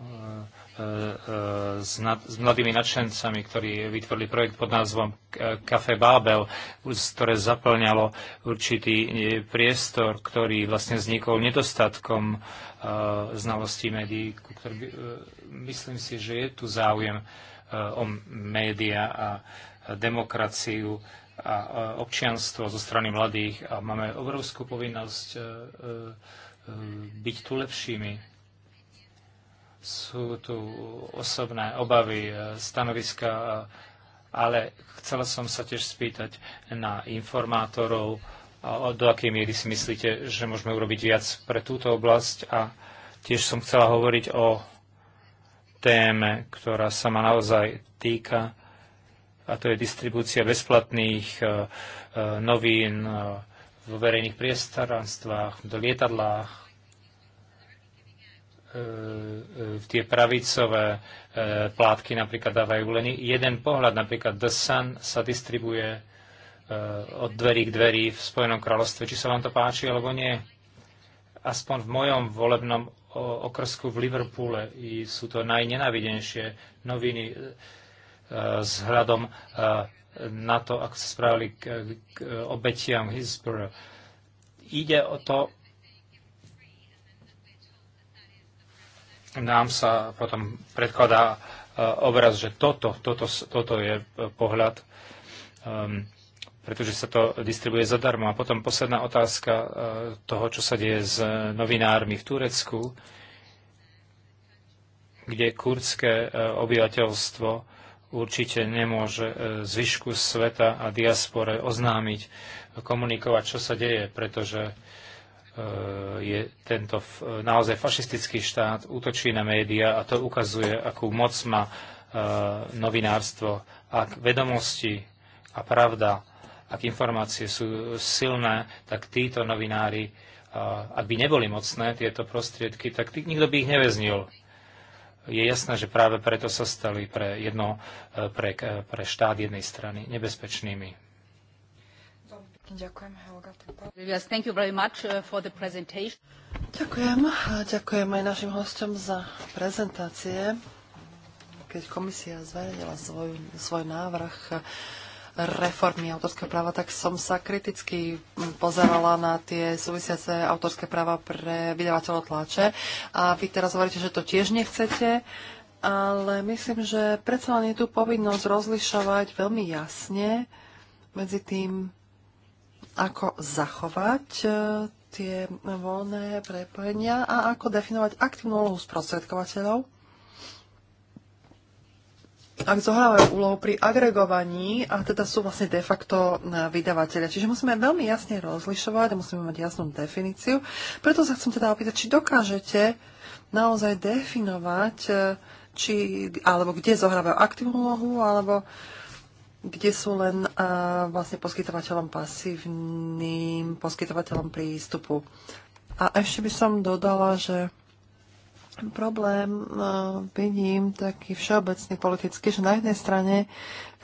e, e, s, mladými nadšencami, ktorí vytvorili projekt pod názvom Café Bábel, ktoré zaplňalo určitý priestor, ktorý vlastne vznikol nedostatkom znalostí médií. Ktorý, myslím si, že je tu záujem o média a demokraciu a občianstvo zo strany mladých a máme obrovskú povinnosť e, e, e, byť tu lepšími. Sú tu osobné obavy, stanoviska, ale chcela som sa tiež spýtať na informátorov, do akej miery si myslíte, že môžeme urobiť viac pre túto oblasť a tiež som chcela hovoriť o téme, ktorá sa ma naozaj týka a to je distribúcia bezplatných e, e, novín e, vo verejných priestoranstvách, v lietadlách, tie pravicové plátky napríklad dávajú len jeden pohľad. Napríklad The Sun sa distribuje od dverí k dverí v Spojenom kráľovstve. Či sa vám to páči alebo nie? Aspoň v mojom volebnom okrsku v Liverpoole sú to najnenávidenšie noviny vzhľadom eh, eh, na to, ako sa správali k, k obetiam Hillsborough. Ide o to, nám sa potom predkladá eh, obraz, že toto, toto, toto je pohľad, um, pretože sa to distribuje zadarmo. A potom posledná otázka uh, toho, čo sa deje s novinármi v Turecku, kde kurdské uh, obyvateľstvo určite nemôže e, zvyšku sveta a diaspore oznámiť, komunikovať, čo sa deje, pretože e, je tento e, naozaj fašistický štát, útočí na médiá a to ukazuje, akú moc má novinárstvo, ak vedomosti a pravda, ak informácie sú silné, tak títo novinári, ak by neboli mocné tieto prostriedky, tak nikto by ich neveznil je jasné, že práve preto sa stali pre, jedno, e, pre, e, pre štát jednej strany nebezpečnými. Ďakujem, Helga. Yes, thank you very much uh, for the presentation. Ďakujem. Ďakujem aj našim hostom za prezentácie. Keď komisia zverejnila svoj, svoj návrh reformy autorského práva, tak som sa kriticky mm, pozerala na tie súvisiace autorské práva pre vydavateľov tlače. A vy teraz hovoríte, že to tiež nechcete, ale myslím, že predsa len je tu povinnosť rozlišovať veľmi jasne medzi tým, ako zachovať e, tie voľné prepojenia a ako definovať aktívnu úlohu sprostredkovateľov ak zohrávajú úlohu pri agregovaní a teda sú vlastne de facto e, vydavateľia. Čiže musíme veľmi jasne rozlišovať, a musíme mať jasnú definíciu. Preto sa chcem teda opýtať, či dokážete naozaj definovať, e, či, alebo kde zohrávajú aktívnu úlohu, alebo kde sú len uh, vlastne poskytovateľom pasívnym, poskytovateľom prístupu. A ešte by som dodala, že problém e, vidím taký všeobecný politický, že na jednej strane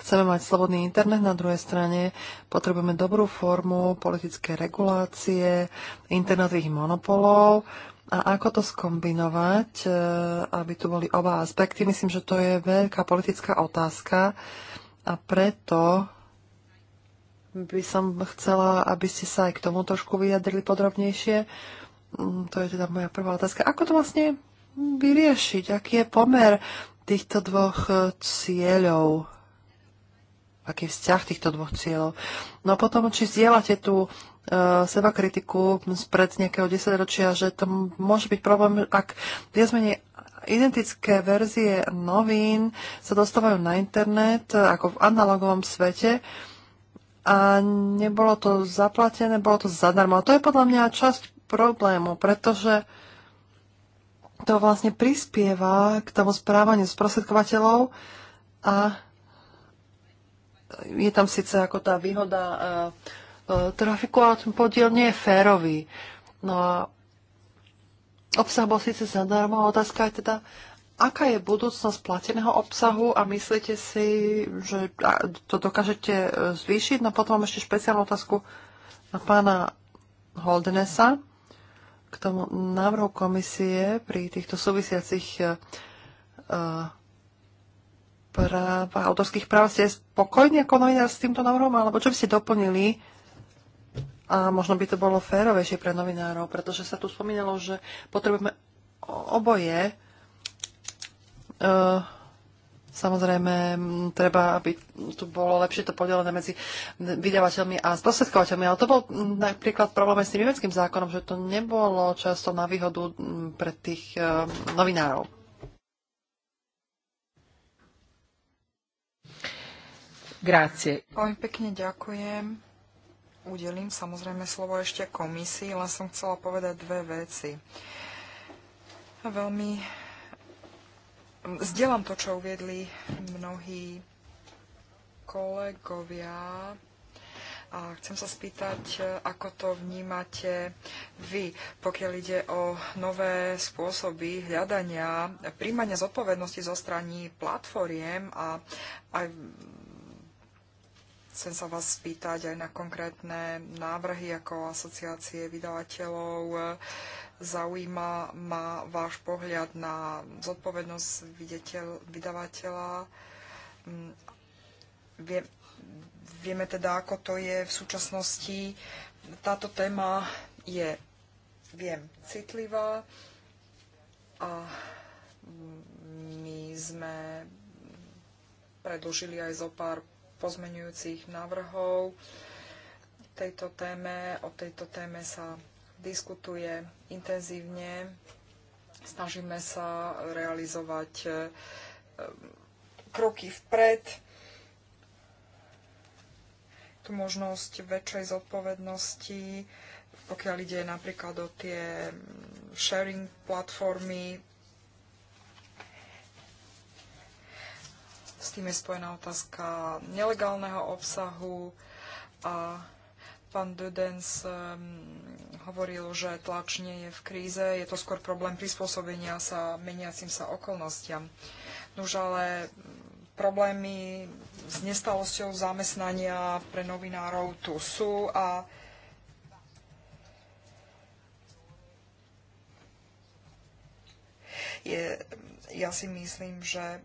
chceme mať slobodný internet, na druhej strane potrebujeme dobrú formu politické regulácie, internetových monopolov a ako to skombinovať, e, aby tu boli oba aspekty. Myslím, že to je veľká politická otázka a preto by som chcela, aby ste sa aj k tomu trošku vyjadrili podrobnejšie. Mm, to je teda moja prvá otázka. Ako to vlastne vyriešiť? Aký je pomer týchto dvoch eh, cieľov? Aký je vzťah týchto dvoch cieľov? No a potom, či zdieľate tú uh, eh, seba kritiku spred nejakého desaťročia, že to môže byť problém, ak viac menej identické verzie novín sa dostávajú na internet, eh, ako v analogovom svete a nebolo to zaplatené, bolo to zadarmo. A to je podľa mňa časť problému, pretože to vlastne prispieva k tomu správaniu sprostredkovateľov a je tam síce ako tá výhoda e, e, trafiku, ale ten podiel nie je férový. No a obsah bol síce zadarmo, otázka je teda, aká je budúcnosť plateného obsahu a myslíte si, že to dokážete e, zvýšiť? No potom mám ešte špeciálnu otázku na pána Holdenesa k tomu návrhu komisie pri týchto súvisiacich e, e, práv, autorských práv ste spokojní ako novinár s týmto návrhom, alebo čo by ste doplnili? A možno by to bolo férovejšie pre novinárov, pretože sa tu spomínalo, že potrebujeme oboje. Uh, Samozrejme, treba, aby tu bolo lepšie to podelené medzi vydavateľmi a sprostredkovateľmi, ale to bol napríklad problém s tým nemeckým zákonom, že to nebolo často na výhodu pre tých e, novinárov. Grácie. Oj, pekne ďakujem. Udelím samozrejme slovo ešte komisii, len som chcela povedať dve veci. Veľmi Zdieľam to, čo uviedli mnohí kolegovia. A chcem sa spýtať, ako to vnímate vy, pokiaľ ide o nové spôsoby hľadania, príjmania zodpovednosti zo strany platformiem a aj Chcem sa vás spýtať aj na konkrétne návrhy ako asociácie vydavateľov. Zaujíma ma váš pohľad na zodpovednosť vydavateľa. Mm, vie, vieme teda, ako to je v súčasnosti. Táto téma je, viem, citlivá a my sme predložili aj zo pár pozmenujúcich návrhov tejto téme. O tejto téme sa diskutuje intenzívne. Snažíme sa realizovať e, kroky vpred, tú možnosť väčšej zodpovednosti, pokiaľ ide napríklad o tie sharing platformy, S tým je spojená otázka nelegálneho obsahu a pán Dudens hovoril, že tlač nie je v kríze, je to skôr problém prispôsobenia sa meniacim sa okolnostiam. Nuž ale problémy s nestalosťou zamestnania pre novinárov tu sú a je, ja si myslím, že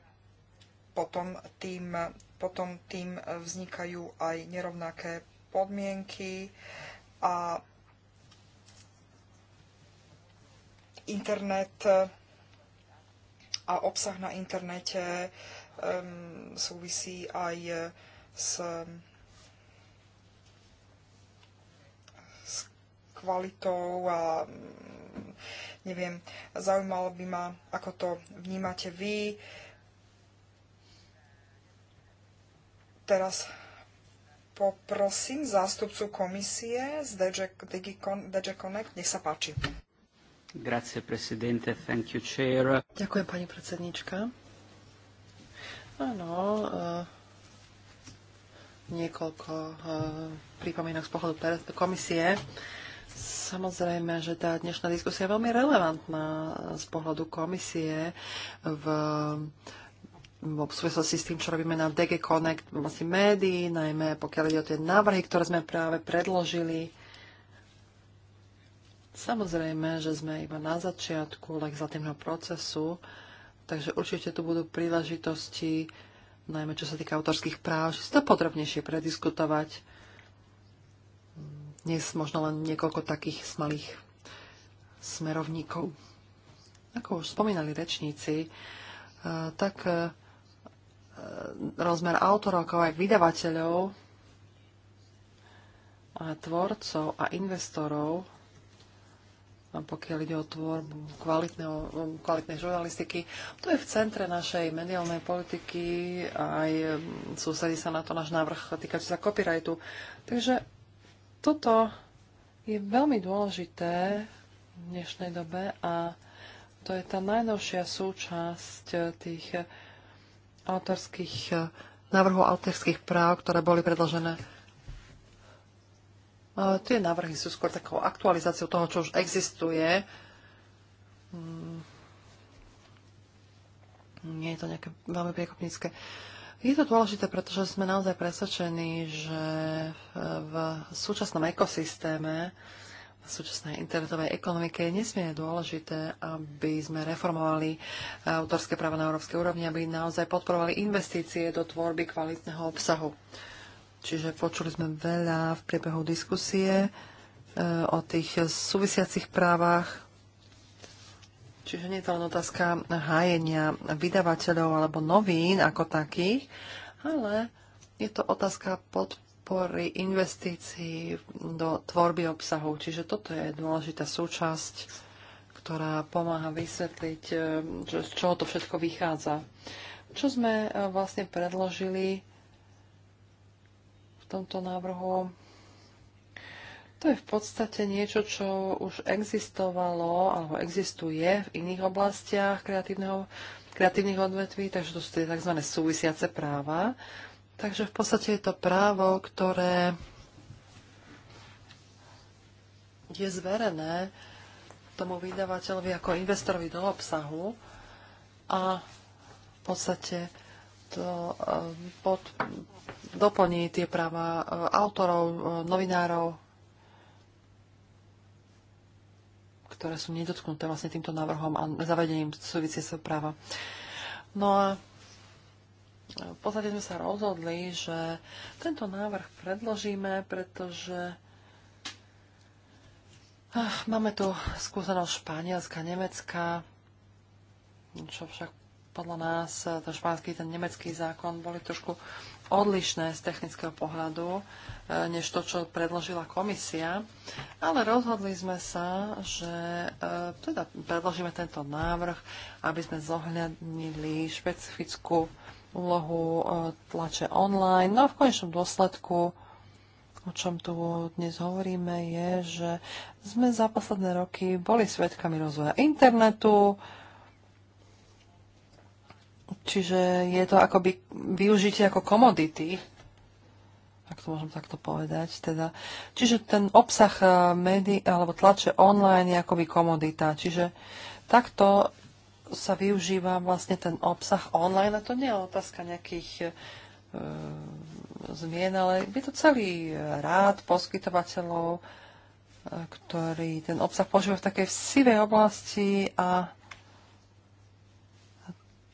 potom tým, potom tým vznikajú aj nerovnaké podmienky a internet a obsah na internete um, súvisí aj s, s kvalitou a neviem, zaujímalo by ma, ako to vnímate vy. Uh, Teraz poprosím zástupcu komisie z DG, DG Connect. Nech sa páči. Grazie, presidente. Thank you, chair. Ďakujem, pani predsednička. Áno, uh, niekoľko uh, pripomienok z pohľadu komisie. Samozrejme, že tá dnešná diskusia je veľmi relevantná z pohľadu komisie v uh, v súvislosti s tým, čo robíme na DG Connect, vlastne médií, najmä pokiaľ ide o tie návrhy, ktoré sme práve predložili. Samozrejme, že sme iba na začiatku legislatívneho procesu, takže určite tu budú príležitosti, najmä čo sa týka autorských práv, že si to podrobnejšie prediskutovať. Dnes možno len niekoľko takých smalých smerovníkov. Ako už spomínali rečníci, eh, tak eh, E, rozmer autorov, ako aj vydavateľov a tvorcov a investorov, a pokiaľ ide o tvorbu kvalitnej žurnalistiky, to je v centre našej mediálnej politiky a aj mm, sústredí sa na to náš návrh týkajúci sa copyrightu. Takže toto je veľmi dôležité v dnešnej dobe a to je tá najnovšia súčasť tých autorských e, návrhov autorských práv, ktoré boli predložené. E, tie návrhy sú skôr takou aktualizáciou toho, čo už existuje. Mm. Nie je to nejaké veľmi priekopnícke. Je to dôležité, pretože sme naozaj presvedčení, že v súčasnom ekosystéme súčasnej internetovej ekonomike, je nesmierne dôležité, aby sme reformovali e, autorské práva na európskej úrovni, aby naozaj podporovali investície do tvorby kvalitného obsahu. Čiže počuli sme veľa v priebehu diskusie e, o tých súvisiacich právach. Čiže nie je to len otázka hájenia vydavateľov alebo novín ako takých, ale je to otázka podporu podpory investícií do tvorby obsahu. Čiže toto je dôležitá súčasť, ktorá pomáha vysvetliť, eh, z čoho to všetko vychádza. Čo sme eh, vlastne predložili v tomto návrhu? To je v podstate niečo, čo už existovalo alebo existuje v iných oblastiach kreatívneho kreatívnych odvetví, takže to sú tie tzv. súvisiace práva. Takže v podstate je to právo, ktoré je zverené tomu vydavateľovi ako investorovi do obsahu a v podstate to ehm, pod, doplní tie práva ehm, autorov, ehm, novinárov, ktoré sú nedotknuté vlastne týmto návrhom a zavedením súvisie sa práva. No a v podstate sme sa rozhodli, že tento návrh predložíme, pretože ah, máme tu skúsenosť Španielska, Nemecka, čo však podľa nás ten španský, ten nemecký zákon boli trošku odlišné z technického pohľadu, eh, než to, čo predložila komisia. Ale rozhodli sme sa, že eh, teda predložíme tento návrh, aby sme zohľadnili špecifickú úlohu e, tlače online. No a v konečnom dôsledku, o čom tu dnes hovoríme, je, že sme za posledné roky boli svetkami rozvoja internetu, čiže je to akoby využitie ako komodity, ak to môžem takto povedať. Teda. Čiže ten obsah e, médií alebo tlače online je akoby komodita. Čiže takto sa využíva vlastne ten obsah online a to nie je otázka nejakých e, zmien, ale je to celý rád poskytovateľov, e, ktorí ten obsah používajú v takej sivej oblasti a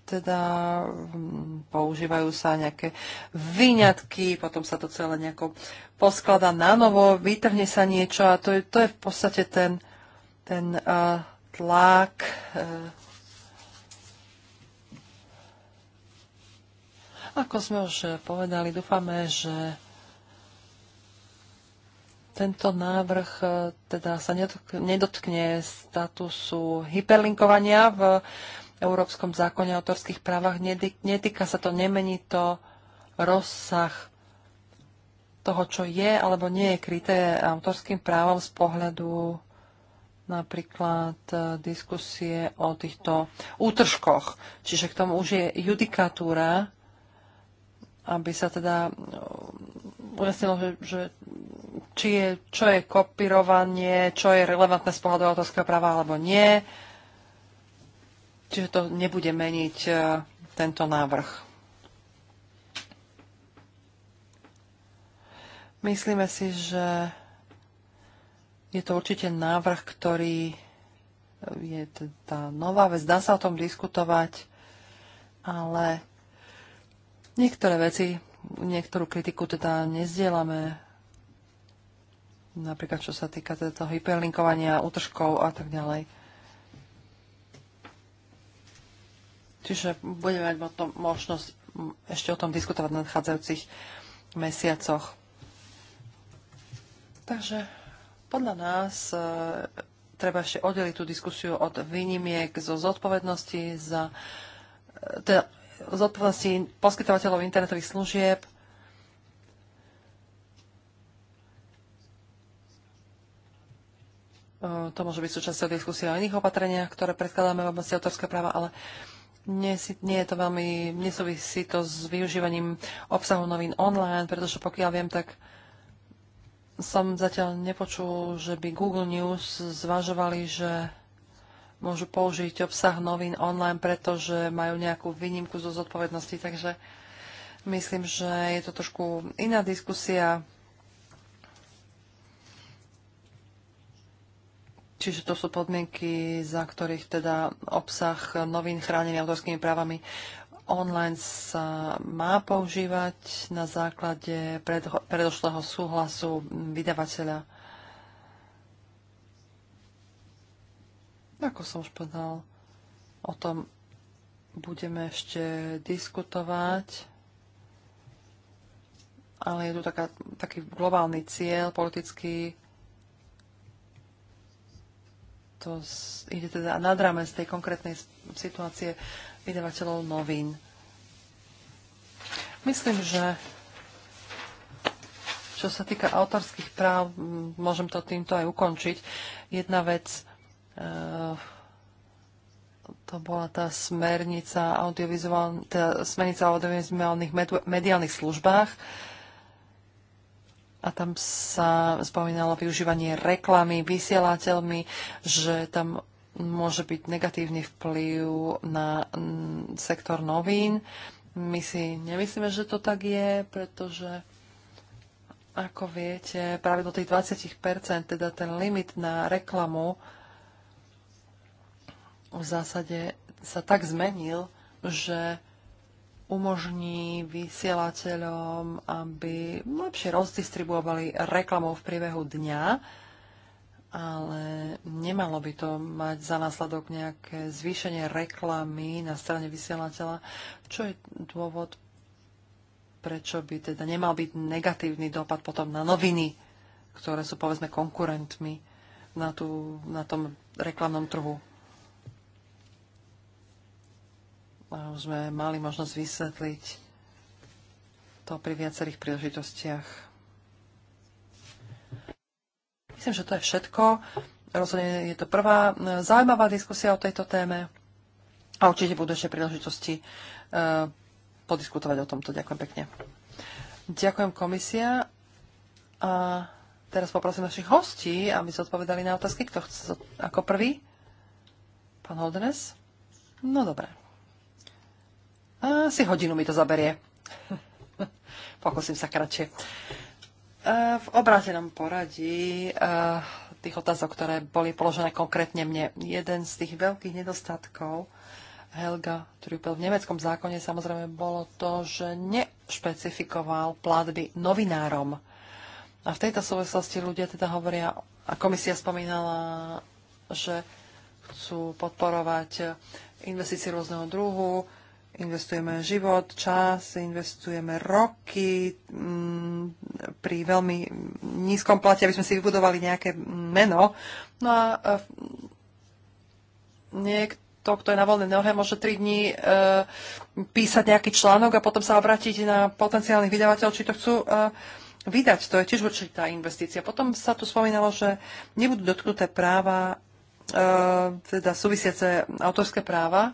teda mm, používajú sa nejaké výňatky, potom sa to celé nejako poskladá na novo, vytrhne sa niečo a to je, to je v podstate ten, ten uh, tlak uh, Ako sme už eh, povedali, dúfame, že tento návrh eh, teda sa nedotkne statusu hyperlinkovania v Európskom zákone o autorských právach. Netýka sa to, nemení to rozsah toho, čo je alebo nie je kryté autorským právom z pohľadu napríklad eh, diskusie o týchto útržkoch. Čiže k tomu už je judikatúra aby sa teda e, ujasnilo, že, že či je, čo je kopirovanie, čo je relevantné z pohľadu autorského práva alebo nie. Čiže to nebude meniť e, tento návrh. Myslíme si, že je to určite návrh, ktorý je tá teda nová vec, dá sa o tom diskutovať, ale Niektoré veci, niektorú kritiku teda nezdielame, napríklad čo sa týka teda toho hyperlinkovania, útržkov a tak ďalej. Čiže budeme mať možnosť ešte o tom diskutovať v nadchádzajúcich mesiacoch. Takže podľa nás e, treba ešte oddeliť tú diskusiu od výnimiek zo zodpovednosti za e, teda zodpovednosti poskytovateľov internetových služieb. E, to môže byť súčasťou diskusie o iných opatreniach, ktoré predkladáme v oblasti autorského práva, ale nie, nie je to veľmi, nesúvisí to s využívaním obsahu novín online, pretože pokiaľ viem, tak som zatiaľ nepočul, že by Google News zvažovali, že môžu použiť obsah novín online, pretože majú nejakú výnimku zo zodpovednosti. Takže myslím, že je to trošku iná diskusia. Čiže to sú podmienky, za ktorých teda obsah novín chránený autorskými právami online sa má používať na základe predošlého súhlasu vydavateľa. Ako som už povedal, o tom budeme ešte diskutovať, ale je tu taká, taký globálny cieľ politický. To ide teda nad rámec tej konkrétnej situácie vydavateľov novín. Myslím, že čo sa týka autorských práv, môžem to týmto aj ukončiť. Jedna vec, Eh, to bola tá smernica, audiovizuálnych, teda smernica audiovizuálnych mediálnych službách a tam sa spomínalo využívanie reklamy vysielateľmi, že tam môže byť negatívny vplyv na mm, sektor novín. My si nemyslíme, že to tak je, pretože ako viete, práve do tých 20%, teda ten limit na reklamu, v zásade sa tak zmenil, že umožní vysielateľom, aby lepšie rozdistribuovali reklamou v priebehu dňa, ale nemalo by to mať za následok nejaké zvýšenie reklamy na strane vysielateľa, čo je dôvod, prečo by teda nemal byť negatívny dopad potom na noviny, ktoré sú povedzme konkurentmi na, tú, na tom reklamnom trhu. sme mali možnosť vysvetliť to pri viacerých príležitostiach. Myslím, že to je všetko. Rozhodne je to prvá e, zaujímavá diskusia o tejto téme a určite budú ešte príležitosti e, podiskutovať o tomto. Ďakujem pekne. Ďakujem komisia a teraz poprosím našich hostí, aby sa odpovedali na otázky. Kto chce ako prvý? Pán Holdenes? No dobre. Asi hodinu mi to zaberie. Pokúsim sa kratšie. E, v obrátenom poradí e, tých otázok, ktoré boli položené konkrétne mne, jeden z tých veľkých nedostatkov Helga byl v nemeckom zákone samozrejme bolo to, že nešpecifikoval platby novinárom. A v tejto súvislosti ľudia teda hovoria, a komisia spomínala, že chcú podporovať investície rôzneho druhu, investujeme život, čas, investujeme roky mm, pri veľmi nízkom plate, aby sme si vybudovali nejaké meno. No a e, niekto, kto je na voľnej nohe, môže 3 dní e, písať nejaký článok a potom sa obrátiť na potenciálnych vydavateľov, či to chcú e, vydať. To je tiež určitá investícia. Potom sa tu spomínalo, že nebudú dotknuté práva, e, teda súvisiace autorské práva,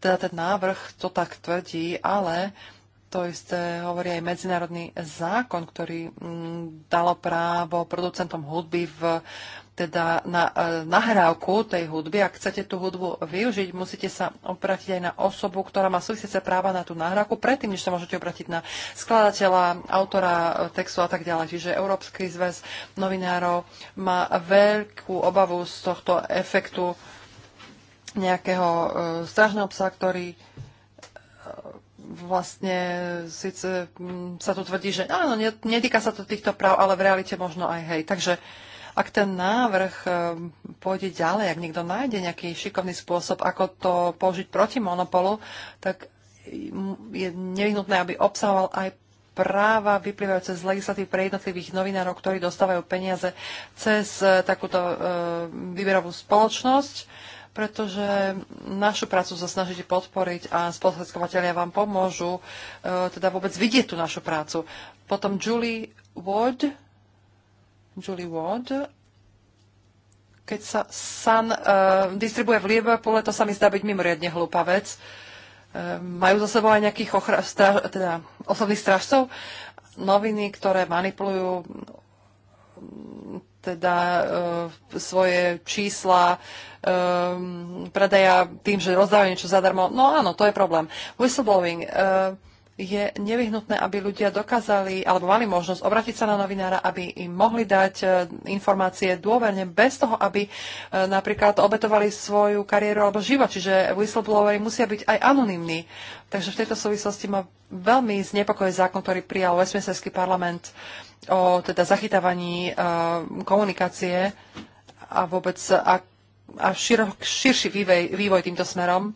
teda ten návrh to tak tvrdí, ale to isté hovorí aj medzinárodný zákon, ktorý mm, dalo právo producentom hudby v, teda na e, nahrávku tej hudby. Ak chcete tú hudbu využiť, musíte sa obrátiť aj na osobu, ktorá má súvisiace práva na tú nahrávku, predtým, než sa môžete obrátiť na skladateľa, autora e, textu a tak ďalej. Čiže Európsky zväz novinárov má veľkú obavu z tohto efektu nejakého strážneho e, psa, ktorý e, vlastne síce sa tu tvrdí, že áno, netýka sa to týchto práv, ale v realite možno aj hej. Takže ak ten návrh e, pôjde ďalej, ak niekto nájde nejaký šikovný spôsob, ako to použiť proti monopolu, tak je nevyhnutné, aby obsahoval aj práva vyplývajúce z legislatív pre jednotlivých novinárov, ktorí dostávajú peniaze cez takúto výberovú spoločnosť pretože našu prácu sa snažíte podporiť a spolhodskovateľia vám pomôžu e, teda vôbec vidieť tú našu prácu. Potom Julie Ward, Julie Wood, keď sa Sun uh, distribuje v Liverpoole, to sa mi zdá byť mimoriadne hlúpa vec. Uh, majú za sebou aj nejakých ochra- straž- teda osobných strážcov. Noviny, ktoré manipulujú teda e, svoje čísla e, predaja tým, že rozdávajú niečo zadarmo. No áno, to je problém. Whistleblowing. E, je nevyhnutné, aby ľudia dokázali alebo mali možnosť obratiť sa na novinára, aby im mohli dať e, informácie dôverne, bez toho, aby e, napríklad obetovali svoju kariéru alebo život. Čiže whistleblowery musia byť aj anonimní. Takže v tejto súvislosti ma veľmi znepokojí zákon, ktorý prijal Westminsterský parlament o teda zachytávaní e, komunikácie a vôbec a, a širok, širší vývoj, vývoj týmto smerom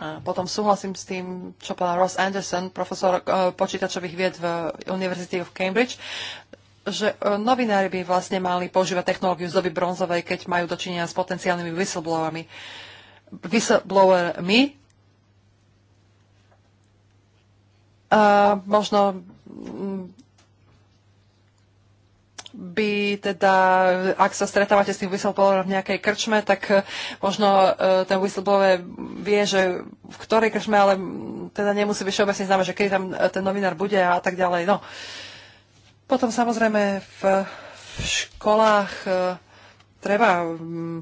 a Potom súhlasím s tým, čo povedal Ross Anderson, profesor eh, počítačových vied v University of Cambridge, že eh, novinári by vlastne mali používať technológiu z doby bronzovej, keď majú dočinenia s potenciálnymi whistleblowermi. Whistleblowermi. Uh, možno mm, by teda, ak sa stretávate s tým whistleblowerom v nejakej krčme, tak eh, možno eh, ten whistleblower vie, že v ktorej krčme, ale teda nemusí byť všeobecne známe, že kedy tam eh, ten novinár bude a tak ďalej. No. Potom samozrejme v, v školách treba mm,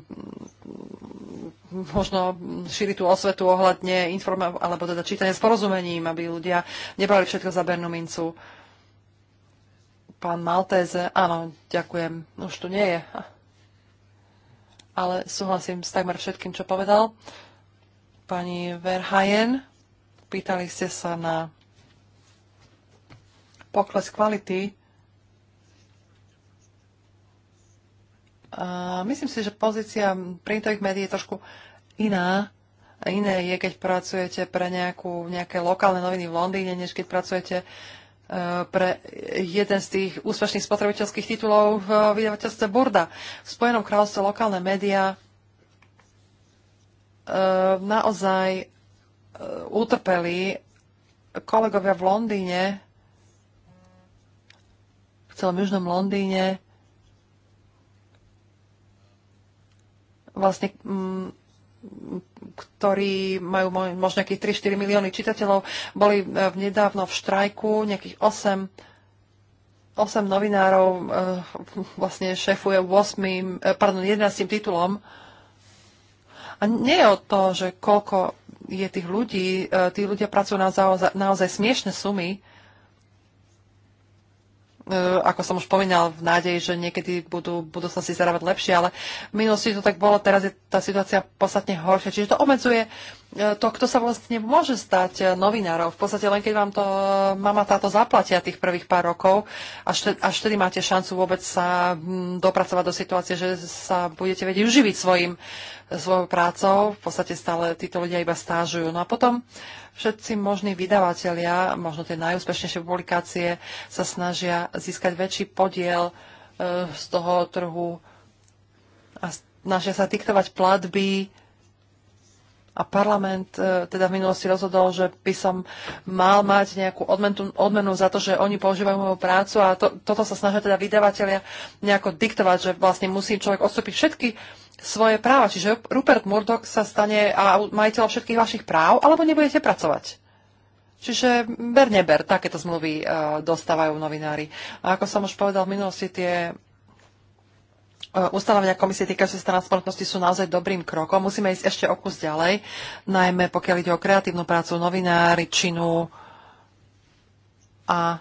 možno šíriť tú osvetu ohľadne informa- alebo teda čítanie s porozumením, aby ľudia nebrali všetko za bernú mincu. Uh, Pán Maltéze, áno, ďakujem, už tu nie je. Ale súhlasím s takmer všetkým, čo povedal. Pani Verhajen, pýtali ste sa na pokles kvality. A myslím si, že pozícia printových médií je trošku iná. Iné je, keď pracujete pre nejakú, nejaké lokálne noviny v Londýne, než keď pracujete uh, Eh, pre jeden z tých úspešných spotrebiteľských titulov v eh, vydavateľstve Burda. V Spojenom kráľovstve lokálne médiá eh, naozaj utrpeli kolegovia v Londýne, v celom južnom Londýne, vlastne mm, ktorí majú možno nejakých 3-4 milióny čitateľov, boli e, v nedávno v štrajku, nejakých 8 8 novinárov e, vlastne šéfuje 8, e, pardon, 11 titulom. A nie je o to, že koľko je tých ľudí, tí ľudia pracujú na naozaj, naozaj smiešne sumy, E, ako som už spomínal, v nádeji, že niekedy budú sa si zarábať lepšie, ale v minulosti to tak bolo, teraz je tá situácia podstatne horšia. Čiže to obmedzuje e, to, kto sa vlastne môže stať e, novinárov. V podstate len keď vám to mama táto zaplatia tých prvých pár rokov, až, až vtedy máte šancu vôbec sa dopracovať do situácie, že sa budete vedieť uživiť svojim svojou prácou. V podstate stále títo ľudia iba stážujú. No a potom všetci možní vydavatelia, možno tie najúspešnejšie publikácie, sa snažia získať väčší podiel e, z toho trhu a snažia sa diktovať platby a parlament e, teda v minulosti rozhodol, že by som mal mať nejakú odmenu, odmenu za to, že oni používajú moju prácu a to, toto sa snažia teda vydavatelia nejako diktovať, že vlastne musí človek odstúpiť všetky svoje práva. Čiže Rupert Murdoch sa stane a majiteľom všetkých vašich práv, alebo nebudete pracovať. Čiže ber neber, takéto zmluvy e, dostávajú novinári. A ako som už povedal v minulosti, tie Eh, ustanovenia komisie týkajúce sa transparentnosti sú naozaj dobrým krokom. Musíme ísť ešte o kus ďalej, najmä pokiaľ ide o kreatívnu prácu novinári, činu a eh,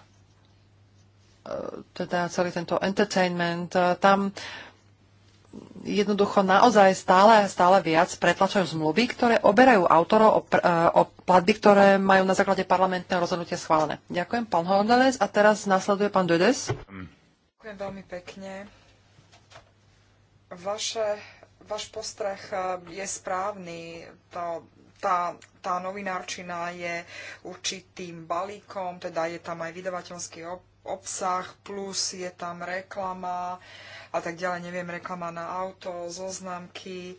teda celý tento entertainment. Eh, tam jednoducho naozaj stále a stále viac pretlačajú zmluvy, ktoré oberajú autorov o, pr- o platby, ktoré majú na základe parlamentného rozhodnutia schválené. Ďakujem, pán Hordeles. A teraz nasleduje pán Dodes. Ďakujem veľmi pekne. Vaše, váš postreh eh, je správny. Tá, tá, tá novinárčina je určitým balíkom, teda je tam aj vydavateľský op- obsah, plus je tam reklama a tak ďalej, neviem, reklama na auto, zoznamky.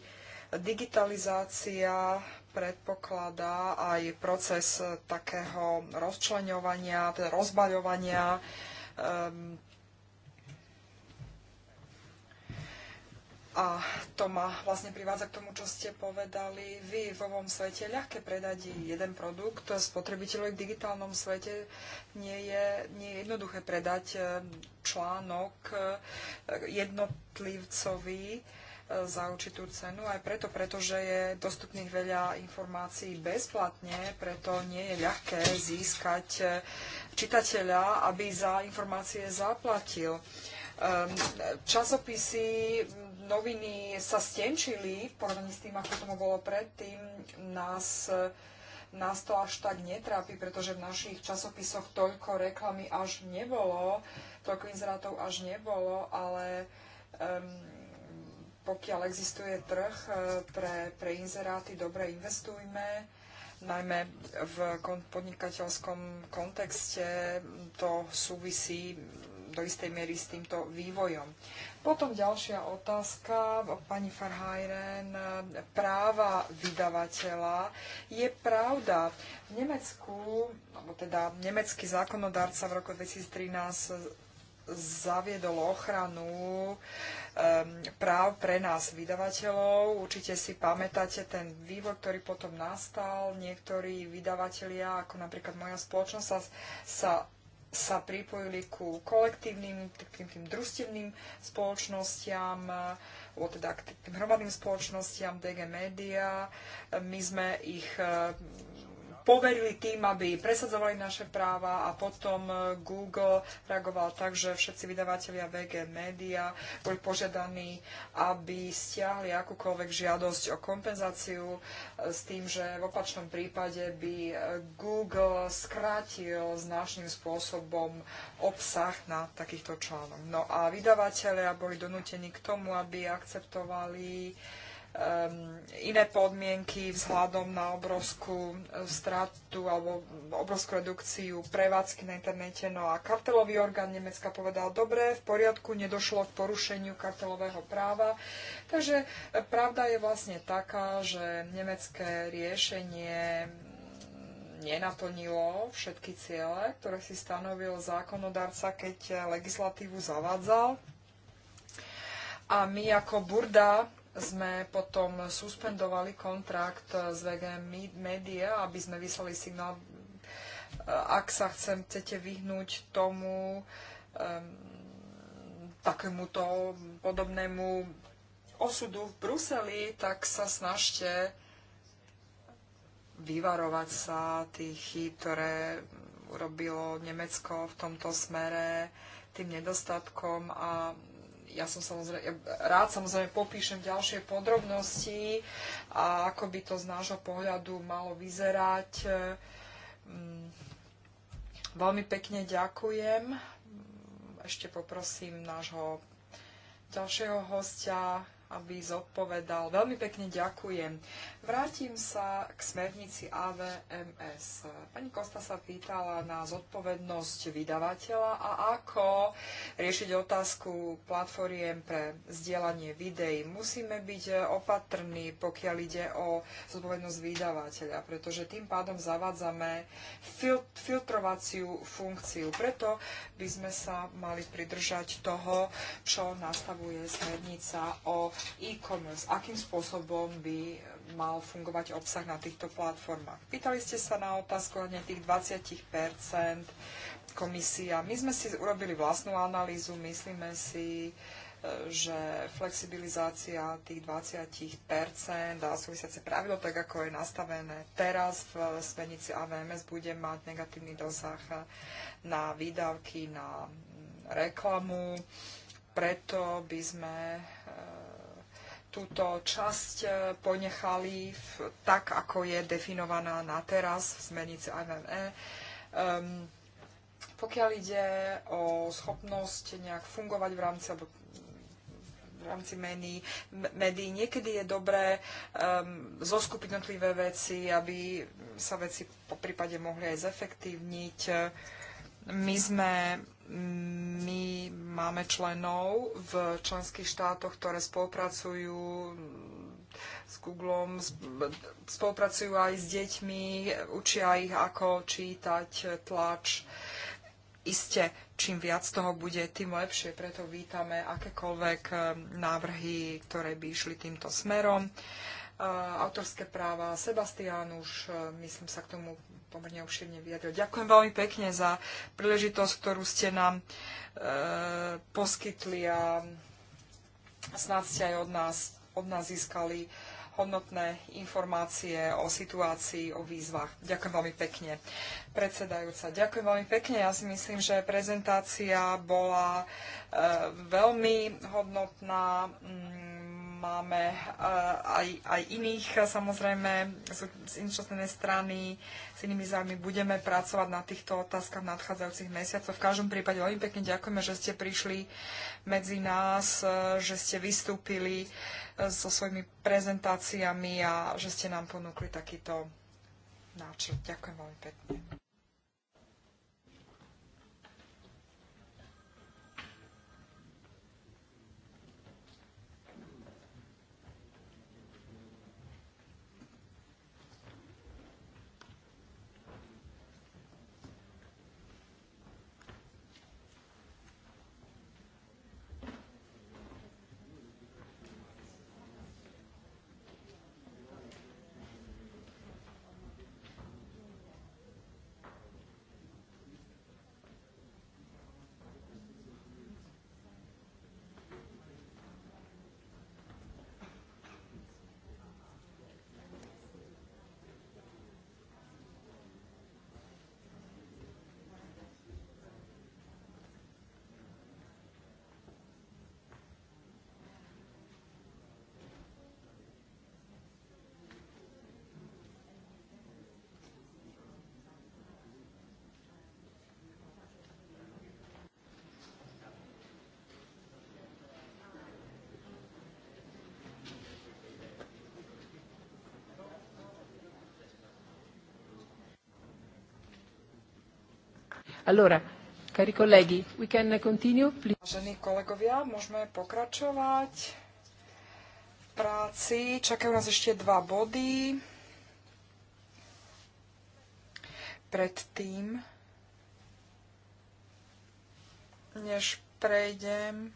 Digitalizácia predpokladá aj proces eh, takého rozčlenovania, teda rozbaľovania um, A to ma vlastne privádza k tomu, čo ste povedali vy. V ovom svete ľahké predať jeden produkt spotrebiteľovi v digitálnom svete nie je, nie je jednoduché predať e, článok e, jednotlivcovi e, za určitú cenu, aj preto, pretože je dostupných veľa informácií bezplatne, preto nie je ľahké získať čitateľa, aby za informácie zaplatil. Ehm, časopisy noviny sa stenčili v porovnaní s tým, ako tomu bolo predtým, nás, nás to až tak netrápi, pretože v našich časopisoch toľko reklamy až nebolo, toľko inzerátov až nebolo, ale um, pokiaľ existuje trh eh, pre, pre inzeráty, dobre investujme, najmä v podnikateľskom kontexte to súvisí do istej miery s týmto vývojom. Potom ďalšia otázka, pani Farhajren, práva vydavateľa. Je pravda, v Nemecku, alebo teda nemecký zákonodárca v roku 2013 zaviedol ochranu um, práv pre nás vydavateľov. Určite si pamätáte ten vývoj, ktorý potom nastal. Niektorí vydavatelia, ako napríklad moja spoločnosť, sa, sa sa pripojili ku kolektívnym, takým tým družstevným spoločnostiam, o teda k tým hromadným spoločnostiam DG Media. My sme ich poverili tým, aby presadzovali naše práva a potom eh, Google reagoval tak, že všetci vydavatelia VG Media boli požiadaní, aby stiahli akúkoľvek žiadosť o kompenzáciu eh, s tým, že v opačnom prípade by eh, Google skrátil značným spôsobom obsah na takýchto článok. No a vydavatelia boli donútení k tomu, aby akceptovali um, iné podmienky vzhľadom na obrovskú eh, stratu alebo obrovskú redukciu prevádzky na internete. No a kartelový orgán Nemecka povedal, dobre, v poriadku, nedošlo k porušeniu kartelového práva. Takže eh, pravda je vlastne taká, že nemecké riešenie mm, nenaplnilo všetky ciele, ktoré si stanovil zákonodarca, keď eh, legislatívu zavádzal. A my ako Burda sme potom suspendovali kontrakt s VG Media, aby sme vyslali signál, e, ak sa chcem, chcete vyhnúť tomu, um, takémuto podobnému osudu v Bruseli, tak sa snažte vyvarovať sa tých chýb, ktoré urobilo Nemecko v tomto smere, tým nedostatkom a ja som samozrejme, ja rád samozrejme popíšem ďalšie podrobnosti a ako by to z nášho pohľadu malo vyzerať. Mm, veľmi pekne ďakujem. Ešte poprosím nášho ďalšieho hostia, aby zodpovedal. Veľmi pekne ďakujem. Vrátim sa k smernici AVMS. Pani Kosta sa pýtala na zodpovednosť vydavateľa a ako riešiť otázku platformiem pre zdieľanie videí. Musíme byť opatrní, pokiaľ ide o zodpovednosť vydavateľa, pretože tým pádom zavádzame fil- filtrovaciu funkciu. Preto by sme sa mali pridržať toho, čo nastavuje smernica o e-commerce, akým spôsobom by mal fungovať obsah na týchto platformách. Pýtali ste sa na otázku hľadne tých 20 komisia. My sme si urobili vlastnú analýzu, myslíme si, e, že flexibilizácia tých 20% a súvisiace pravidlo, tak ako je nastavené teraz v smernici AVMS, bude mať negatívny dosah na výdavky, na reklamu. Preto by sme e, túto časť e, ponechali v, tak, ako je definovaná na teraz v zmenici IME. Um, ehm, pokiaľ ide o schopnosť nejak fungovať v rámci alebo v rámci médií. Niekedy je dobré um, zoskupiť notlivé veci, aby sa veci po prípade mohli aj zefektívniť. My sme my máme členov v členských štátoch, ktoré spolupracujú s Googlem, spolupracujú aj s deťmi, učia ich, ako čítať tlač. Isté, čím viac toho bude, tým lepšie. Preto vítame akékoľvek eh, návrhy, ktoré by išli týmto smerom. Eh, autorské práva Sebastián už, eh, myslím, sa k tomu pomerne obširne vyjadril. Ďakujem veľmi pekne za príležitosť, ktorú ste nám e, poskytli a snad ste aj od nás, od nás získali hodnotné informácie o situácii, o výzvach. Ďakujem veľmi pekne. Predsedajúca, ďakujem veľmi pekne. Ja si myslím, že prezentácia bola e, veľmi hodnotná. Mm, máme eh, aj, aj iných, samozrejme, z, z inčasnej strany, s inými zájmy budeme pracovať na týchto otázkach v nadchádzajúcich mesiacoch. V každom prípade veľmi pekne ďakujeme, že ste prišli medzi nás, eh, že ste vystúpili eh, so svojimi prezentáciami a že ste nám ponúkli takýto náčrt. Ďakujem veľmi pekne. Allora, cari colleghi, we can continue, please. Vážení kolegovia, môžeme pokračovať v práci. Čakajú nás ešte dva body. Predtým, než prejdem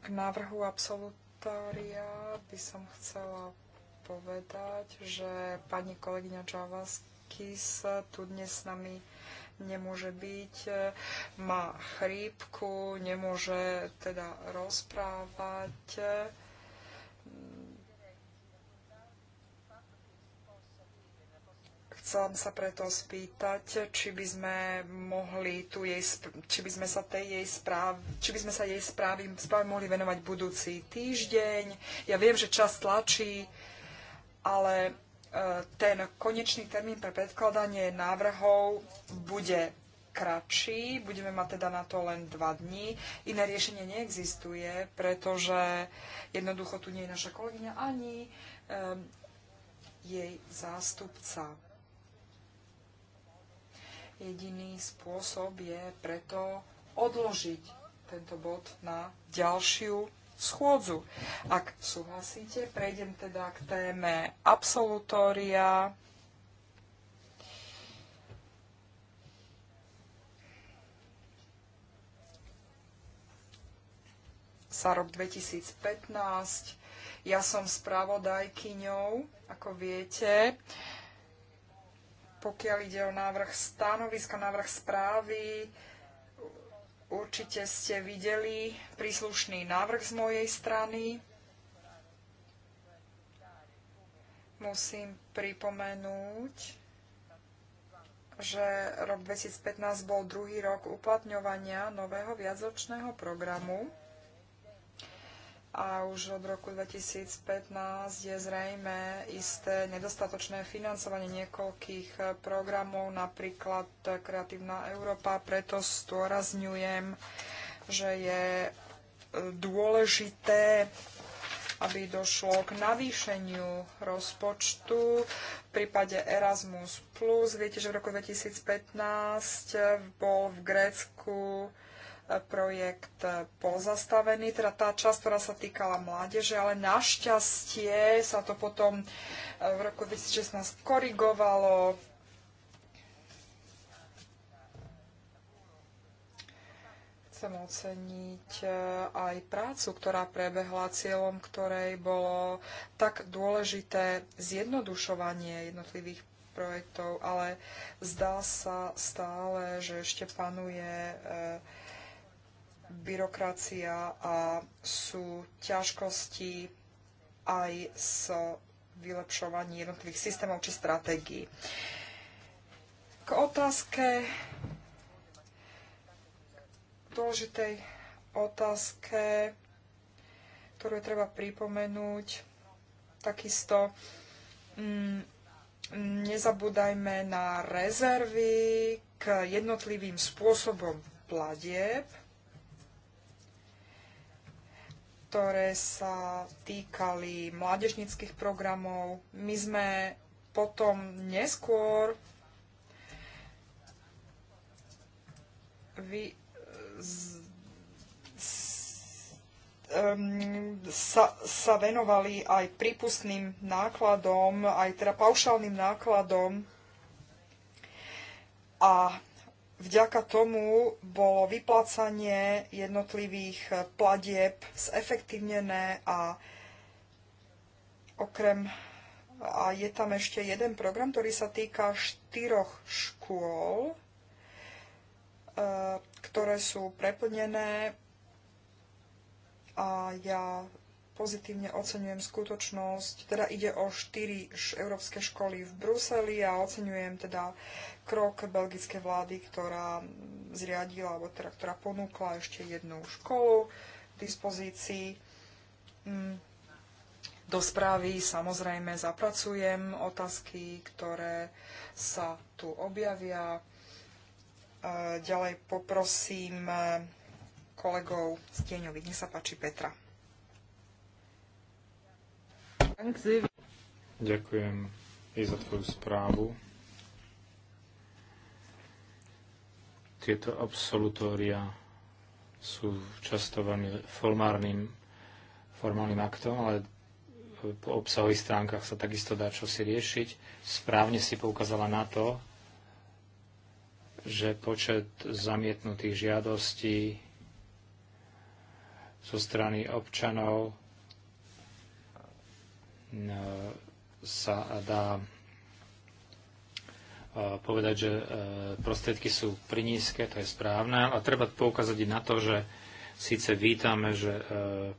k návrhu absolutória, by som chcela povedať, že pani kolegyňa Javas Kis tu dnes s nami nemôže byť, e, má chrípku, nemôže teda rozprávať. Chcela sa preto spýtať, či by sme mohli tu jej, či by sme sa tej jej správy, či by sme sa jej správy, správy mohli venovať budúci týždeň. Ja viem, že čas tlačí, ale ten konečný termín pre predkladanie návrhov bude kratší, budeme mať teda na to len dva dní. Iné riešenie neexistuje, pretože jednoducho tu nie je naša kolegyňa ani um, jej zástupca. Jediný spôsob je preto odložiť tento bod na ďalšiu schôdzu. Ak súhlasíte, prejdem teda k téme absolutória. sa rok 2015. Ja som spravodajkyňou, ako viete. Pokiaľ ide o návrh stanoviska, návrh správy, Určite ste videli príslušný návrh z mojej strany. Musím pripomenúť, že rok 2015 bol druhý rok uplatňovania nového viacročného programu a už od roku 2015 je zrejme isté nedostatočné financovanie niekoľkých programov, napríklad Kreatívna Európa. Preto stôrazňujem, že je e, dôležité, aby došlo k navýšeniu rozpočtu. V prípade Erasmus+, viete, že v roku 2015 bol v Grécku projekt pozastavený, teda tá časť, ktorá sa týkala mládeže, ale našťastie sa to potom e, v roku 2016 korigovalo. Chcem oceniť e, aj prácu, ktorá prebehla cieľom, ktorej bolo tak dôležité zjednodušovanie jednotlivých projektov, ale zdá sa stále, že ešte panuje e, byrokracia a sú ťažkosti aj s vylepšovaním jednotlivých systémov či stratégií. K otázke dôležitej otázke, ktorú je treba pripomenúť, takisto mm, nezabúdajme na rezervy k jednotlivým spôsobom platieb ktoré sa týkali mládežnických programov. My sme potom neskôr vy, z, sa, sa venovali aj prípustným nákladom, aj teda paušálnym nákladom a vďaka tomu bolo vyplácanie jednotlivých eh, platieb zefektívnené a okrem a je tam ešte jeden program, ktorý sa týka štyroch škôl, eh, ktoré sú preplnené a ja pozitívne oceňujem skutočnosť, teda ide o štyri európske školy v Bruseli a oceňujem teda krok belgické vlády, ktorá zriadila, alebo teda, ktorá ponúkla ešte jednu školu k dispozícii. Mm. Do správy samozrejme zapracujem otázky, ktoré sa tu objavia. E, ďalej poprosím e, kolegov z Tieňovi. Nech sa páči Petra. Ďakujem i za tvoju správu. Tieto absolutória sú často veľmi formálnym, formálnym aktom, ale po obsahových stránkach sa takisto dá čosi riešiť. Správne si poukázala na to, že počet zamietnutých žiadostí zo strany občanov no, sa dá povedať, že e, prostriedky sú prinízke, to je správne, a treba poukázať i na to, že síce vítame, že e,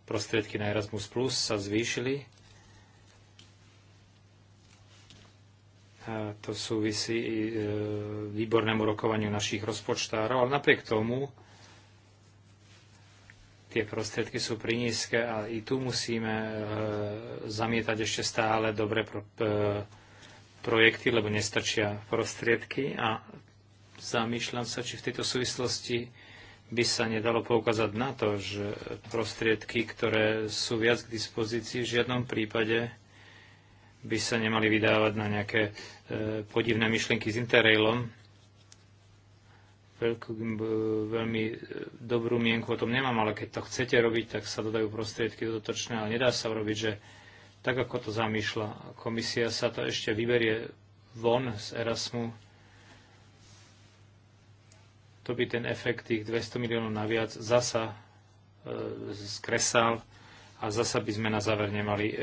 prostriedky na Erasmus Plus sa zvýšili, to súvisí i e, výbornému rokovaniu našich rozpočtárov, ale napriek tomu tie prostriedky sú prinízke a i tu musíme zamietať ešte stále dobre projekty, lebo nestačia prostriedky a zamýšľam sa, či v tejto súvislosti by sa nedalo poukázať na to, že prostriedky, ktoré sú viac k dispozícii, v žiadnom prípade by sa nemali vydávať na nejaké e, podivné myšlienky s Interrailom. Veľkú, e, veľmi e, dobrú mienku o tom nemám, ale keď to chcete robiť, tak sa dodajú prostriedky dotočné, ale nedá sa urobiť, že tak ako to zamýšľa komisia, sa to ešte vyberie von z Erasmu. To by ten efekt tých 200 miliónov naviac zasa e, skresal a zasa by sme na záver nemali e,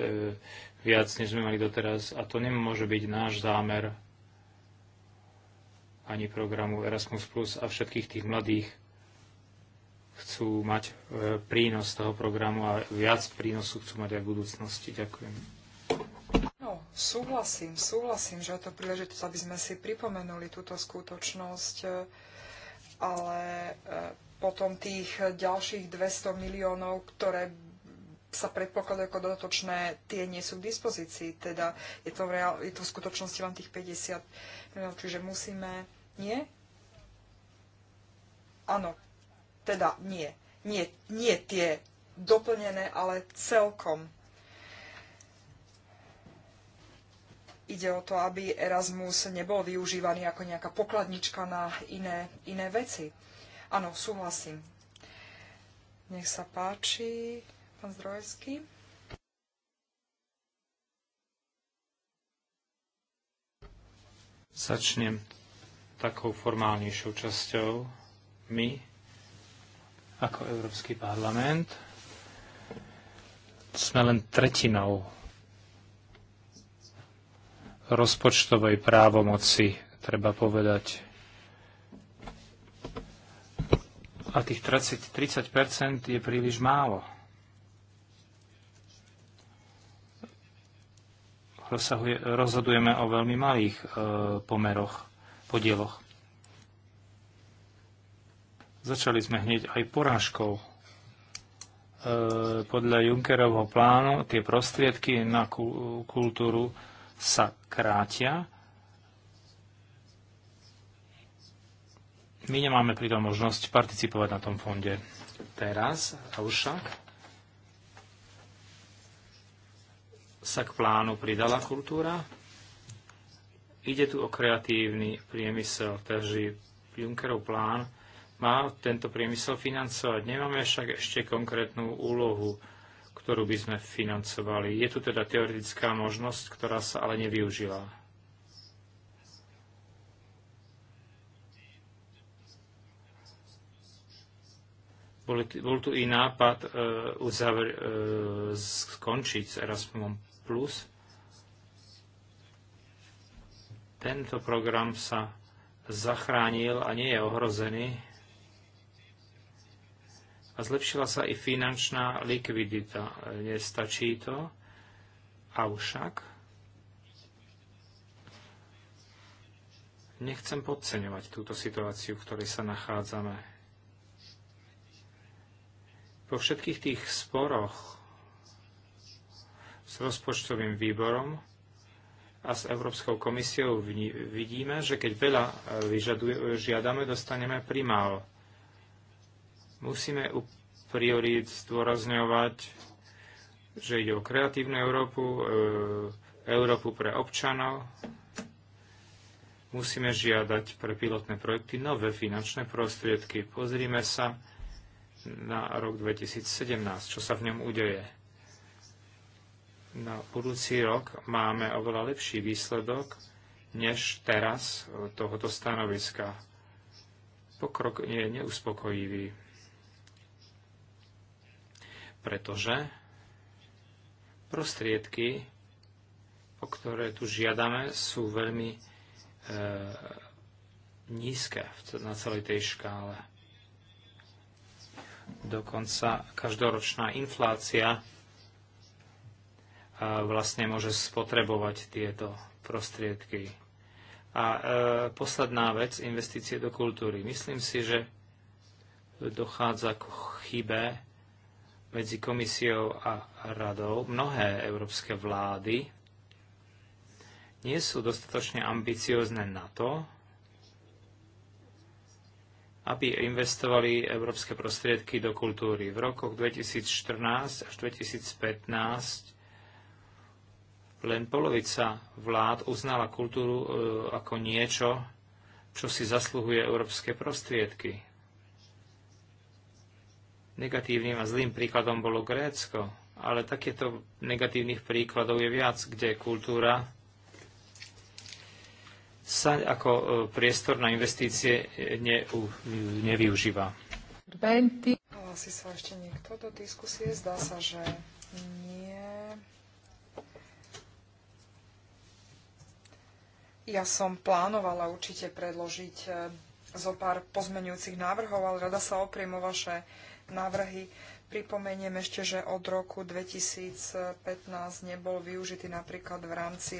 viac, než sme mali doteraz. A to nemôže byť náš zámer ani programu Erasmus Plus a všetkých tých mladých chcú mať e, prínos toho programu a viac prínosu chcú mať aj v budúcnosti. Ďakujem. No, súhlasím, súhlasím, že je to príležitosť, aby sme si pripomenuli túto skutočnosť, e, ale e, potom tých ďalších 200 miliónov, ktoré sa predpokladajú ako dodatočné, tie nie sú k dispozícii. Teda je to, reál, je to v skutočnosti len tých 50 miliónov, čiže musíme... Nie? Áno, teda nie. Nie, nie tie doplnené, ale celkom. Ide o to, aby Erasmus nebol využívaný ako nejaká pokladnička na iné, iné veci. Áno, súhlasím. Nech sa páči, pán Zdrojevský. Začnem takou formálnejšou časťou. My ako Európsky parlament sme len tretinou rozpočtovej právomoci, treba povedať. A tých 30, 30 je príliš málo. rozhodujeme o veľmi malých e, pomeroch, podieloch. Začali sme hneď aj porážkou. E, podľa Junckerovho plánu tie prostriedky na kultúru sa krátia. My nemáme pritom možnosť participovať na tom fonde teraz a už však sa k plánu pridala kultúra. Ide tu o kreatívny priemysel, takže Junckerov plán má tento priemysel financovať. Nemáme však ešte konkrétnu úlohu, ktorú by sme financovali. Je tu teda teoretická možnosť, ktorá sa ale nevyužila. Bol, tu i nápad uh, e, uzavr, uh, e, skončiť s Erasmom+. Plus. Tento program sa zachránil a nie je ohrozený a zlepšila sa i finančná likvidita. Nestačí to, avšak nechcem podceňovať túto situáciu, v ktorej sa nachádzame. Po všetkých tých sporoch s rozpočtovým výborom a s Európskou komisiou vidíme, že keď veľa e, vyžaduje, žiadame, dostaneme primál Musíme u priorít zdôrazňovať, že ide o kreatívnu Európu, e, Európu pre občanov. Musíme žiadať pre pilotné projekty nové finančné prostriedky. Pozrime sa na rok 2017, čo sa v ňom udeje. Na budúci rok máme oveľa lepší výsledok než teraz tohoto stanoviska. Pokrok je neuspokojivý pretože prostriedky, o ktoré tu žiadame, sú veľmi e, nízke na celej tej škále. Dokonca každoročná inflácia e, vlastne môže spotrebovať tieto prostriedky. A e, posledná vec, investície do kultúry. Myslím si, že dochádza k chybe medzi komisiou a radou. Mnohé európske vlády nie sú dostatočne ambiciozne na to, aby investovali európske prostriedky do kultúry. V rokoch 2014 až 2015 len polovica vlád uznala kultúru e, ako niečo, čo si zasluhuje európske prostriedky. Negatívnym a zlým príkladom bolo Grécko, ale takéto negatívnych príkladov je viac, kde kultúra sa ako e, priestor na investície ne, nevyužíva. Hlasí sa ešte niekto do diskusie? Zdá sa, že nie. Ja som plánovala určite predložiť e, zo pár pozmenujúcich návrhov, ale rada sa opriem o vaše návrhy. Pripomeniem ešte, že od roku 2015 nebol využitý napríklad v rámci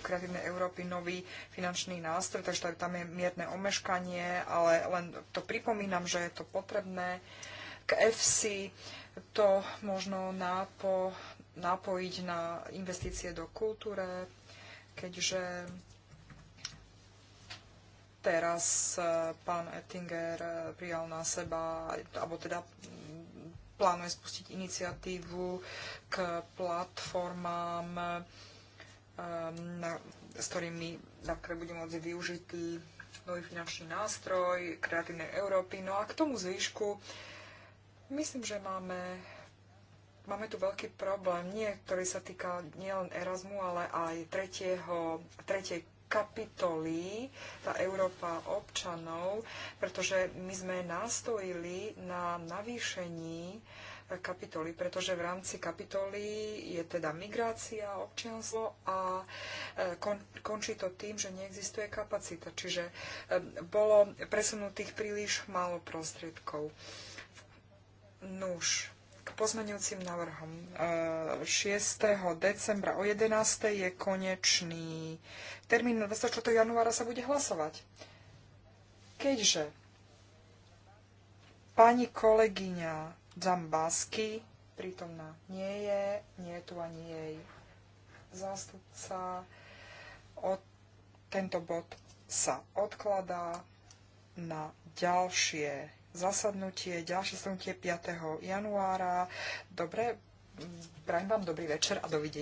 Kreatívnej Európy nový finančný nástroj, takže tam je mierne omeškanie, ale len to pripomínam, že je to potrebné. K FC to možno nápo, napojiť na investície do kultúre, keďže Teraz e, pán Ettinger e, prijal na seba, alebo teda mm, plánuje spustiť iniciatívu k platformám, e, na, s ktorými na ktoré bude môcť využitý nový finančný nástroj kreatívnej Európy. No a k tomu zvyšku myslím, že máme máme tu veľký problém, nie, ktorý sa týka nielen Erasmu, ale aj tretieho, tretej kapitoly, tá Európa občanov, pretože my sme nastojili na navýšení e, kapitoly, pretože v rámci kapitoly je teda migrácia, občianstvo a e, kon, končí to tým, že neexistuje kapacita. Čiže e, bolo presunutých príliš málo prostriedkov. Nuž, pozmeňujúcim návrhom. 6. E, decembra o 11. je konečný termín. 24. januára sa bude hlasovať. Keďže pani kolegyňa Zambásky prítomná nie je, nie je tu ani jej zástupca, tento bod sa odkladá na ďalšie zasadnutie, ďalšie zasadnutie 5. januára. Dobre, prajem vám dobrý večer a dovidenia.